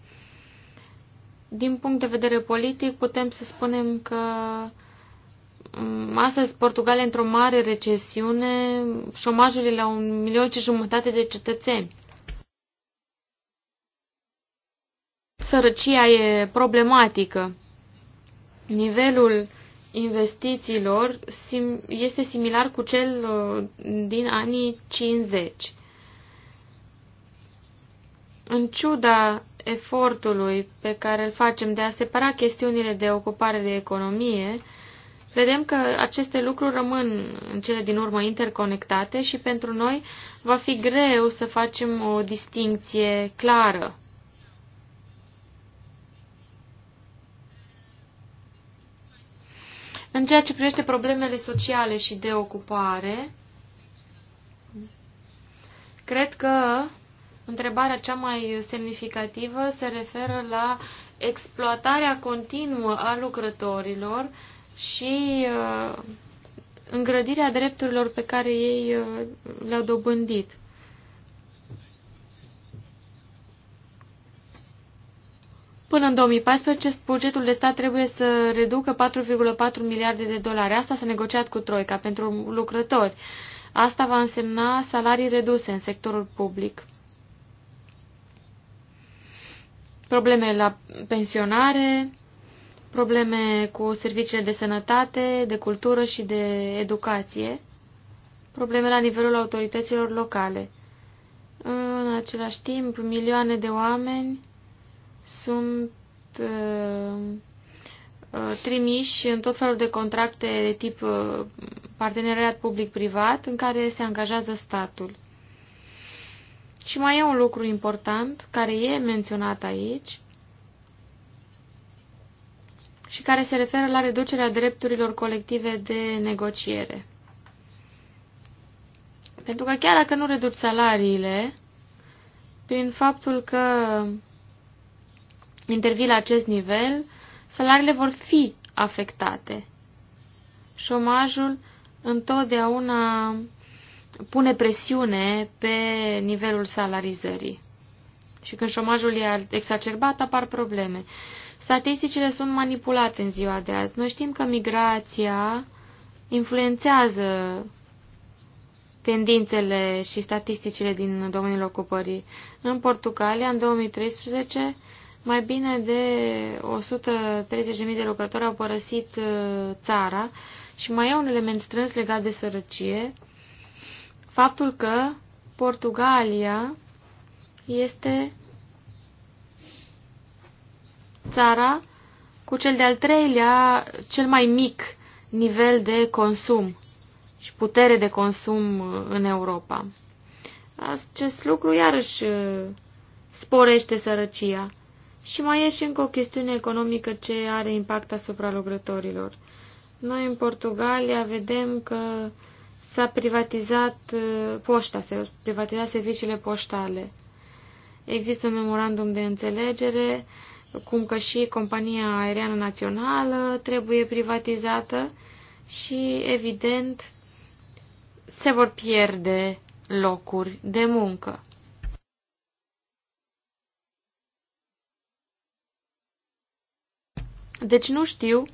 Din punct de vedere politic, putem să spunem că mm, astăzi Portugalia într-o mare recesiune, șomajul e la un milion și jumătate de cetățeni. Sărăcia e problematică. Nivelul investițiilor sim, este similar cu cel uh, din anii 50. În ciuda efortului pe care îl facem de a separa chestiunile de ocupare de economie, vedem că aceste lucruri rămân în cele din urmă interconectate și pentru noi va fi greu să facem o distinție clară. În ceea ce privește problemele sociale și de ocupare, cred că întrebarea cea mai semnificativă se referă la exploatarea continuă a lucrătorilor și uh, îngrădirea drepturilor pe care ei uh, le-au dobândit. Până în 2014, bugetul de stat trebuie să reducă 4,4 miliarde de dolari. Asta s-a negociat cu Troica pentru lucrători. Asta va însemna salarii reduse în sectorul public. Probleme la pensionare, probleme cu serviciile de sănătate, de cultură și de educație, probleme la nivelul autorităților locale. În același timp, milioane de oameni sunt uh, uh, trimiși în tot felul de contracte de tip uh, parteneriat public-privat în care se angajează statul. Și mai e un lucru important care e menționat aici și care se referă la reducerea drepturilor colective de negociere. Pentru că chiar dacă nu reduci salariile, prin faptul că intervii la acest nivel, salariile vor fi afectate. Șomajul întotdeauna pune presiune pe nivelul salarizării. Și când șomajul e exacerbat, apar probleme. Statisticile sunt manipulate în ziua de azi. Noi știm că migrația influențează tendințele și statisticile din domeniul ocupării. În Portugalia, în 2013, mai bine de 130.000 de lucrători au părăsit uh, țara și mai e un element strâns legat de sărăcie, faptul că Portugalia este țara cu cel de-al treilea, cel mai mic nivel de consum și putere de consum uh, în Europa. Acest lucru iarăși uh, sporește sărăcia. Și mai e și încă o chestiune economică ce are impact asupra lucrătorilor. Noi în Portugalia vedem că s-a privatizat uh, poșta, se privatizat serviciile poștale. Există un memorandum de înțelegere, cum că și compania aeriană națională trebuie privatizată și, evident, se vor pierde locuri de muncă. Deci nu știu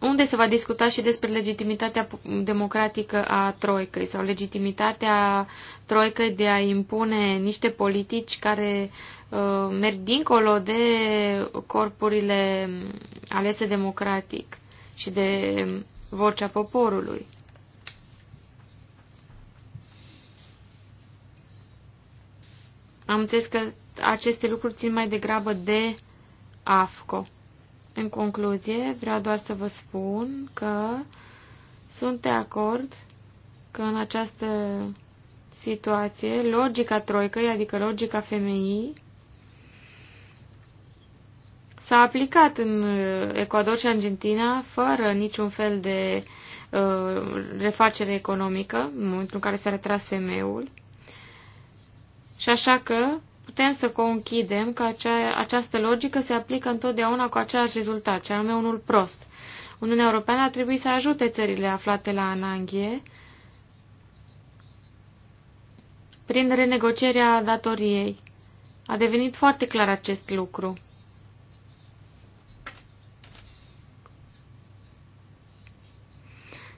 unde se va discuta și despre legitimitatea democratică a Troicăi sau legitimitatea Troicăi de a impune niște politici care uh, merg dincolo de corpurile alese democratic și de vocea poporului. Am înțeles că aceste lucruri țin mai degrabă de AFCO. În concluzie, vreau doar să vă spun că sunt de acord că în această situație, logica troicăi, adică logica femeii, s-a aplicat în Ecuador și Argentina fără niciun fel de uh, refacere economică, în momentul în care s-a retras femeul. Și așa că putem să conchidem că acea, această logică se aplică întotdeauna cu același rezultat, ce anume unul prost. Uniunea Europeană ar trebui să ajute țările aflate la ananghie prin renegocierea datoriei. A devenit foarte clar acest lucru.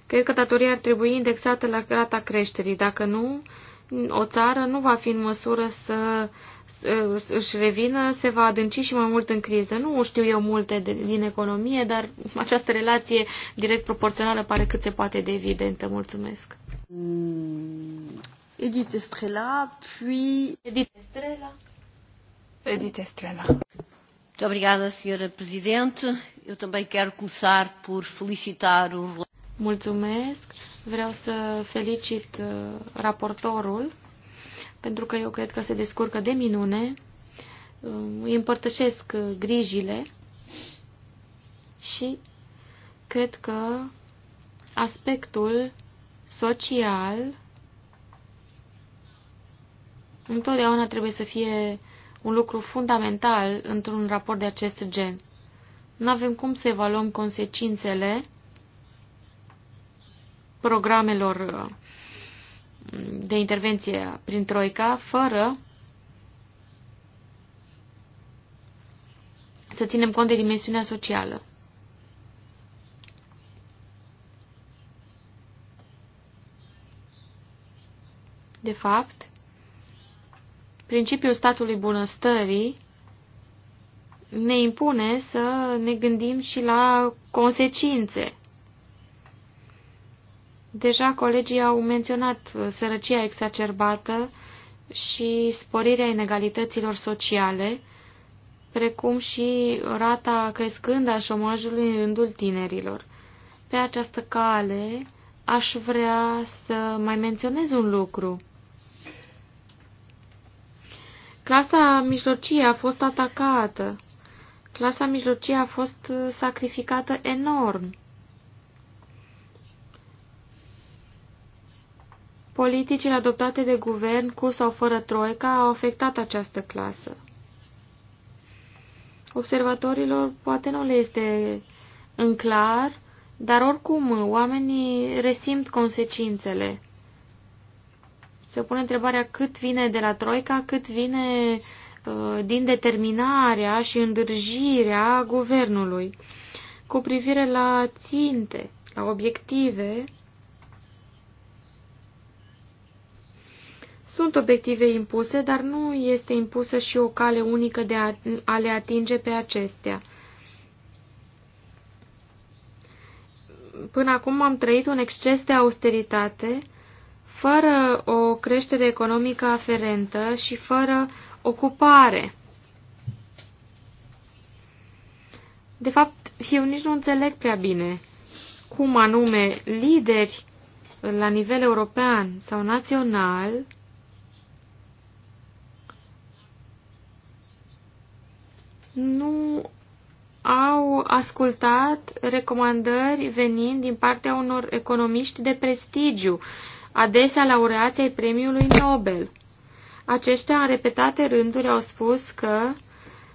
Cred că datoria ar trebui indexată la rata creșterii. Dacă nu, o țară nu va fi în măsură să Uh, își revină, se va adânci și mai mult în criză. Nu știu eu multe de, din economie, dar această relație direct proporțională pare cât se poate de evidentă. Mulțumesc. Mm, Edith Estrela, puis... Edith Estrela. Edith Estrela. Muito obrigada, senhora Presidente. Eu também quero começar por felicitar o... Mulțumesc. Vreau să felicit uh, raportorul pentru că eu cred că se descurcă de minune, îi împărtășesc uh, grijile și cred că aspectul social întotdeauna trebuie să fie un lucru fundamental într-un raport de acest gen. Nu avem cum să evaluăm consecințele programelor uh, de intervenție prin Troica fără să ținem cont de dimensiunea socială. De fapt, principiul statului bunăstării ne impune să ne gândim și la consecințe Deja colegii au menționat uh, sărăcia exacerbată și sporirea inegalităților sociale, precum și rata crescândă a șomajului în rândul tinerilor. Pe această cale aș vrea să mai menționez un lucru. Clasa mijlocie a fost atacată. Clasa mijlocie a fost uh, sacrificată enorm. Politicile adoptate de guvern cu sau fără troica au afectat această clasă. Observatorilor poate nu le este în clar, dar oricum oamenii resimt consecințele. Se pune întrebarea cât vine de la troica, cât vine uh, din determinarea și îndârjirea guvernului. Cu privire la ținte, la obiective, Sunt obiective impuse, dar nu este impusă și o cale unică de a, a le atinge pe acestea. Până acum am trăit un exces de austeritate, fără o creștere economică aferentă și fără ocupare. De fapt, eu nici nu înțeleg prea bine cum anume lideri la nivel european sau național nu au ascultat recomandări venind din partea unor economiști de prestigiu, adesea laureații ai premiului Nobel. Aceștia, în repetate rânduri, au spus că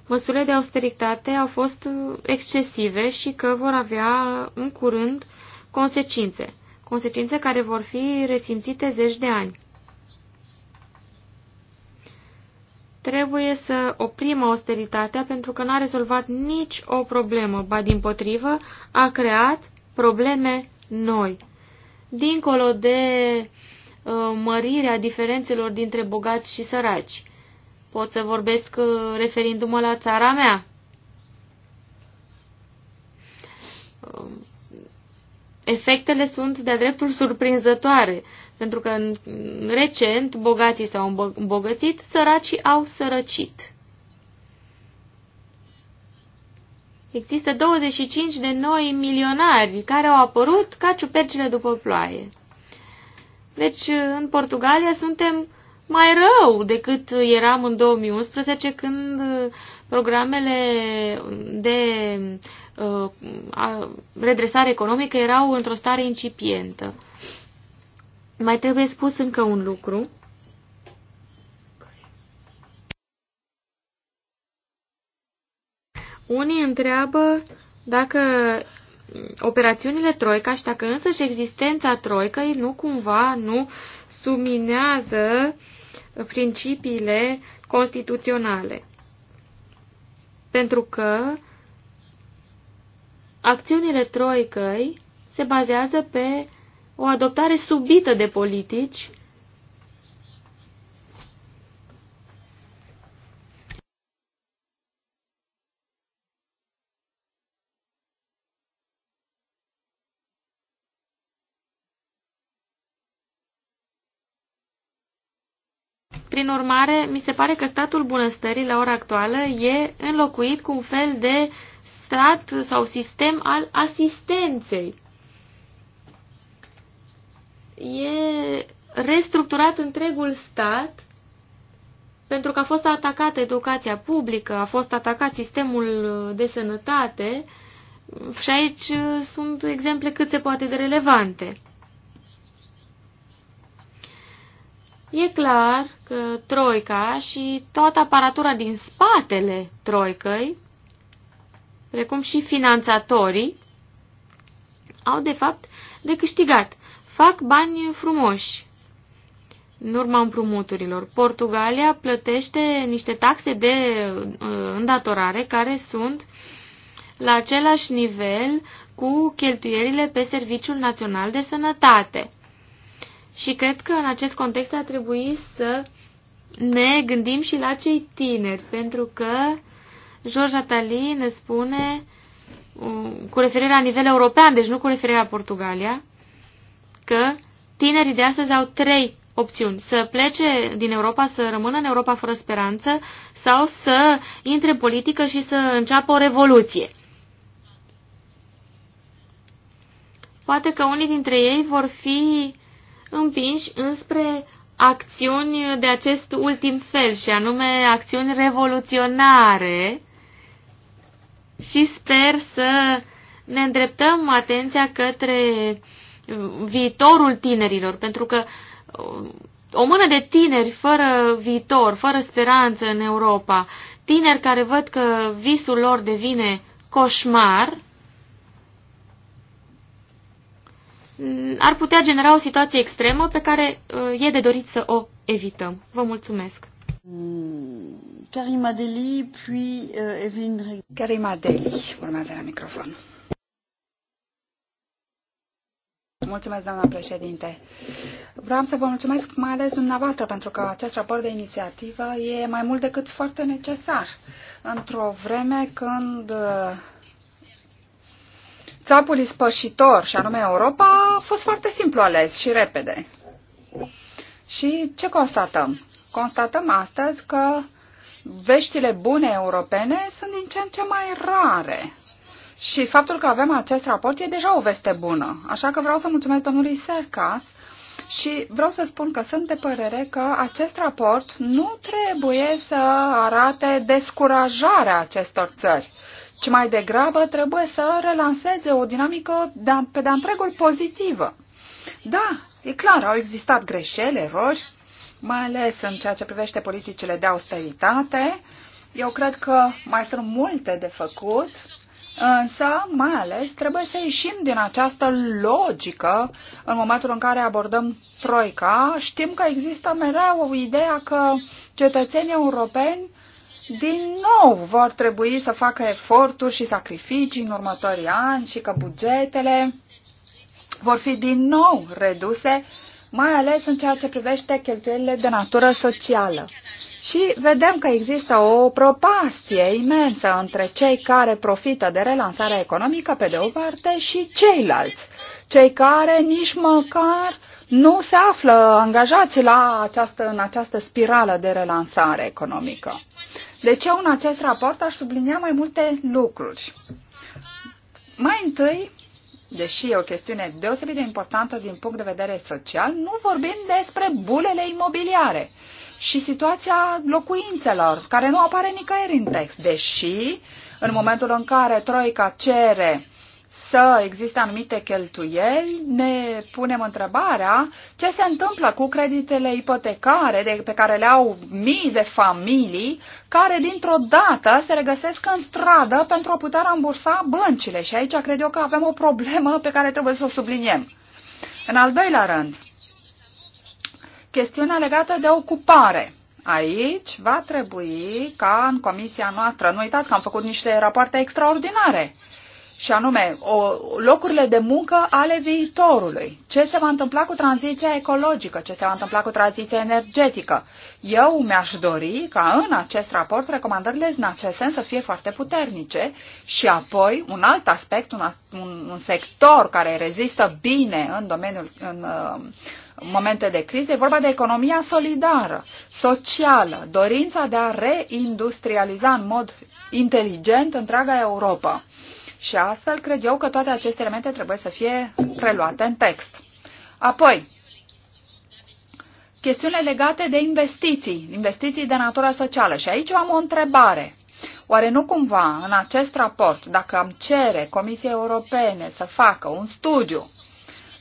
măsurile de austeritate au fost excesive și că vor avea în curând consecințe, consecințe care vor fi resimțite zeci de ani. Trebuie să oprimă austeritatea pentru că n-a rezolvat nici o problemă, ba din potrivă, a creat probleme noi. Dincolo de uh, mărirea diferențelor dintre bogați și săraci, pot să vorbesc uh, referindu-mă la țara mea. Uh, efectele sunt de-a dreptul surprinzătoare. Pentru că în, recent bogații s-au îmbogățit, săracii au sărăcit. Există 25 de noi milionari care au apărut ca ciupercile după ploaie. Deci, în Portugalia suntem mai rău decât eram în 2011 când programele de uh, redresare economică erau într-o stare incipientă. Mai trebuie spus încă un lucru. Unii întreabă dacă operațiunile Troica și dacă însăși existența Troicăi nu cumva nu suminează principiile constituționale. Pentru că acțiunile Troicăi se bazează pe o adoptare subită de politici Prin urmare, mi se pare că statul bunăstării la ora actuală e înlocuit cu un fel de stat sau sistem al asistenței e restructurat întregul stat pentru că a fost atacată educația publică, a fost atacat sistemul de sănătate și aici uh, sunt exemple cât se poate de relevante. E clar că Troica și toată aparatura din spatele Troicăi, precum și finanțatorii, au de fapt de câștigat fac bani frumoși în urma împrumuturilor. Portugalia plătește niște taxe de uh, îndatorare care sunt la același nivel cu cheltuielile pe Serviciul Național de Sănătate. Și cred că în acest context ar trebui să ne gândim și la cei tineri, pentru că George Atali ne spune uh, cu referire la nivel european, deci nu cu referire la Portugalia, că tinerii de astăzi au trei opțiuni. Să plece din Europa, să rămână în Europa fără speranță sau să intre în politică și să înceapă o revoluție. Poate că unii dintre ei vor fi împinși înspre acțiuni de acest ultim fel și anume acțiuni revoluționare și sper să ne îndreptăm atenția către viitorul tinerilor, pentru că uh, o mână de tineri fără viitor, fără speranță în Europa, tineri care văd că visul lor devine coșmar, ar putea genera o situație extremă pe care uh, e de dorit să o evităm. Vă mulțumesc! Mm, Karima Deli, puis uh, Evelyn Regner. Karima Deli, urmează la microfon. Mulțumesc, doamna președinte. Vreau să vă mulțumesc mai ales dumneavoastră pentru că acest raport de inițiativă e mai mult decât foarte necesar într-o vreme când uh, țapul ispășitor, și anume Europa, a fost foarte simplu ales și repede. Și ce constatăm? Constatăm astăzi că veștile bune europene sunt din ce în ce mai rare. Și faptul că avem acest raport e deja o veste bună. Așa că vreau să mulțumesc domnului Sercas și vreau să spun că sunt de părere că acest raport nu trebuie să arate descurajarea acestor țări, ci mai degrabă trebuie să relanseze o dinamică de pe de întregul pozitivă. Da, e clar, au existat greșeli, erori, mai ales în ceea ce privește politicile de austeritate. Eu cred că mai sunt multe de făcut Însă, mai ales, trebuie să ieșim din această logică în momentul în care abordăm Troica. Știm că există mereu o ideea că cetățenii europeni din nou vor trebui să facă eforturi și sacrificii în următorii ani și că bugetele vor fi din nou reduse, mai ales în ceea ce privește cheltuielile de natură socială. Și vedem că există o propastie imensă între cei care profită de relansarea economică pe de o parte și ceilalți, cei care nici măcar nu se află angajați la această, în această spirală de relansare economică. De ce în acest raport aș sublinia mai multe lucruri. Mai întâi, deși e o chestiune deosebit de importantă din punct de vedere social, nu vorbim despre bulele imobiliare și situația locuințelor, care nu apare nicăieri în text, deși în momentul în care Troica cere să existe anumite cheltuieli, ne punem întrebarea ce se întâmplă cu creditele ipotecare de, pe care le au mii de familii care dintr-o dată se regăsesc în stradă pentru a putea rambursa băncile. Și aici cred eu că avem o problemă pe care trebuie să o subliniem. În al doilea rând, Chestiunea legată de ocupare. Aici va trebui ca în comisia noastră, nu uitați că am făcut niște rapoarte extraordinare, și anume o, locurile de muncă ale viitorului. Ce se va întâmpla cu tranziția ecologică? Ce se va întâmpla cu tranziția energetică? Eu mi-aș dori ca în acest raport recomandările în acest sens să fie foarte puternice și apoi un alt aspect, un, un, un sector care rezistă bine în domeniul în, uh, momente de criză, e vorba de economia solidară, socială, dorința de a reindustrializa în mod inteligent întreaga Europa. Și astfel cred eu că toate aceste elemente trebuie să fie preluate în text. Apoi, chestiunile legate de investiții, investiții de natură socială. Și aici eu am o întrebare. Oare nu cumva în acest raport, dacă am cere Comisiei Europene să facă un studiu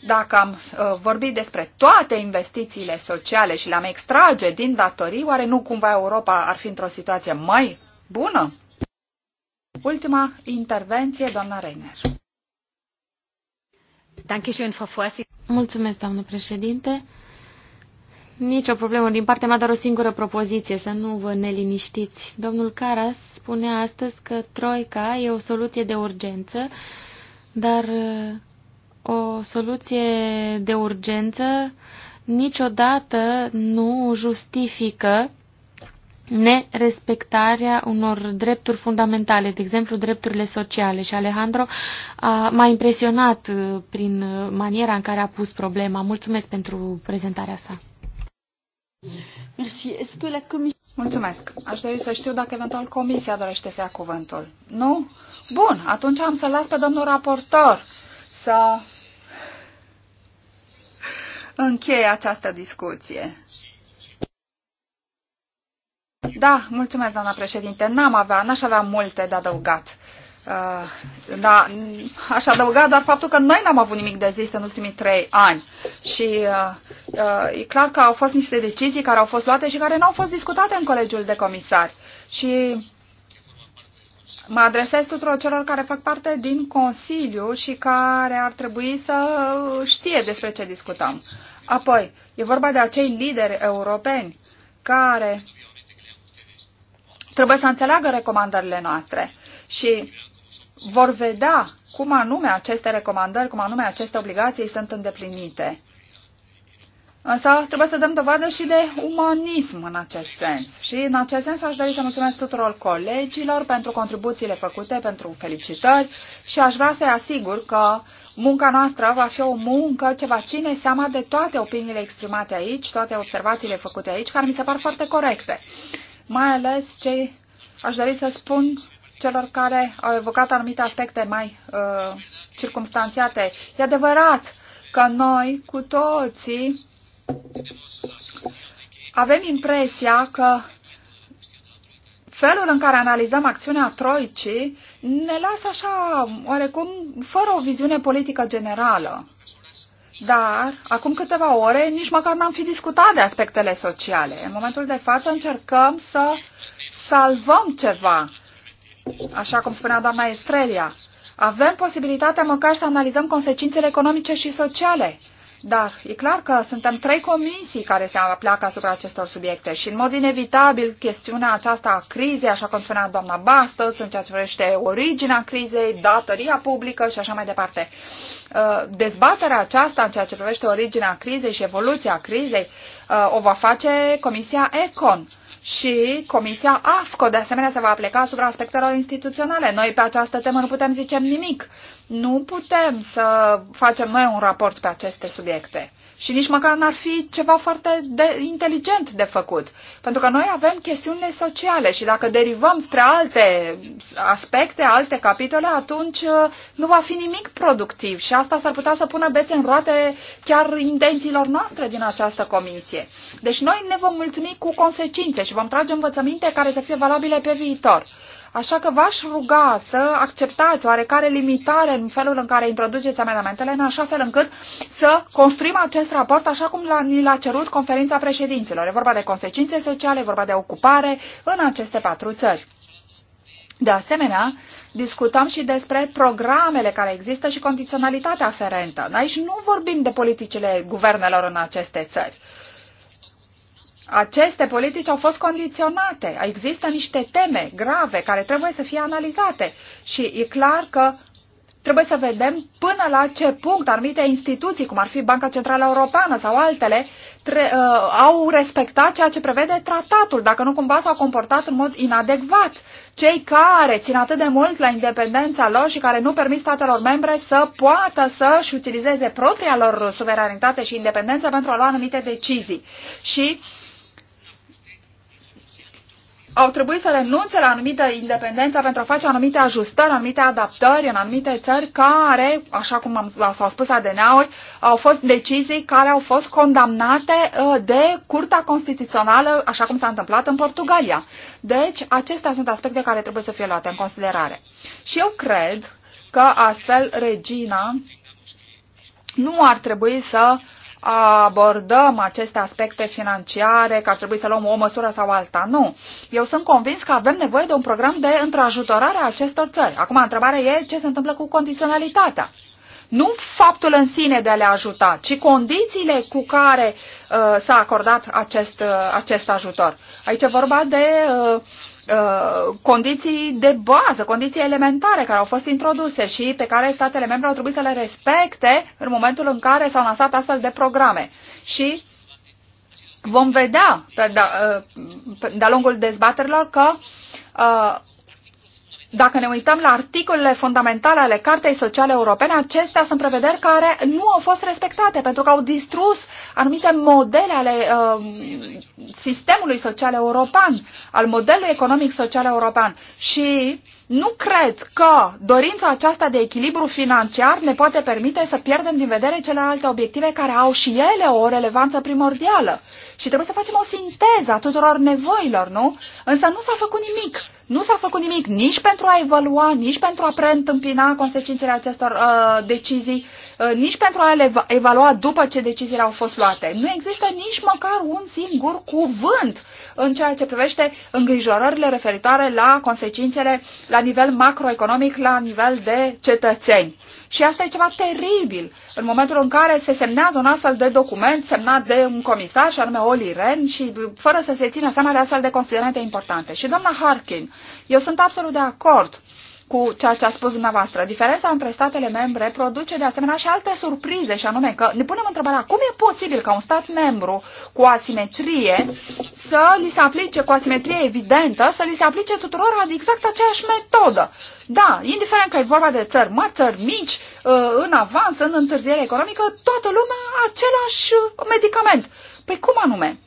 dacă am uh, vorbit despre toate investițiile sociale și le-am extrage din datorii, oare nu cumva Europa ar fi într-o situație mai bună? Ultima intervenție, doamna Reiner. Mulțumesc, doamnă președinte. Nici o problemă din partea mea, dar o singură propoziție, să nu vă neliniștiți. Domnul Caras spunea astăzi că Troica e o soluție de urgență, dar o soluție de urgență niciodată nu justifică nerespectarea unor drepturi fundamentale, de exemplu drepturile sociale. Și Alejandro m-a impresionat uh, prin uh, maniera în care a pus problema. Mulțumesc pentru prezentarea sa. Mulțumesc. Aș dori să știu dacă eventual comisia dorește să ia cuvântul. Nu? Bun, atunci am să las pe domnul raportor să încheie această discuție. Da, mulțumesc, doamna președinte. N-am avea, n-aș avea multe de adăugat. Uh, da, aș adăuga doar faptul că noi n-am avut nimic de zis în ultimii trei ani și uh, uh, e clar că au fost niște decizii care au fost luate și care n-au fost discutate în colegiul de comisari și mă adresez tuturor celor care fac parte din Consiliu și care ar trebui să știe despre ce discutăm. Apoi, e vorba de acei lideri europeni care trebuie să înțeleagă recomandările noastre și vor vedea cum anume aceste recomandări, cum anume aceste obligații sunt îndeplinite. Însă trebuie să dăm dovadă și de umanism în acest sens. Și în acest sens aș dori să mulțumesc tuturor colegilor pentru contribuțiile făcute, pentru felicitări și aș vrea să-i asigur că munca noastră va fi o muncă ce va ține seama de toate opiniile exprimate aici, toate observațiile făcute aici, care mi se par foarte corecte. Mai ales ce aș dori să spun celor care au evocat anumite aspecte mai uh, circumstanțiate. E adevărat că noi cu toții avem impresia că felul în care analizăm acțiunea Troicii ne lasă așa, oarecum, fără o viziune politică generală. Dar, acum câteva ore, nici măcar n-am fi discutat de aspectele sociale. În momentul de față încercăm să salvăm ceva, așa cum spunea doamna Estrelia. Avem posibilitatea măcar să analizăm consecințele economice și sociale dar e clar că suntem trei comisii care se apleacă asupra acestor subiecte și în mod inevitabil chestiunea aceasta a crizei, așa cum spunea doamna Bastă, în ceea ce privește originea crizei, datoria publică și așa mai departe. Uh, dezbaterea aceasta în ceea ce privește originea crizei și evoluția crizei uh, o va face Comisia Econ și Comisia AFCO, de asemenea, se va aplica asupra aspectelor instituționale. Noi pe această temă nu putem zicem nimic. Nu putem să facem noi un raport pe aceste subiecte și nici măcar n-ar fi ceva foarte de, inteligent de făcut. Pentru că noi avem chestiunile sociale și dacă derivăm spre alte aspecte, alte capitole, atunci uh, nu va fi nimic productiv și asta s-ar putea să pună bețe în roate chiar intențiilor noastre din această comisie. Deci noi ne vom mulțumi cu consecințe și vom trage învățăminte care să fie valabile pe viitor. Așa că v-aș ruga să acceptați oarecare limitare în felul în care introduceți amendamentele, în așa fel încât să construim acest raport așa cum ni l-a cerut conferința președinților. E vorba de consecințe sociale, e vorba de ocupare în aceste patru țări. De asemenea, discutăm și despre programele care există și condiționalitatea aferentă. Aici nu vorbim de politicile guvernelor în aceste țări aceste politici au fost condiționate. Există niște teme grave care trebuie să fie analizate și e clar că trebuie să vedem până la ce punct anumite instituții, cum ar fi Banca Centrală Europeană sau altele, tre- uh, au respectat ceea ce prevede tratatul, dacă nu cumva s-au comportat în mod inadecvat. Cei care țin atât de mult la independența lor și care nu permit statelor membre să poată să-și utilizeze propria lor suveranitate și independență pentru a lua anumite decizii. Și uh, au trebuit să renunțe la anumită independență pentru a face anumite ajustări, anumite adaptări în anumite țări care, așa cum s-au spus ADN-uri, au fost decizii care au fost condamnate uh, de Curtea Constituțională, așa cum s-a întâmplat în Portugalia. Deci, acestea sunt aspecte care trebuie să fie luate în considerare. Și eu cred că astfel regina nu ar trebui să uh, abordăm aceste aspecte financiare, că ar trebui să luăm o măsură sau alta. Nu. Eu sunt convins că avem nevoie de un program de întrajutorare a acestor țări. Acum, întrebarea e ce se întâmplă cu condiționalitatea nu faptul în sine de a le ajuta, ci condițiile cu care uh, s-a acordat acest, uh, acest ajutor. Aici e vorba de uh, Uh, condiții de bază, condiții elementare care au fost introduse și pe care statele membre au trebuit să le respecte în momentul în care s-au lansat astfel de programe. Și vom vedea da, uh, de-a lungul dezbaterilor că uh, dacă ne uităm la articolele fundamentale ale Cartei Sociale Europene, acestea sunt prevederi care nu au fost respectate pentru că au distrus anumite modele ale uh, sistemului social european, al modelului economic social european. Și nu cred că dorința aceasta de echilibru financiar ne poate permite să pierdem din vedere celelalte obiective care au și ele o relevanță primordială. Și trebuie să facem o sinteză a tuturor nevoilor, nu? Însă nu s-a făcut nimic. Nu s-a făcut nimic nici pentru a evalua, nici pentru a preîntâmpina consecințele acestor uh, decizii, uh, nici pentru a le evalua după ce deciziile au fost luate. Nu există nici măcar un singur cuvânt în ceea ce privește îngrijorările referitoare la consecințele la nivel macroeconomic, la nivel de cetățeni. Și asta e ceva teribil în momentul în care se semnează un astfel de document semnat de un comisar, și anume Oli Ren, și fără să se țină seama de astfel de considerente importante. Și doamna Harkin, eu sunt absolut de acord cu ceea ce a spus dumneavoastră. Diferența între statele membre produce de asemenea și alte surprize, și anume că ne punem întrebarea cum e posibil ca un stat membru cu asimetrie să li se aplice, cu asimetrie evidentă, să li se aplice tuturor exact aceeași metodă. Da, indiferent că e vorba de țări mari, țări mici, uh, în avans, în întârziere economică, toată lumea același uh, medicament. Păi cum anume?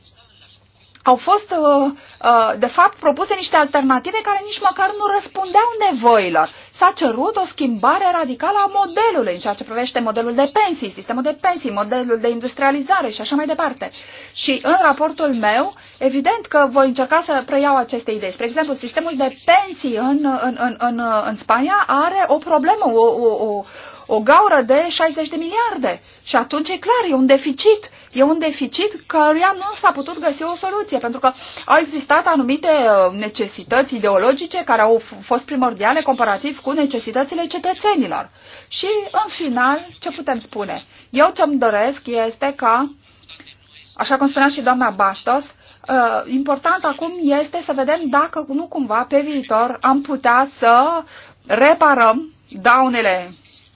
au fost, uh, uh, de fapt, propuse niște alternative care nici măcar nu răspundeau nevoilor. S-a cerut o schimbare radicală a modelului în ceea ce privește modelul de pensii, sistemul de pensii, modelul de industrializare și așa mai departe. Și în raportul meu, evident că voi încerca să preiau aceste idei. Spre exemplu, sistemul de pensii în, în, în, în, în Spania are o problemă, o, o, o, o gaură de 60 de miliarde. Și atunci e clar, e un deficit. E un deficit căruia nu s-a putut găsi o soluție, pentru că au existat anumite uh, necesități ideologice care au fost primordiale comparativ cu necesitățile cetățenilor. Și, în final, ce putem spune? Eu ce-mi doresc este ca, așa cum spunea și doamna Bastos, uh, important acum este să vedem dacă nu cumva pe viitor am putea să reparăm daunele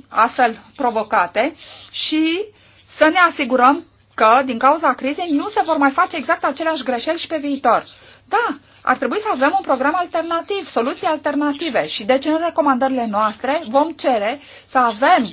astfel provocate și să ne asigurăm că, din cauza crizei, nu se vor mai face exact aceleași greșeli și pe viitor. Da, ar trebui să avem un program alternativ, soluții alternative și deci în recomandările noastre vom cere să avem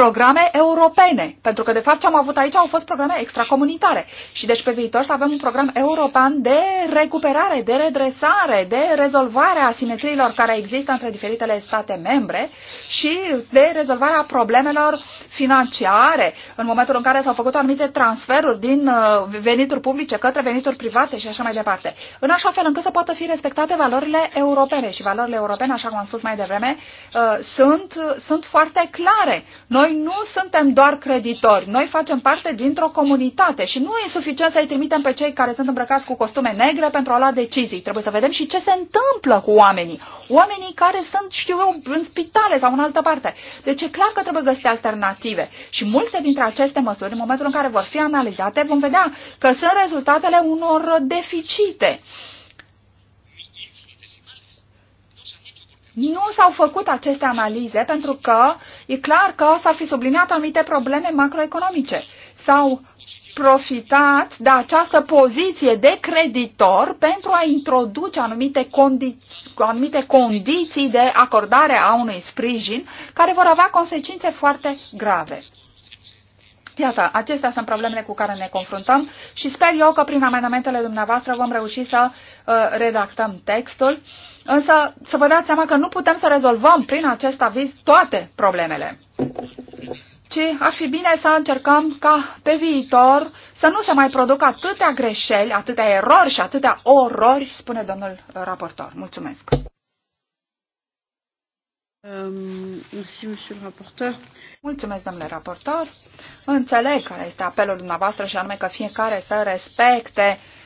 programe europene, pentru că de fapt ce am avut aici au fost programe extracomunitare. Și deci pe viitor să avem un program european de recuperare, de redresare, de rezolvare a simetriilor care există între diferitele state membre și de rezolvarea problemelor financiare în momentul în care s-au făcut anumite transferuri din uh, venituri publice către venituri private și așa mai departe. În așa fel încât să poată fi respectate valorile europene și valorile europene, așa cum am spus mai devreme, uh, sunt, sunt foarte clare. Noi noi nu suntem doar creditori, noi facem parte dintr-o comunitate și nu e suficient să-i trimitem pe cei care sunt îmbrăcați cu costume negre pentru a lua decizii. Trebuie să vedem și ce se întâmplă cu oamenii. Oamenii care sunt, știu eu, în spitale sau în altă parte. Deci e clar că trebuie găsite alternative. Și multe dintre aceste măsuri, în momentul în care vor fi analizate, vom vedea că sunt rezultatele unor deficite. Uh, Nu s-au făcut aceste analize pentru că e clar că s-ar fi subliniat anumite probleme macroeconomice. S-au profitat de această poziție de creditor pentru a introduce anumite condiții, anumite condiții de acordare a unui sprijin care vor avea consecințe foarte grave. Iată, acestea sunt problemele cu care ne confruntăm și sper eu că prin amendamentele dumneavoastră vom reuși să uh, redactăm textul Însă să vă dați seama că nu putem să rezolvăm prin acest aviz toate problemele ci ar fi bine să încercăm ca pe viitor să nu se mai producă atâtea greșeli, atâtea erori și atâtea orori, spune domnul raportor. Mulțumesc. Ehm, Mulțumesc, domnule raportor. Înțeleg care este apelul dumneavoastră și anume că fiecare să respecte uh,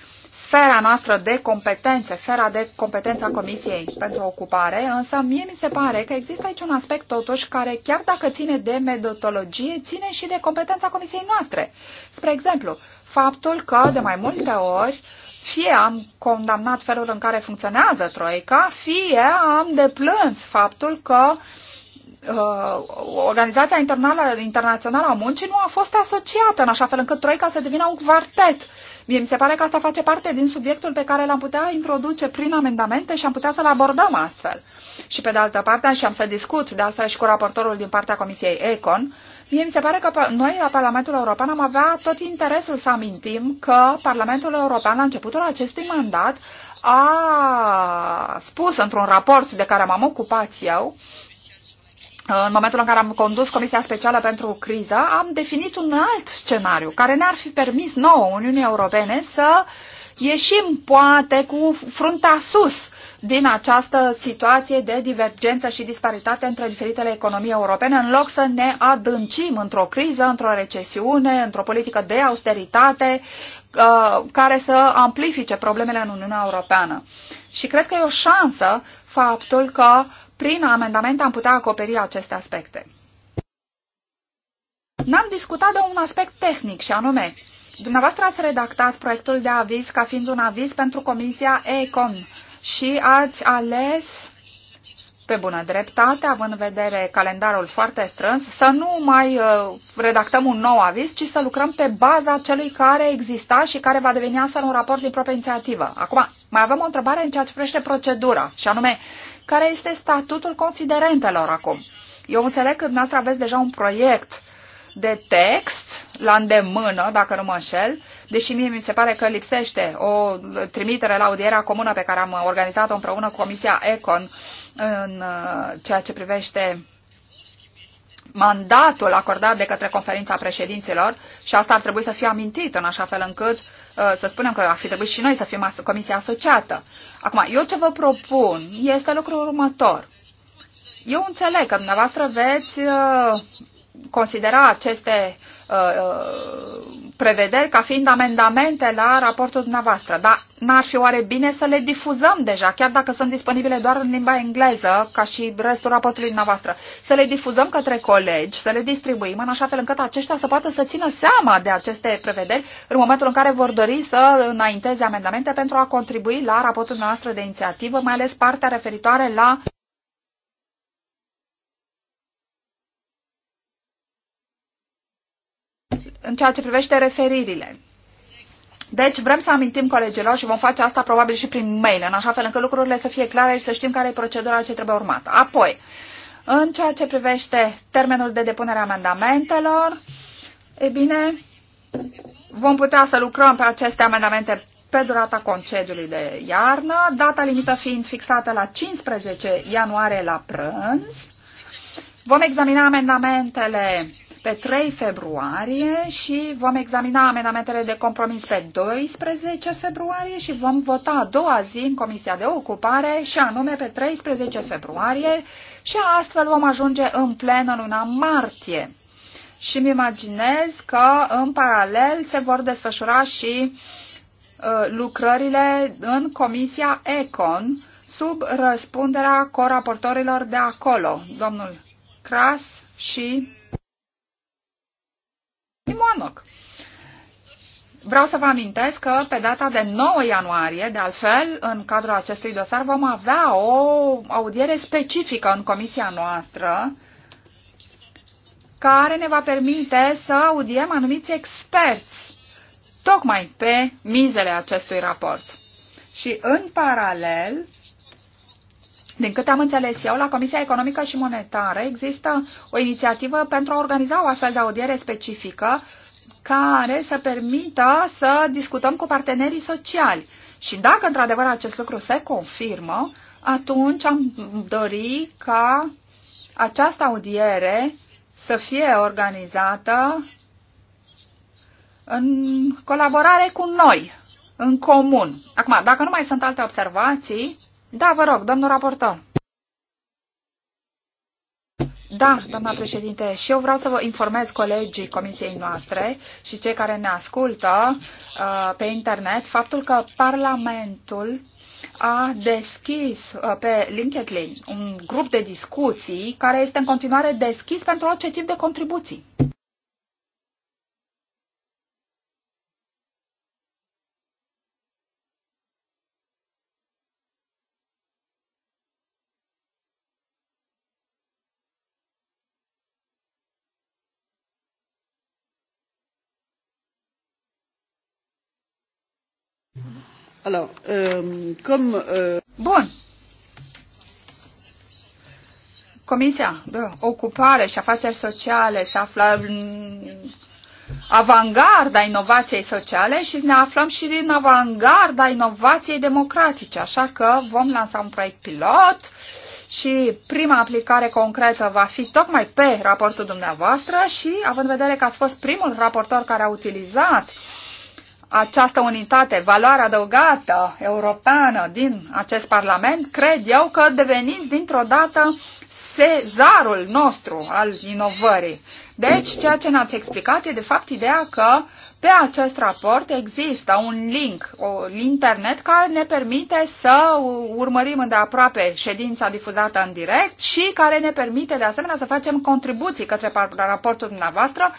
sfera noastră de competențe, sfera de competență a Comisiei pentru Ocupare, însă mie mi se pare că există aici un aspect totuși care, chiar dacă ține de metodologie, ține și de competența Comisiei noastre. Spre exemplu, faptul că de mai multe ori fie am condamnat felul în care funcționează Troica, fie am deplâns faptul că uh, Organizația Internațională a Muncii nu a fost asociată în așa fel încât Troica să devină un quartet. Uh, Mie mi se pare că asta face parte din subiectul pe care l-am putea introduce prin amendamente și am putea să-l abordăm astfel. Și pe de altă parte, și am să discut de altfel și cu raportorul din partea Comisiei ECON, Mie mi se pare că noi la Parlamentul European am avea tot interesul să amintim că Parlamentul European la începutul acestui mandat a spus într-un raport de care m-am ocupat eu în momentul în care am condus Comisia Specială pentru Criză, am definit un alt scenariu care ne-ar fi permis nouă Uniunii Europene să ieșim poate cu frunta sus din această situație de divergență și disparitate între diferitele economii europene, în loc să ne adâncim într-o criză, într-o recesiune, într-o politică de austeritate uh, care să amplifice problemele în Uniunea Europeană. Și cred că e o șansă faptul că prin amendament am putea acoperi aceste aspecte. N-am discutat de un aspect tehnic și anume, dumneavoastră ați redactat proiectul de aviz ca fiind un aviz pentru Comisia ECON și ați ales pe bună dreptate, având în vedere calendarul foarte strâns, să nu mai uh, redactăm un nou aviz, ci să lucrăm pe baza celui care exista și care va deveni astfel un raport din propria inițiativă. Acum, mai avem o întrebare în ceea ce privește procedura, și anume, care este statutul considerentelor acum. Eu înțeleg că dumneavoastră aveți deja un proiect de text la îndemână, dacă nu mă înșel, deși mie mi se pare că lipsește o trimitere la audierea comună pe care am organizat-o împreună cu Comisia Econ în uh, ceea ce privește mandatul acordat de către conferința președinților și asta ar trebui să fie amintit în așa fel încât uh, Uh, să spunem că ar fi trebuit și noi să fim comisia asociată. Acum, eu ce vă propun este lucrul următor. Eu înțeleg că dumneavoastră veți uh, considera aceste uh, uh prevederi ca fiind amendamente la raportul dumneavoastră, dar n-ar fi oare bine să le difuzăm deja, chiar dacă sunt disponibile doar în limba engleză, ca și restul raportului dumneavoastră, să le difuzăm către colegi, să le distribuim în așa fel încât aceștia să poată să țină seama de aceste prevederi în momentul în care vor dori să înainteze amendamente pentru a contribui la raportul dumneavoastră de inițiativă, mai ales partea referitoare la în ceea ce privește referirile. Deci vrem să amintim colegilor și vom face asta probabil și prin mail, în așa fel încât lucrurile să fie clare și să știm care e procedura ce trebuie urmată. Apoi, în ceea ce privește termenul de depunere a amendamentelor, e bine, vom putea să lucrăm pe aceste amendamente pe durata concediului de iarnă, data limită fiind fixată la 15 ianuarie la prânz. Vom examina amendamentele pe 3 februarie și vom examina amendamentele de compromis pe 12 februarie și vom vota a doua zi în Comisia de Ocupare și anume pe 13 februarie și astfel vom ajunge în plen în luna martie. Și îmi imaginez că în paralel se vor desfășura și uh, lucrările în Comisia Econ sub răspunderea coraportorilor de acolo, domnul Cras și monoc. Vreau să vă amintesc că pe data de 9 ianuarie, de altfel, în cadrul acestui dosar vom avea o audiere specifică în comisia noastră care ne va permite să audiem anumiți experți tocmai pe mizele acestui raport. Și în paralel din câte am înțeles eu, la Comisia Economică și Monetară există o inițiativă pentru a organiza o astfel de audiere specifică care să permită să discutăm cu partenerii sociali. Și dacă într-adevăr acest lucru se confirmă, atunci am dori ca această audiere să fie organizată în colaborare cu noi, în comun. Acum, dacă nu mai sunt alte observații, da, vă rog, domnul raportor. Da, doamna președinte, și eu vreau să vă informez colegii comisiei noastre și cei care ne ascultă uh, pe internet faptul că Parlamentul a deschis uh, pe LinkedIn un grup de discuții care este în continuare deschis pentru orice tip de contribuții. Alors, euh, comme, euh... Bun. Comisia de Ocupare și Afaceri Sociale se află în avangarda inovației sociale și ne aflăm și în avangarda inovației democratice. Așa că vom lansa un proiect pilot și prima aplicare concretă va fi tocmai pe raportul dumneavoastră și având în vedere că ați fost primul raportor care a utilizat această unitate, valoarea adăugată europeană din acest Parlament, cred eu că deveniți dintr-o dată sezarul nostru al inovării. Deci, ceea ce ne-ați explicat e de fapt ideea că pe acest raport există un link, o internet care ne permite să urmărim îndeaproape ședința difuzată în direct și care ne permite de asemenea să facem contribuții către raportul dumneavoastră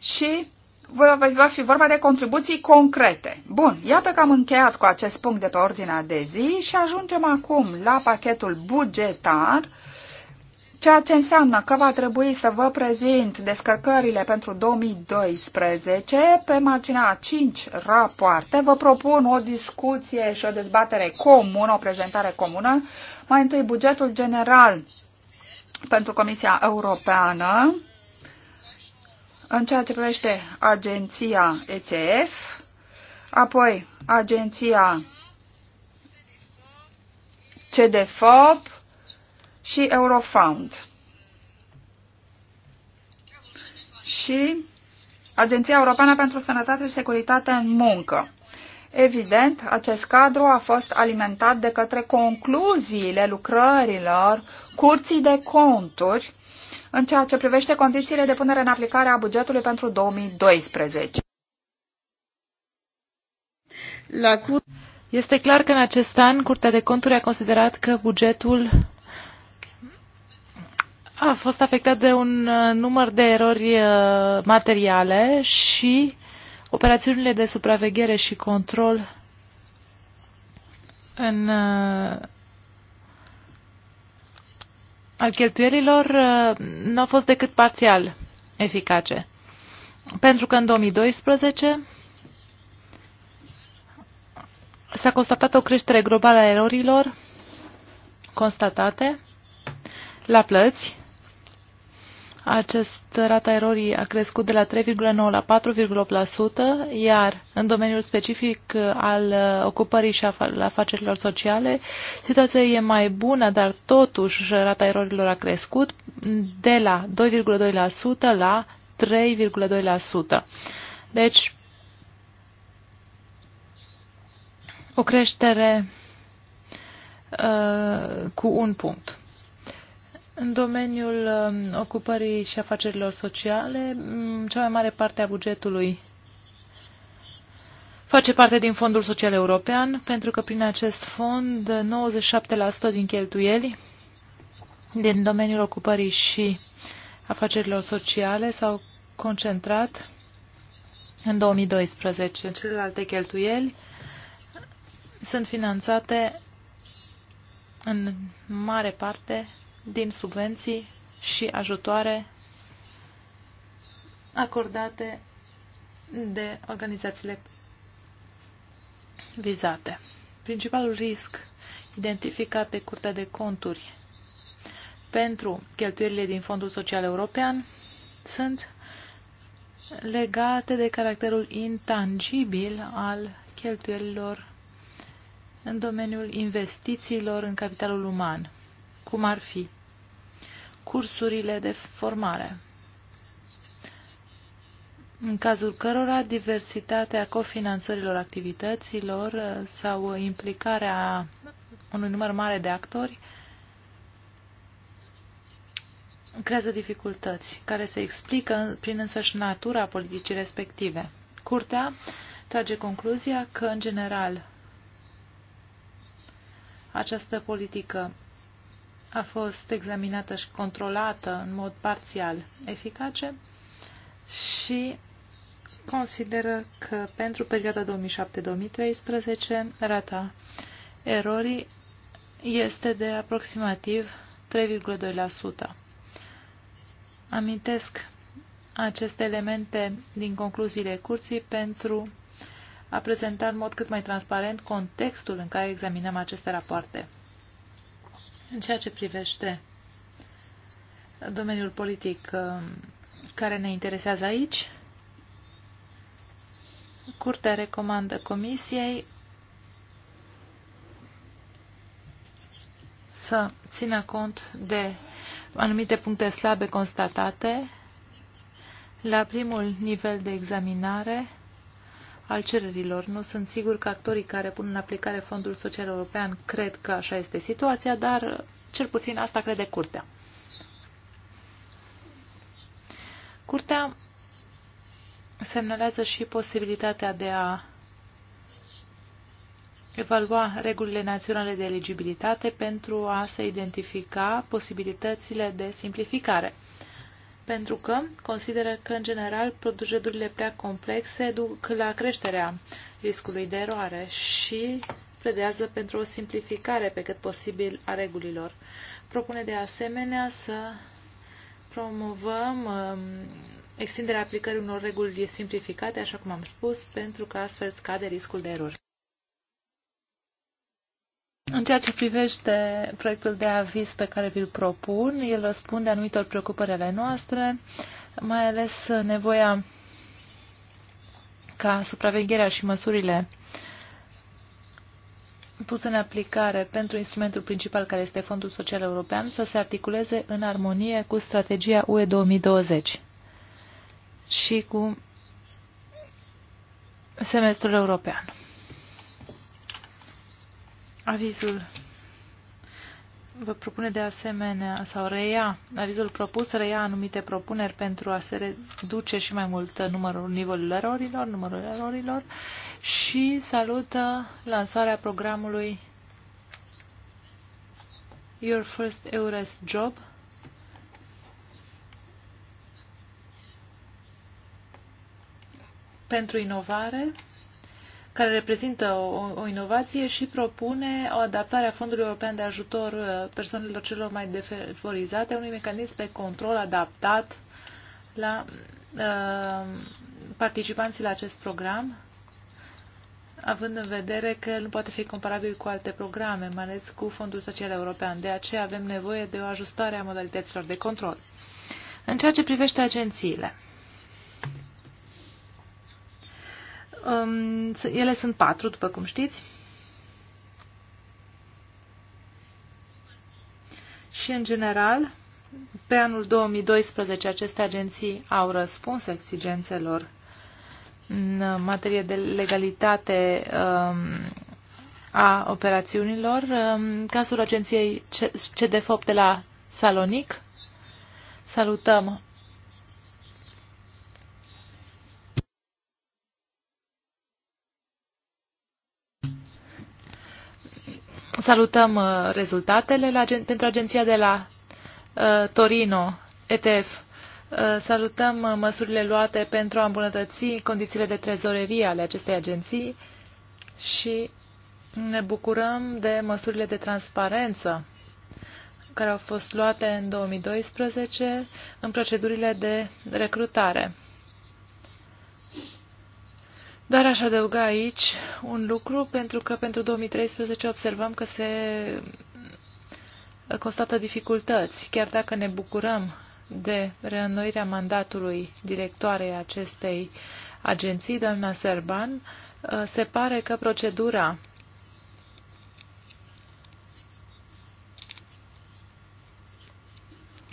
și va fi vorba de contribuții concrete. Bun, iată că am încheiat cu acest punct de pe ordinea de zi și ajungem acum la pachetul bugetar, ceea ce înseamnă că va trebui să vă prezint descărcările pentru 2012 pe marginea a 5 rapoarte. Vă propun o discuție și o dezbatere comună, o prezentare comună. Mai întâi bugetul general pentru Comisia Europeană în ceea ce privește agenția ETF, apoi agenția CDFOP și Eurofound. Și Agenția Europeană pentru Sănătate și Securitate în Muncă. Evident, acest cadru a fost alimentat de către concluziile lucrărilor Curții de Conturi în ceea ce privește condițiile de punere în aplicare a bugetului pentru 2012. La cur... Este clar că în acest an Curtea de Conturi a considerat că bugetul a fost afectat de un uh, număr de erori uh, materiale și operațiunile de supraveghere și control în uh, al cheltuielilor uh, nu au fost decât parțial eficace. Pentru că în 2012 s-a constatat o creștere globală a erorilor constatate la plăți această rata erorii a crescut de la 3,9 la 4,8%, iar în domeniul specific al ocupării și al afacerilor sociale, situația e mai bună, dar totuși rata erorilor a crescut de la 2,2% la 3,2%. Deci, o creștere uh, cu un punct. În domeniul um, ocupării și afacerilor sociale, mm, cea mai mare parte a bugetului face parte din Fondul Social European, pentru că prin acest fond 97% din cheltuieli din domeniul ocupării și afacerilor sociale s-au concentrat în 2012. Celelalte cheltuieli sunt finanțate în mare parte din subvenții și ajutoare acordate de organizațiile vizate. Principalul risc identificat de Curtea de Conturi pentru cheltuielile din Fondul Social European sunt legate de caracterul intangibil al cheltuielilor în domeniul investițiilor în capitalul uman, cum ar fi cursurile de formare, în cazul cărora diversitatea cofinanțărilor activităților uh, sau implicarea unui număr mare de actori creează dificultăți, care se explică prin însăși natura politicii respective. Curtea trage concluzia că, în general, această politică a fost examinată și controlată în mod parțial eficace și consideră că pentru perioada 2007-2013 rata erorii este de aproximativ 3,2%. Amintesc aceste elemente din concluziile curții pentru a prezenta în mod cât mai transparent contextul în care examinăm aceste rapoarte. În ceea ce privește domeniul politic um, care ne interesează aici, Curtea recomandă Comisiei să țină cont de anumite puncte slabe constatate la primul nivel de examinare al cererilor. Nu sunt sigur că actorii care pun în aplicare Fondul Social European cred că așa este situația, dar cel puțin asta crede Curtea. Curtea semnalează și posibilitatea de a evalua regulile naționale de eligibilitate pentru a se identifica posibilitățile de simplificare pentru că consideră că, în general, procedurile prea complexe duc la creșterea riscului de eroare și pledează pentru o simplificare pe cât posibil a regulilor. Propune de asemenea să promovăm um, extinderea aplicării unor reguli simplificate, așa cum am spus, pentru că astfel scade riscul de erori. În ceea ce privește proiectul de aviz pe care vi-l propun, el răspunde anumitor preocupări ale noastre, mai ales nevoia ca supravegherea și măsurile puse în aplicare pentru instrumentul principal care este Fondul Social European să se articuleze în armonie cu strategia UE 2020 și cu semestrul european. Avizul vă propune de asemenea sau reia, avizul propus reia anumite propuneri pentru a se reduce și mai mult numărul nivelul erorilor, numărul erorilor și salută lansarea programului Your First EURES Job pentru inovare care reprezintă o, o inovație și propune o adaptare a Fondului European de Ajutor uh, persoanelor celor mai defavorizate, unui mecanism de control adaptat la uh, participanții la acest program, având în vedere că nu poate fi comparabil cu alte programe, mai ales cu Fondul Social European. De aceea avem nevoie de o ajustare a modalităților de control. În ceea ce privește agențiile, Um, ele sunt patru, după cum știți. Și, în general, pe anul 2012 aceste agenții au răspuns exigențelor în materie de legalitate um, a operațiunilor. Um, cazul agenției CDFOP de la Salonic, salutăm Salutăm uh, rezultatele la, pentru agenția de la uh, Torino, ETF. Uh, salutăm uh, măsurile luate pentru a îmbunătăți condițiile de trezorerie ale acestei agenții și ne bucurăm de măsurile de transparență care au fost luate în 2012 în procedurile de recrutare. Dar aș adăuga aici un lucru, pentru că pentru 2013 observăm că se constată dificultăți, chiar dacă ne bucurăm de reînnoirea mandatului directoarei acestei agenții, doamna Serban, se pare că procedura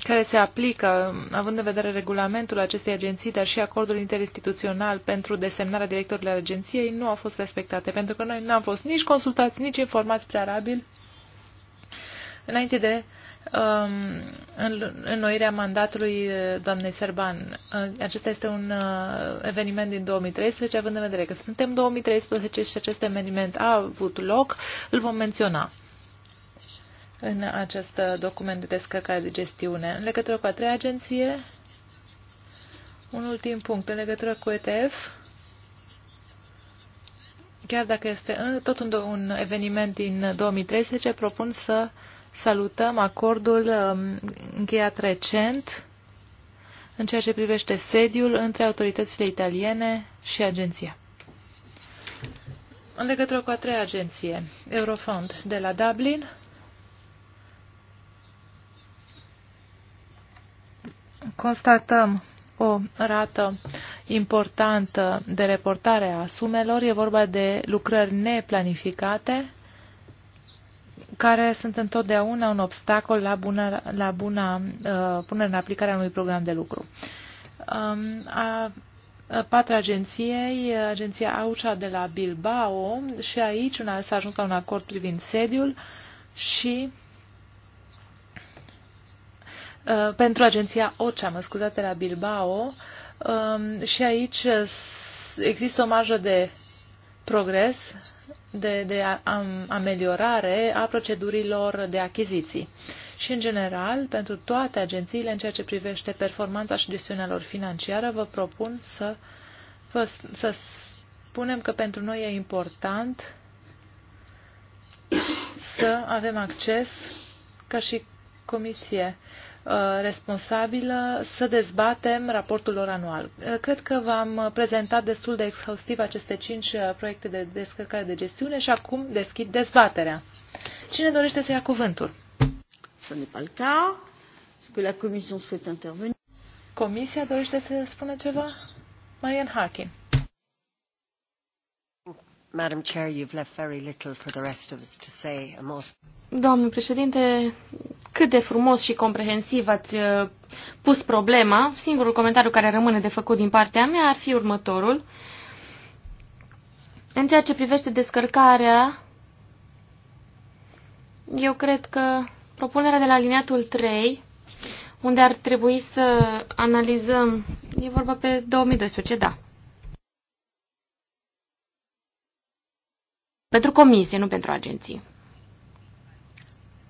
care se aplică, având în vedere regulamentul acestei agenții, dar și acordul interinstituțional pentru desemnarea directorilor agenției, nu au fost respectate, pentru că noi n-am fost nici consultați, nici informați prearabil înainte de um, înnoirea mandatului uh, doamnei Serban. Uh, acesta este un uh, eveniment din 2013, având în vedere că suntem 2013 și acest eveniment a avut loc, îl vom menționa în acest document de descărcare de gestiune. În legătură cu a treia agenție, un ultim punct. În legătură cu ETF, chiar dacă este tot un, un eveniment din 2013, propun să salutăm acordul um, încheiat recent în ceea ce privește sediul între autoritățile italiene și agenția. În legătură cu a treia agenție, Eurofond de la Dublin, constatăm o rată importantă de reportare a sumelor. E vorba de lucrări neplanificate, care sunt întotdeauna un obstacol la bună, la bună uh, punere în aplicare a unui program de lucru. Um, a, a patra agenției, agenția AUCHA de la Bilbao, și aici s-a ajuns la un acord privind sediul și Uh, pentru agenția OCEA, mă la Bilbao. Um, și aici există o marjă de progres, de, de ameliorare a procedurilor de achiziții. Și, în general, pentru toate agențiile, în ceea ce privește performanța și gestiunea lor financiară, vă propun să, vă, să spunem că pentru noi e important să avem acces, ca și comisie, Uh, responsabilă să dezbatem raportul lor anual. Uh, cred că v-am uh, prezentat destul de exhaustiv aceste cinci proiecte de descărcare de gestiune și acum deschid dezbaterea. Cine dorește să ia cuvântul? Să ne palca. le la Comisia dorește să spună ceva? Marian Harkin. Domnul președinte, cât de frumos și comprehensiv ați uh, pus problema. Singurul comentariu care rămâne de făcut din partea mea ar fi următorul. În ceea ce privește descărcarea, eu cred că propunerea de la liniatul 3, unde ar trebui să analizăm, e vorba pe 2012, da, pentru comisie, nu pentru agenții.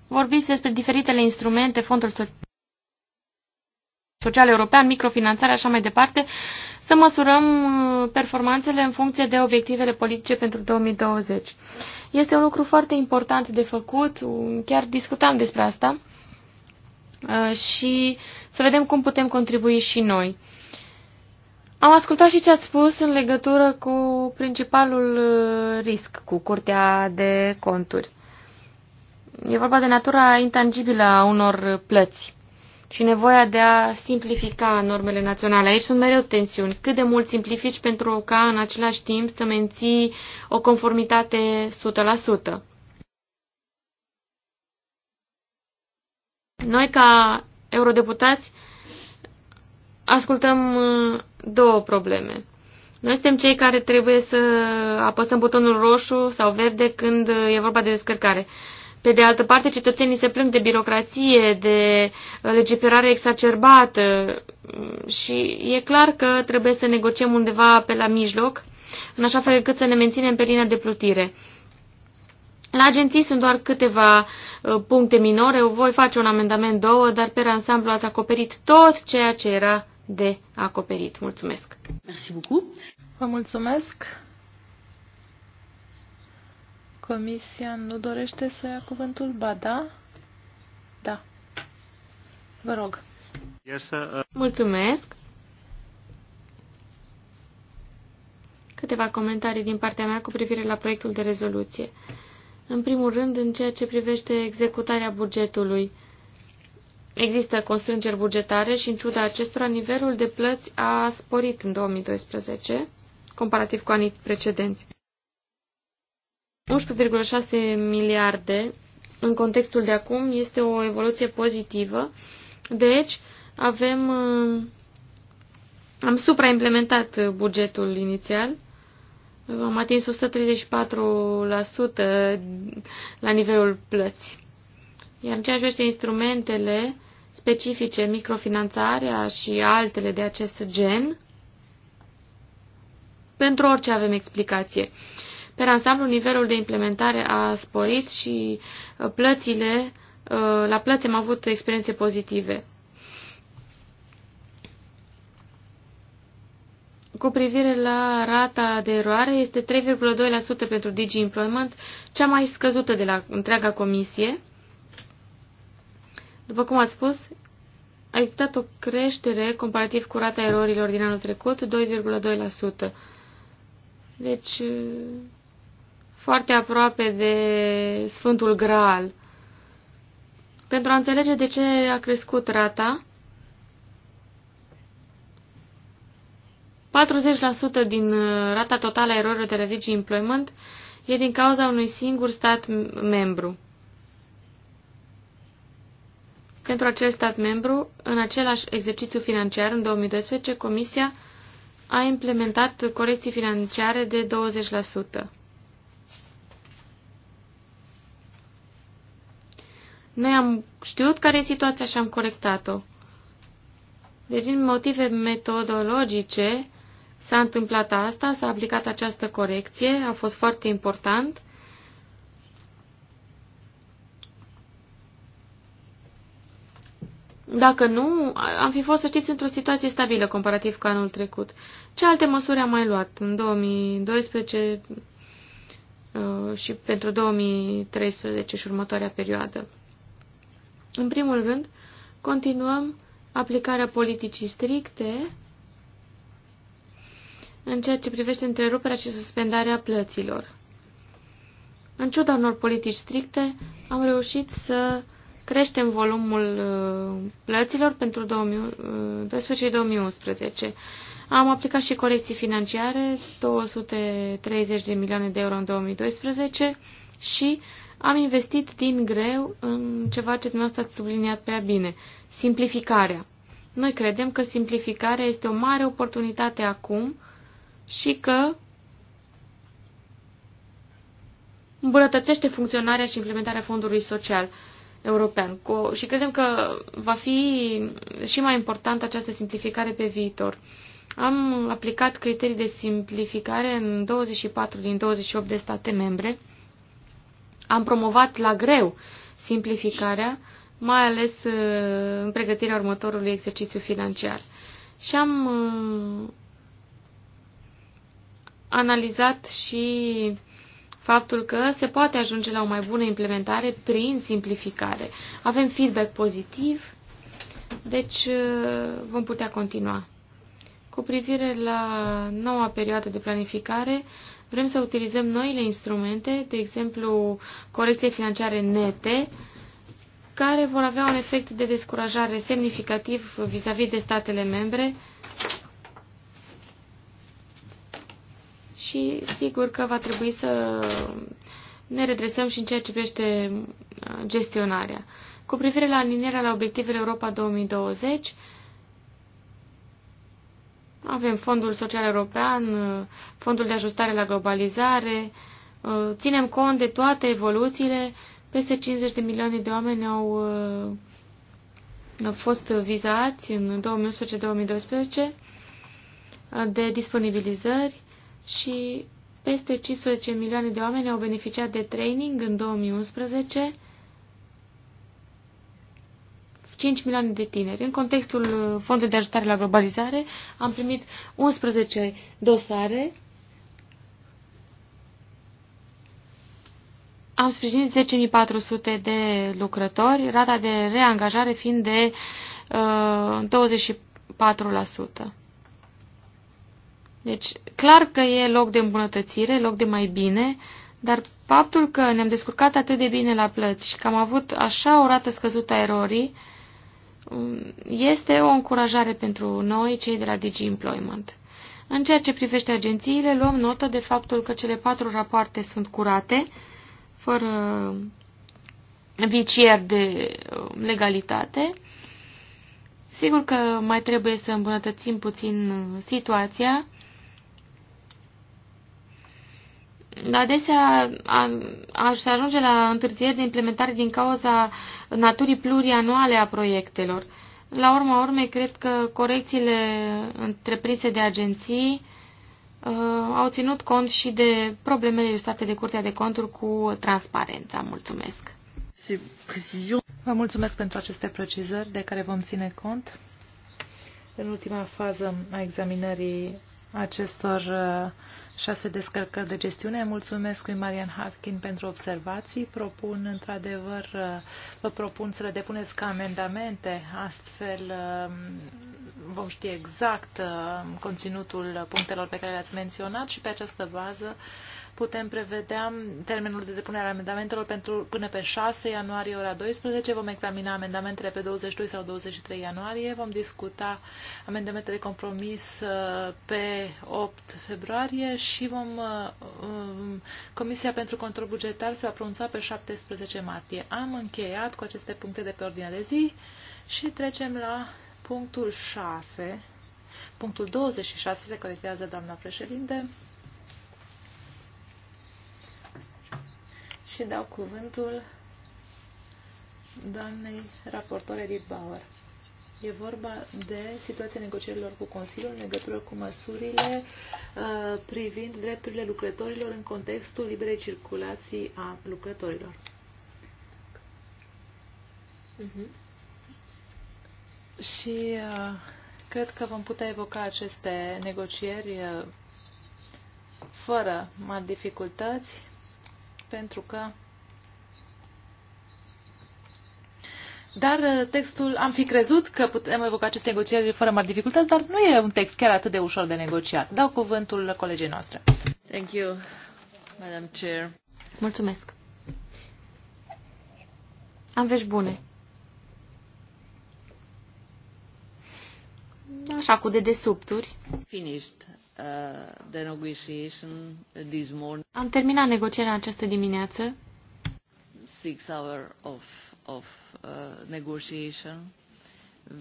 Vorbiți despre diferitele instrumente, fondul social european, microfinanțare, așa mai departe, să măsurăm uh, performanțele în funcție de obiectivele politice pentru 2020. Este un lucru foarte important de făcut, uh, chiar discutam despre asta uh, și să vedem cum putem contribui și noi. Am ascultat și ce ați spus în legătură cu principalul uh, risc, cu curtea de conturi. E vorba de natura intangibilă a unor plăți și nevoia de a simplifica normele naționale. Aici sunt mereu tensiuni. Cât de mult simplifici pentru ca în același timp să menții o conformitate 100%. Noi ca eurodeputați ascultăm uh, două probleme. Noi suntem cei care trebuie să apăsăm butonul roșu sau verde când e vorba de descărcare. Pe de altă parte, cetățenii se plâng de birocrație, de legiferare exacerbată și e clar că trebuie să negociem undeva pe la mijloc, în așa fel încât să ne menținem pe linia de plutire. La agenții sunt doar câteva uh, puncte minore, voi face un amendament două, dar pe ansamblu ați acoperit tot ceea ce era de acoperit. Mulțumesc! Merci beaucoup. Vă mulțumesc! Comisia nu dorește să ia cuvântul? Ba da? Da. Vă rog. Uh, mulțumesc! Câteva comentarii din partea mea cu privire la proiectul de rezoluție. În primul rând, în ceea ce privește executarea bugetului, Există constrângeri bugetare și, în ciuda acestora, nivelul de plăți a sporit în 2012, comparativ cu anii precedenți. 11,6 miliarde în contextul de acum este o evoluție pozitivă, deci avem, am supraimplementat bugetul inițial, am atins 134% la nivelul plăți. Iar în ceea ce este instrumentele specifice, microfinanțarea și altele de acest gen, pentru orice avem explicație. Pe ansamblu, nivelul de implementare a sporit și uh, plățile, uh, la plăți am avut experiențe pozitive. Cu privire la rata de eroare, este 3,2% pentru Digi Employment, cea mai scăzută de la întreaga comisie. După cum ați spus, a existat o creștere comparativ cu rata erorilor din anul trecut, 2,2%. Deci, foarte aproape de Sfântul Graal. Pentru a înțelege de ce a crescut rata, 40% din uh, rata totală a erorilor de la Employment e din cauza unui singur stat membru. Pentru acel stat membru, în același exercițiu financiar, în 2012, Comisia a implementat corecții financiare de 20%. Noi am știut care e situația și am corectat-o. Deci, din motive metodologice, s-a întâmplat asta, s-a aplicat această corecție, a fost foarte important Dacă nu, am fi fost, să știți, într-o situație stabilă comparativ cu anul trecut. Ce alte măsuri am mai luat în 2012 uh, și pentru 2013 și următoarea perioadă? În primul rând, continuăm aplicarea politicii stricte în ceea ce privește întreruperea și suspendarea plăților. În ciuda unor politici stricte, am reușit să creștem volumul uh, plăților pentru 2012-2011. Uh, am aplicat și corecții financiare, 230 de milioane de euro în 2012 și am investit din greu în ceva ce dumneavoastră ați subliniat prea bine, simplificarea. Noi credem că simplificarea este o mare oportunitate acum și că îmbunătățește funcționarea și implementarea fondului social european. și credem că va fi și mai importantă această simplificare pe viitor. Am aplicat criterii de simplificare în 24 din 28 de state membre. Am promovat la greu simplificarea, mai ales uh, în pregătirea următorului exercițiu financiar. Și am uh, analizat și faptul că se poate ajunge la o mai bună implementare prin simplificare. Avem feedback pozitiv, deci uh, vom putea continua. Cu privire la noua perioadă de planificare, vrem să utilizăm noile instrumente, de exemplu corecție financiare nete, care vor avea un efect de descurajare semnificativ vis-a-vis -vis de statele membre și sigur că va trebui să ne redresăm și în ceea ce privește uh, gestionarea. Cu privire la alinierea la obiectivele Europa 2020, avem Fondul Social European, uh, Fondul de Ajustare la Globalizare, uh, ținem cont de toate evoluțiile, peste 50 de milioane de oameni au, au fost vizați în 2011-2012 de disponibilizări, și peste 15 milioane de oameni au beneficiat de training în 2011, 5 milioane de tineri. În contextul Fondului de Ajutare la Globalizare am primit 11 dosare. Am sprijinit 10.400 de lucrători, rata de reangajare fiind de uh, 24%. Deci, clar că e loc de îmbunătățire, loc de mai bine, dar faptul că ne-am descurcat atât de bine la plăți și că am avut așa o rată scăzută a erorii, mm, este o încurajare pentru noi, cei de la Digi Employment. În ceea ce privește agențiile, luăm notă de faptul că cele patru rapoarte sunt curate, fără vicieri de mm, legalitate. Sigur că mai trebuie să îmbunătățim puțin mm, situația, adesea aș ajunge la întârzieri de implementare din cauza naturii plurianuale a proiectelor. La urma urmei, cred că corecțiile întreprinse de agenții uh, au ținut cont și de problemele justate de Curtea de Conturi cu transparența. Mulțumesc! Vă mulțumesc pentru aceste precizări de care vom ține cont. În ultima fază a examinării acestor uh, Șase descărcări de gestiune. Mulțumesc lui Marian Harkin pentru observații. Propun, într-adevăr, vă propun să le depuneți ca amendamente, astfel um, vom ști exact um, conținutul punctelor pe care le-ați menționat și pe această bază putem prevedea termenul de depunere a amendamentelor pentru, până pe 6 ianuarie ora 12. Vom examina amendamentele pe 22 sau 23 ianuarie. Vom discuta amendamentele de compromis uh, pe 8 februarie și vom, uh, um, Comisia pentru Control Bugetar se va pronunța pe 17 martie. Am încheiat cu aceste puncte de pe ordinea de zi și trecem la punctul 6. Punctul 26 se corectează, doamna președinte. și dau cuvântul doamnei raportor Edith Bauer. E vorba de situația negocierilor cu Consiliul în legătură cu măsurile uh, privind drepturile lucrătorilor în contextul liberei circulații a lucrătorilor. Uh-huh. Și uh, cred că vom putea evoca aceste negocieri uh, fără mari dificultăți pentru că Dar uh, textul, am fi crezut că putem evoca aceste negocieri fără mari dificultăți, dar nu e un text chiar atât de ușor de negociat. Dau cuvântul colegii noastre. Thank you, Madam Chair. Mulțumesc. Am vești bune. Așa, cu dedesubturi. Finished. Uh, the negotiation this morning. Am terminat negocierea această dimineață. Six hour of, of uh, negotiation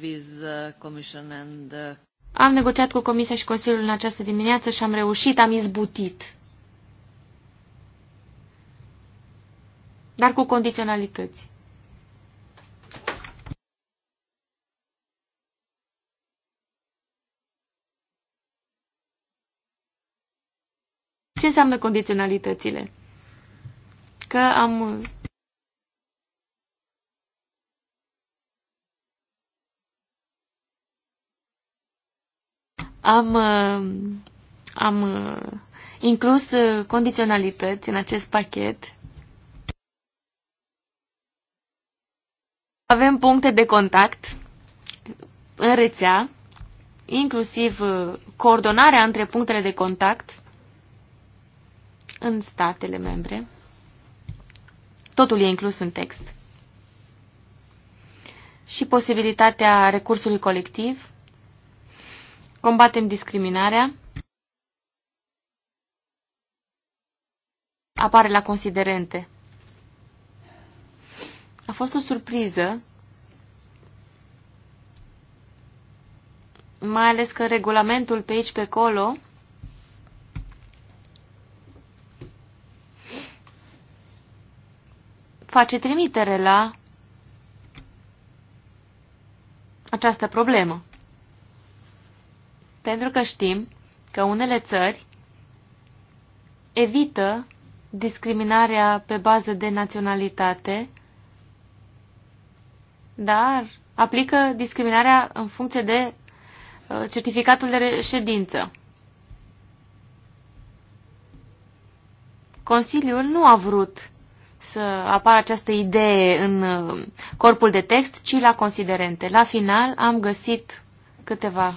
with the Commission and the... Am negociat cu Comisia și Consiliul în această dimineață și am reușit, am izbutit. Dar cu condiționalități. înseamnă condiționalitățile? Că am... Am, am inclus condiționalități în acest pachet. Avem puncte de contact în rețea, inclusiv coordonarea între punctele de contact în statele membre. Totul e inclus în text. Și posibilitatea recursului colectiv. Combatem discriminarea. Apare la considerente. A fost o surpriză, mai ales că regulamentul pe aici pe acolo face trimitere la această problemă. Pentru că știm că unele țări evită discriminarea pe bază de naționalitate, dar aplică discriminarea în funcție de uh, certificatul de reședință. Consiliul nu a vrut să apară această idee în uh, corpul de text, ci la considerente. La final am găsit câteva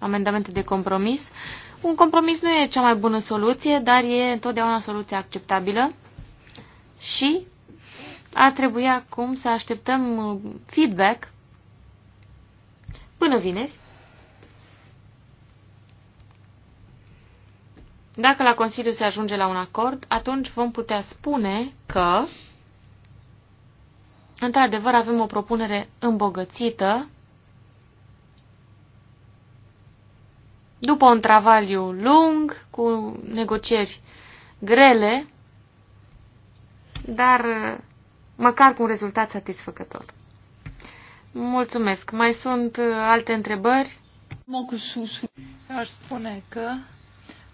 amendamente de compromis. Un compromis nu e cea mai bună soluție, dar e întotdeauna soluția acceptabilă și a trebuit acum să așteptăm uh, feedback până vineri Dacă la Consiliu se ajunge la un acord, atunci vom putea spune că, într-adevăr, avem o propunere îmbogățită după un travaliu lung, cu negocieri grele, dar măcar cu un rezultat satisfăcător. Mulțumesc. Mai sunt alte întrebări? Aș spune că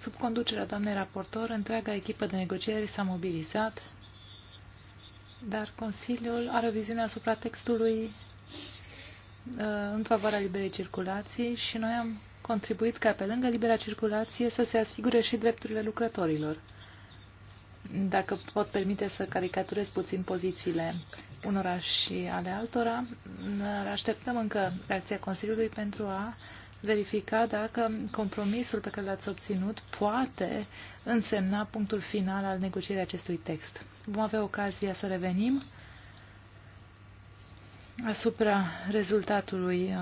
Sub conducerea doamnei raportor, întreaga echipă de negocieri s-a mobilizat, dar Consiliul are o viziune asupra textului uh, în favoarea liberei circulații și noi am contribuit ca pe lângă libera circulație să se asigure și drepturile lucrătorilor. Dacă pot permite să caricaturez puțin pozițiile unora și ale altora, așteptăm încă reacția Consiliului pentru a verifica dacă compromisul pe care l-ați obținut poate însemna punctul final al negocierii acestui text. Vom avea ocazia să revenim asupra rezultatului uh,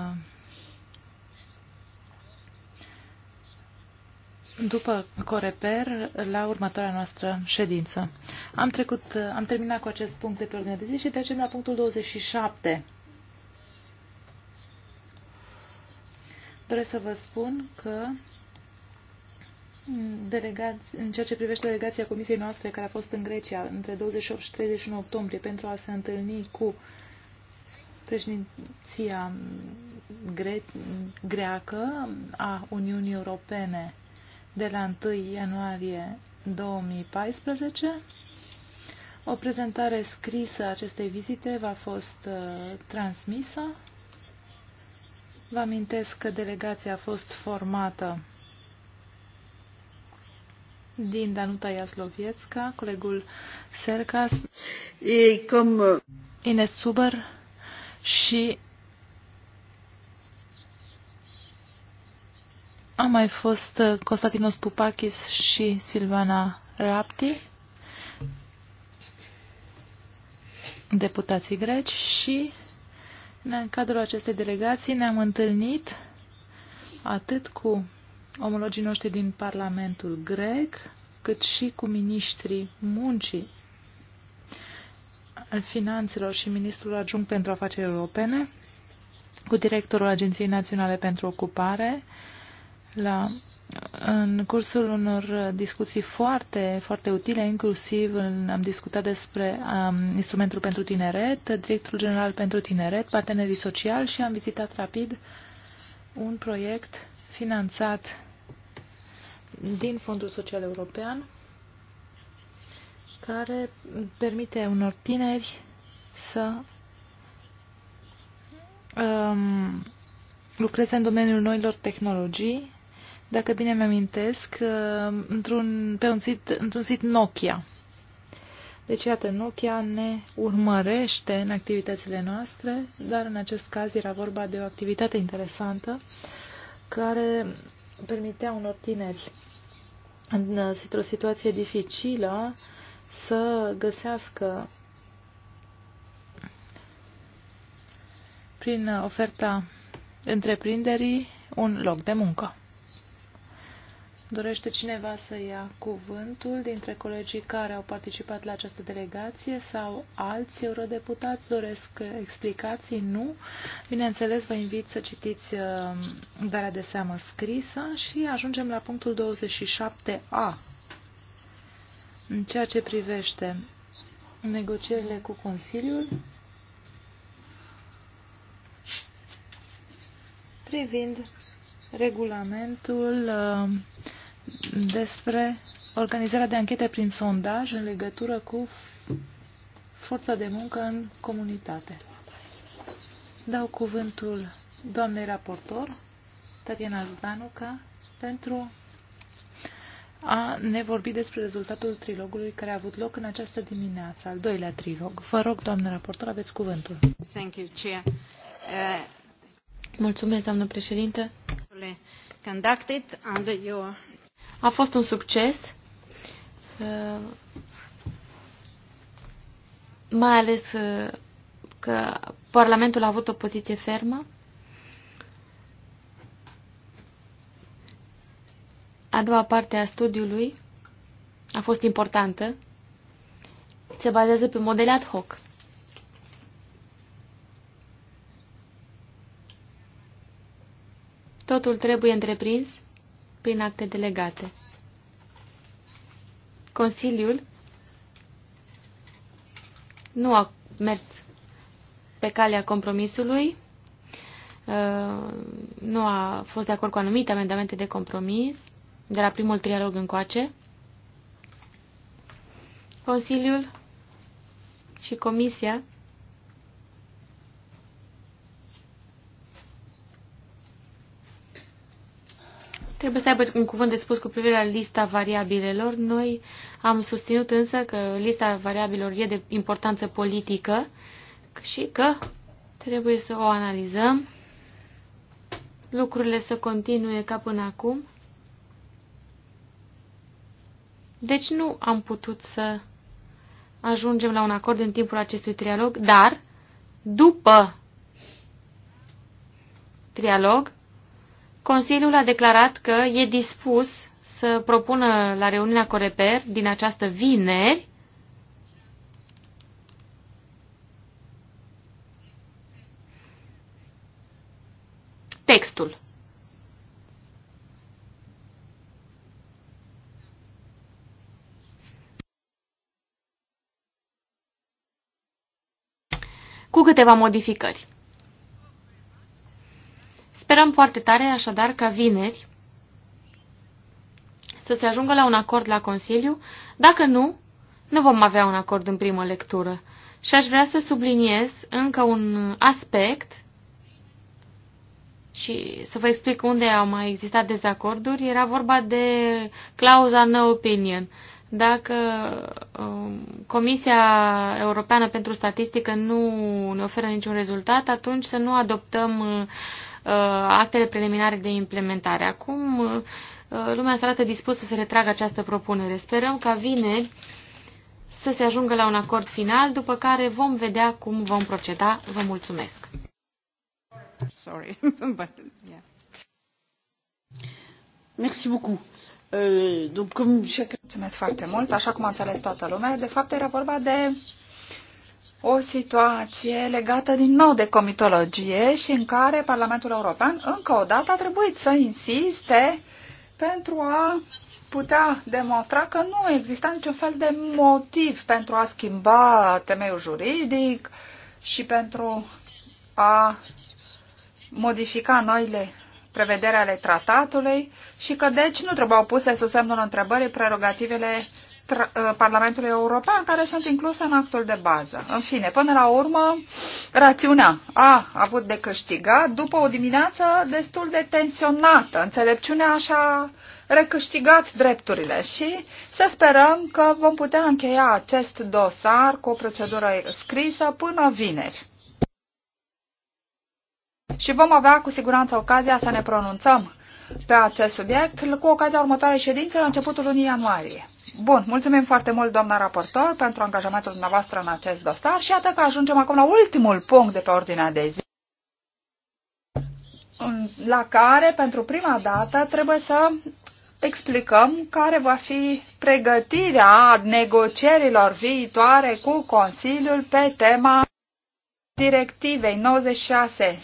după Coreper la următoarea noastră ședință. Am, trecut, uh, am terminat cu acest punct de pe ordine de zi și trecem la punctul 27. Doresc să vă spun că delegați, în ceea ce privește delegația comisiei noastre care a fost în Grecia între 28 și 31 octombrie pentru a se întâlni cu președinția gre greacă a Uniunii Europene de la 1 ianuarie 2014. O prezentare scrisă a acestei vizite va fost uh, transmisă Vă amintesc că delegația a fost formată din Danuta Iaslovietska, colegul Sercas, e cum... Ines Suber și a mai fost Costatinos Pupakis și Silvana Rapti, deputații greci și în cadrul acestei delegații ne-am întâlnit atât cu omologii noștri din Parlamentul grec, cât și cu ministrii muncii al finanțelor și ministrul adjunct pentru afaceri europene, cu directorul Agenției Naționale pentru Ocupare la în cursul unor discuții foarte, foarte utile, inclusiv am discutat despre um, instrumentul pentru tineret, directorul general pentru tineret, partenerii sociali și am vizitat rapid un proiect finanțat din Fondul Social European care permite unor tineri să um, lucreze în domeniul noilor tehnologii dacă bine mi-amintesc, uh, într-un, pe un sit, într-un sit Nokia. Deci, iată, Nokia ne urmărește în activitățile noastre, dar în acest caz era vorba de o activitate interesantă care permitea unor tineri uh, într-o situație dificilă să găsească prin oferta întreprinderii un loc de muncă. Dorește cineva să ia cuvântul dintre colegii care au participat la această delegație sau alți eurodeputați doresc explicații? Nu? Bineînțeles, vă invit să citiți uh, darea de seamă scrisă și ajungem la punctul 27a. În ceea ce privește negocierile cu Consiliul, privind regulamentul uh, despre organizarea de anchete prin sondaj în legătură cu forța de muncă în comunitate. Dau cuvântul doamnei raportor, Tatiana Zdanuca, pentru a ne vorbi despre rezultatul trilogului care a avut loc în această dimineață, al doilea trilog. Vă rog, doamnă raportor, aveți cuvântul. Thank you, Chair. Uh, Mulțumesc, doamnă președinte. Conducted under your a fost un succes, uh, mai ales uh, că Parlamentul a avut o poziție fermă. A doua parte a studiului a fost importantă. Se bazează pe modele ad hoc. Totul trebuie întreprins prin acte delegate. Consiliul nu a mers pe calea compromisului, uh, nu a fost de acord cu anumite amendamente de compromis de la primul trialog încoace. Consiliul și Comisia trebuie să aibă un cuvânt de spus cu privire la lista variabilelor. Noi am susținut însă că lista variabilor e de importanță politică și că trebuie să o analizăm. Lucrurile să continue ca până acum. Deci nu am putut să ajungem la un acord în timpul acestui trialog, dar după trialog Consiliul a declarat că e dispus să propună la reuniunea Coreper din această vineri textul. Cu câteva modificări. Sperăm foarte tare, așadar, ca vineri să se ajungă la un acord la Consiliu. Dacă nu, nu vom avea un acord în primă lectură. Și aș vrea să subliniez încă un aspect și să vă explic unde au mai existat dezacorduri. Era vorba de clauza no opinion. Dacă um, Comisia Europeană pentru Statistică nu ne oferă niciun rezultat, atunci să nu adoptăm uh, Uh, actele preliminare de implementare. Acum uh, lumea se arată dispusă să retragă această propunere. Sperăm ca vineri să se ajungă la un acord final, după care vom vedea cum vom proceda. Vă mulțumesc! Sorry, but, yeah. Merci beaucoup. Euh, mulțumesc foarte mult. Așa cum a înțeles toată lumea, de fapt era vorba de o situație legată din nou de comitologie și în care Parlamentul European încă o dată a trebuit să insiste pentru a putea demonstra că nu exista niciun fel de motiv pentru a schimba temeiul juridic și pentru a modifica noile prevederi ale tratatului și că deci nu trebuiau puse sub semnul întrebării prerogativele Uh, Parlamentului European, care sunt incluse în actul de bază. În fine, până la urmă, rațiunea a avut de câștigat după o dimineață destul de tensionată. Înțelepciunea așa recâștigat drepturile și să sperăm că vom putea încheia acest dosar cu o procedură scrisă până vineri. Și vom avea cu siguranță ocazia să ne pronunțăm pe acest subiect cu ocazia următoarei ședințe la începutul lunii ianuarie. Bun, mulțumim foarte mult, doamna raportor, pentru angajamentul dumneavoastră în acest dosar și iată că ajungem acum la ultimul punct de pe ordinea de zi, la care, pentru prima dată, trebuie să explicăm care va fi pregătirea negocierilor viitoare cu Consiliul pe tema directivei 96-71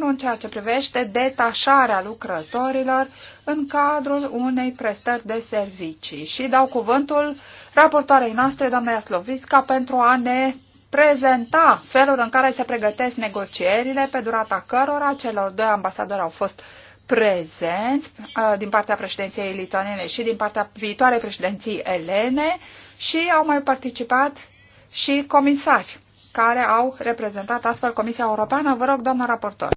în ceea ce privește detașarea lucrătorilor în cadrul unei prestări de servicii. Și dau cuvântul raportoarei noastre, doamna Iaslovisca, pentru a ne prezenta felul în care se pregătesc negocierile pe durata cărora celor doi ambasadori au fost prezenți din partea președinției lituanene și din partea viitoarei președinții elene și au mai participat și comisari care au reprezentat astfel Comisia Europeană. Vă rog, doamnă raportor.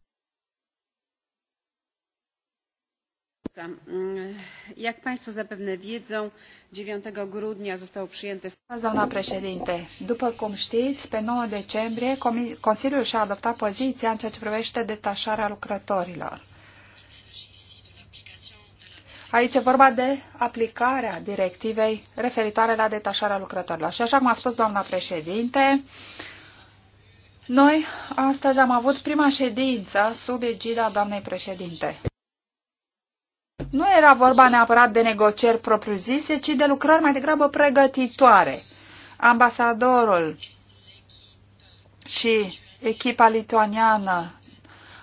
Jak Państwo zapewne wiedzą, 9 grudnia zostało przyjęte... Doamna președinte, după cum știți, pe 9 decembrie Consiliul și-a adoptat poziția în ceea ce privește detașarea lucrătorilor. Aici e vorba de aplicarea directivei referitoare la detașarea lucrătorilor. Și așa cum a spus doamna președinte, uh, noi astăzi am avut prima ședință sub egida doamnei președinte. Nu era vorba neapărat de negocieri propriu-zise, ci de lucrări mai degrabă pregătitoare. Ambasadorul și echipa lituaniană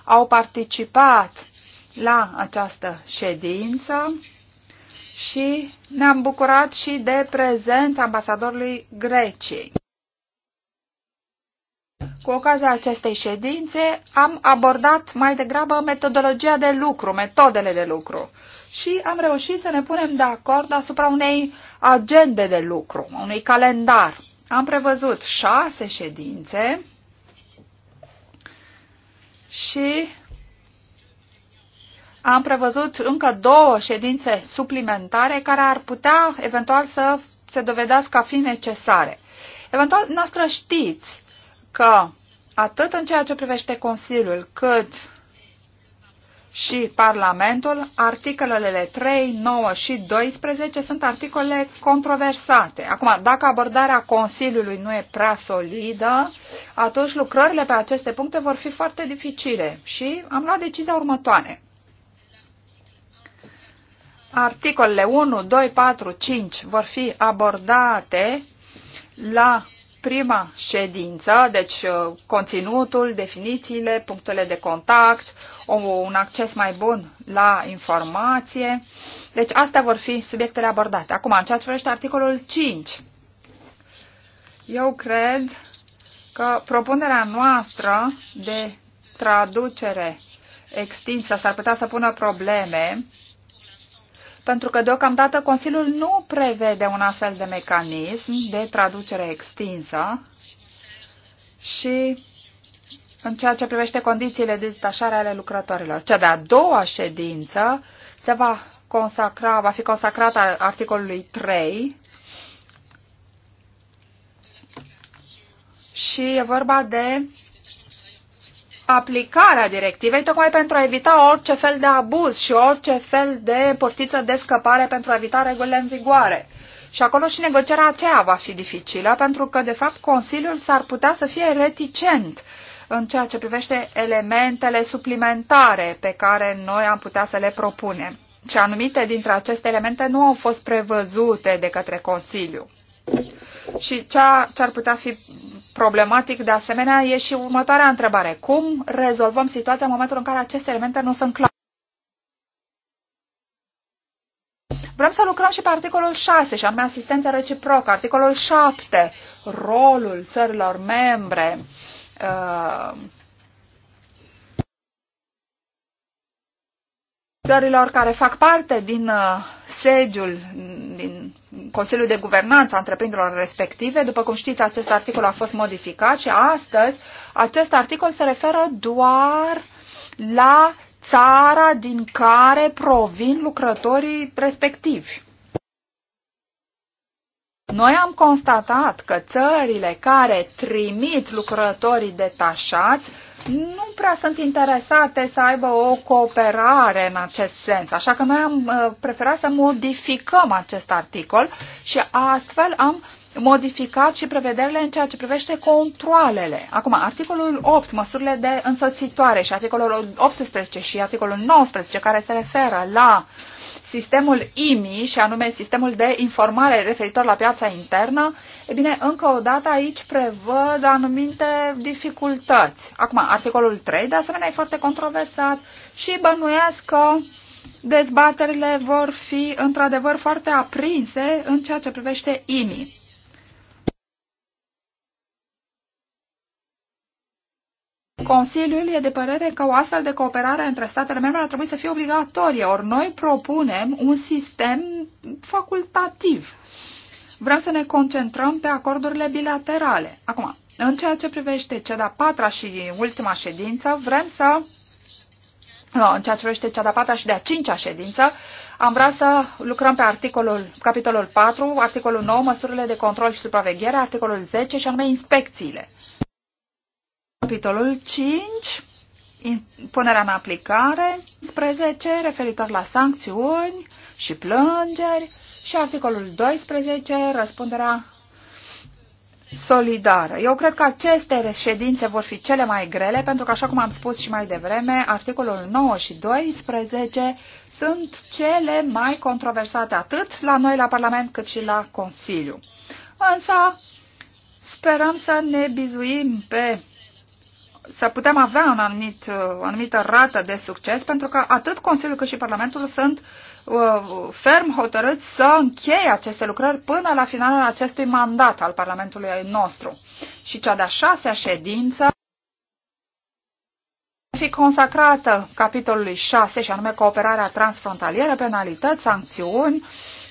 au participat la această ședință și ne-am bucurat și de prezența ambasadorului Greciei. Cu ocazia acestei ședințe am abordat mai degrabă metodologia de lucru, metodele de lucru și am reușit să ne punem de acord asupra unei agende de lucru, unui calendar. Am prevăzut șase ședințe și am prevăzut încă două ședințe suplimentare care ar putea eventual să se dovedească a fi necesare. Eventual, noastră știți că atât în ceea ce privește Consiliul, cât și Parlamentul, articolele 3, 9 și 12 sunt articole controversate. Acum, dacă abordarea Consiliului nu e prea solidă, atunci lucrările pe aceste puncte vor fi foarte dificile și am luat decizia următoare. Articolele 1, 2, 4, 5 vor fi abordate la prima ședință, deci uh, conținutul, definițiile, punctele de contact, un acces mai bun la informație. Deci astea vor fi subiectele abordate. Acum, în ceea ce privește articolul 5, eu cred că propunerea noastră de traducere extinsă s-ar putea să pună probleme pentru că deocamdată Consiliul nu prevede un astfel de mecanism de traducere extinsă și în ceea ce privește condițiile de detașare ale lucrătorilor. Cea de-a doua ședință se va consacra, va fi consacrată articolului 3 și e vorba de aplicarea directivei, tocmai pentru a evita orice fel de abuz și orice fel de portiță de scăpare pentru a evita regulile în vigoare. Și acolo și negocierea aceea va fi dificilă, pentru că, de fapt, Consiliul s-ar putea să fie reticent în ceea ce privește elementele suplimentare pe care noi am putea să le propunem. Și anumite dintre aceste elemente nu au fost prevăzute de către Consiliu. Și ce ar putea fi problematic de asemenea e și următoarea întrebare. Cum rezolvăm situația în momentul în care aceste elemente nu sunt clare? Vrem să lucrăm și pe articolul 6, și anume asistența reciprocă, articolul 7, rolul țărilor membre. Uh, țărilor care fac parte din uh, sediul, din Consiliul de Guvernanță a întreprinderilor respective. După cum știți, acest articol a fost modificat și astăzi acest articol se referă doar la țara din care provin lucrătorii respectivi. Noi am constatat că țările care trimit lucrătorii detașați nu prea sunt interesate să aibă o cooperare în acest sens. Așa că noi am uh, preferat să modificăm acest articol și astfel am modificat și prevederile în ceea ce privește controlele. Acum, articolul 8, măsurile de însoțitoare și articolul 18 și articolul 19 care se referă la uh, sistemul IMI, și anume sistemul de informare referitor la piața internă, e bine, încă o dată aici prevăd anumite dificultăți. Acum, articolul 3, de asemenea, e foarte controversat și bănuiesc că dezbaterile vor fi, într-adevăr, foarte aprinse în ceea ce privește IMI. Consiliul e de părere că o astfel de cooperare între statele membre ar trebui să fie obligatorie, ori noi propunem un sistem facultativ. Vrem să ne concentrăm pe acordurile bilaterale. Acum, în ceea ce privește cea de-a patra și ultima ședință, vrem să, în ceea ce privește cea de-a patra și de-a cincea ședință, am vrea să lucrăm pe articolul, capitolul 4, articolul 9, măsurile de control și supraveghere, articolul 10 și anume inspecțiile. Capitolul 5, punerea în aplicare, 11, referitor la sancțiuni și plângeri și articolul 12, răspunderea solidară. Eu cred că aceste reședințe vor fi cele mai grele, pentru că, așa cum am spus și mai devreme, articolul 9 și 12 sunt cele mai controversate atât la noi la Parlament cât și la Consiliu. Însă sperăm să ne bizuim pe să putem avea un anumit, uh, o anumită rată de succes, pentru că atât Consiliul cât și Parlamentul sunt uh, ferm hotărâți să încheie aceste lucrări până la finalul acestui mandat al Parlamentului nostru. Și cea de-a șasea ședință fi consacrată capitolului 6, și anume cooperarea transfrontalieră, penalități, sancțiuni,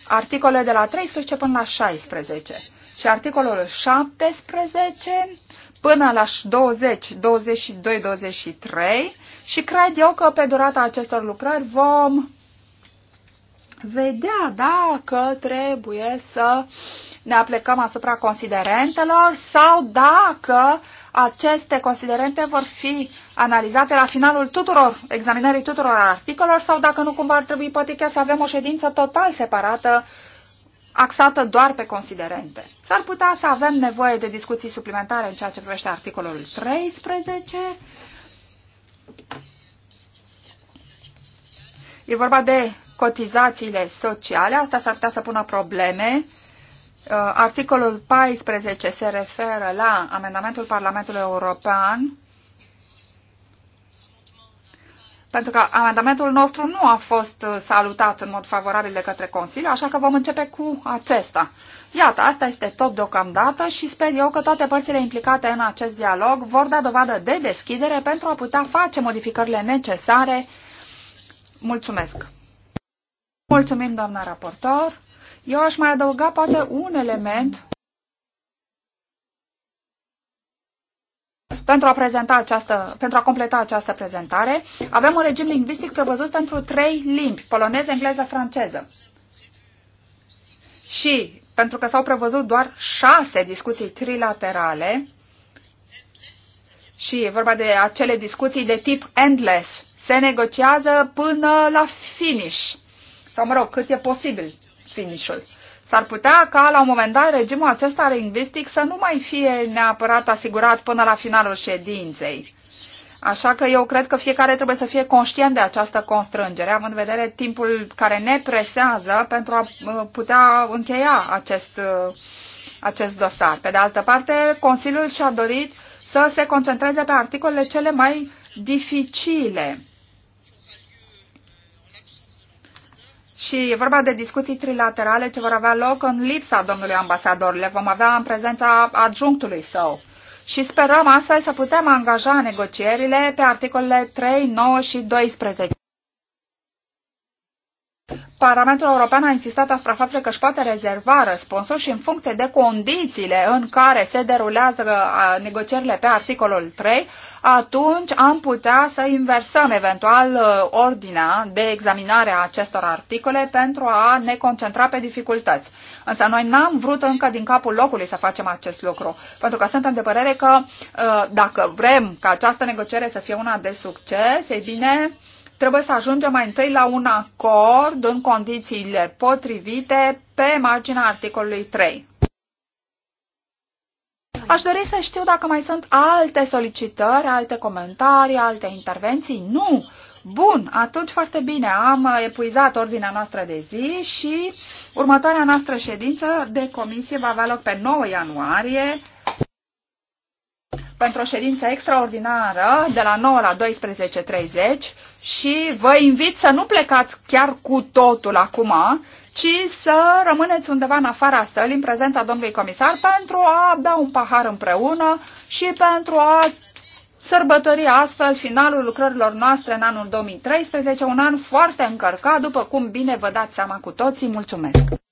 articole de la 13 până la 16. Și articolul 17 până la 20, 22, 23 și cred eu că pe durata acestor lucrări vom vedea dacă trebuie să ne aplicăm asupra considerentelor sau dacă aceste considerente vor fi analizate la finalul tuturor, examinării tuturor articolelor sau dacă nu cumva ar trebui poate chiar să avem o ședință total separată uh, axată doar pe considerente. S-ar putea să avem nevoie de discuții suplimentare în ceea ce privește articolul 13. E vorba de cotizațiile sociale, asta s-ar putea să pună probleme. Uh, articolul 14 se referă la amendamentul Parlamentului European pentru că amendamentul nostru nu a fost uh, salutat în mod favorabil de către Consiliu, așa că vom începe cu acesta. Iată, asta este tot deocamdată și sper eu că toate părțile implicate în acest dialog vor da dovadă de deschidere pentru a putea face modificările necesare. Mulțumesc! Mulțumim, doamna raportor! Eu aș mai adăuga poate un element Pentru a, prezenta această, pentru a completa această prezentare, avem un regim lingvistic prevăzut pentru trei limbi, poloneză, engleză, franceză. Și pentru că s-au prevăzut doar șase discuții trilaterale, și e vorba de acele discuții de tip endless, se negociază până la finish, sau mă rog, cât e posibil finishul. S-ar putea ca la un moment dat regimul acesta lingvistic să nu mai fie neapărat asigurat până la finalul ședinței. Așa că eu cred că fiecare trebuie să fie conștient de această constrângere, având în vedere timpul care ne presează pentru a uh, putea încheia acest, uh, acest dosar. Pe de altă parte, Consiliul și-a dorit să se concentreze pe articolele cele mai dificile Și e vorba de discuții trilaterale ce vor avea loc în lipsa domnului ambasador. Le vom avea în prezența adjunctului său. Și sperăm astfel să putem angaja negocierile pe articolele 3, 9 și 12. Parlamentul European a insistat asupra faptului că își poate rezerva răspunsul și în funcție de condițiile în care se derulează uh, negocierile pe articolul 3, atunci am putea să inversăm eventual uh, ordinea de examinare a acestor articole pentru a ne concentra pe dificultăți. Însă noi n-am vrut încă din capul locului să facem acest lucru, pentru că suntem de părere că uh, dacă vrem ca această negociere să fie una de succes, ei bine, Trebuie să ajungem mai întâi la un acord în condițiile potrivite pe marginea articolului 3. Aș dori să știu dacă mai sunt alte solicitări, alte comentarii, alte intervenții. Nu! Bun, atunci foarte bine, am epuizat ordinea noastră de zi și următoarea noastră ședință de comisie va avea loc pe 9 ianuarie pentru o ședință extraordinară de la 9 la 12.30 și vă invit să nu plecați chiar cu totul acum, ci să rămâneți undeva în afara sălii, în prezența domnului comisar, pentru a bea un pahar împreună și pentru a sărbători astfel finalul lucrărilor noastre în anul 2013, un an foarte încărcat, după cum bine vă dați seama cu toții. Mulțumesc!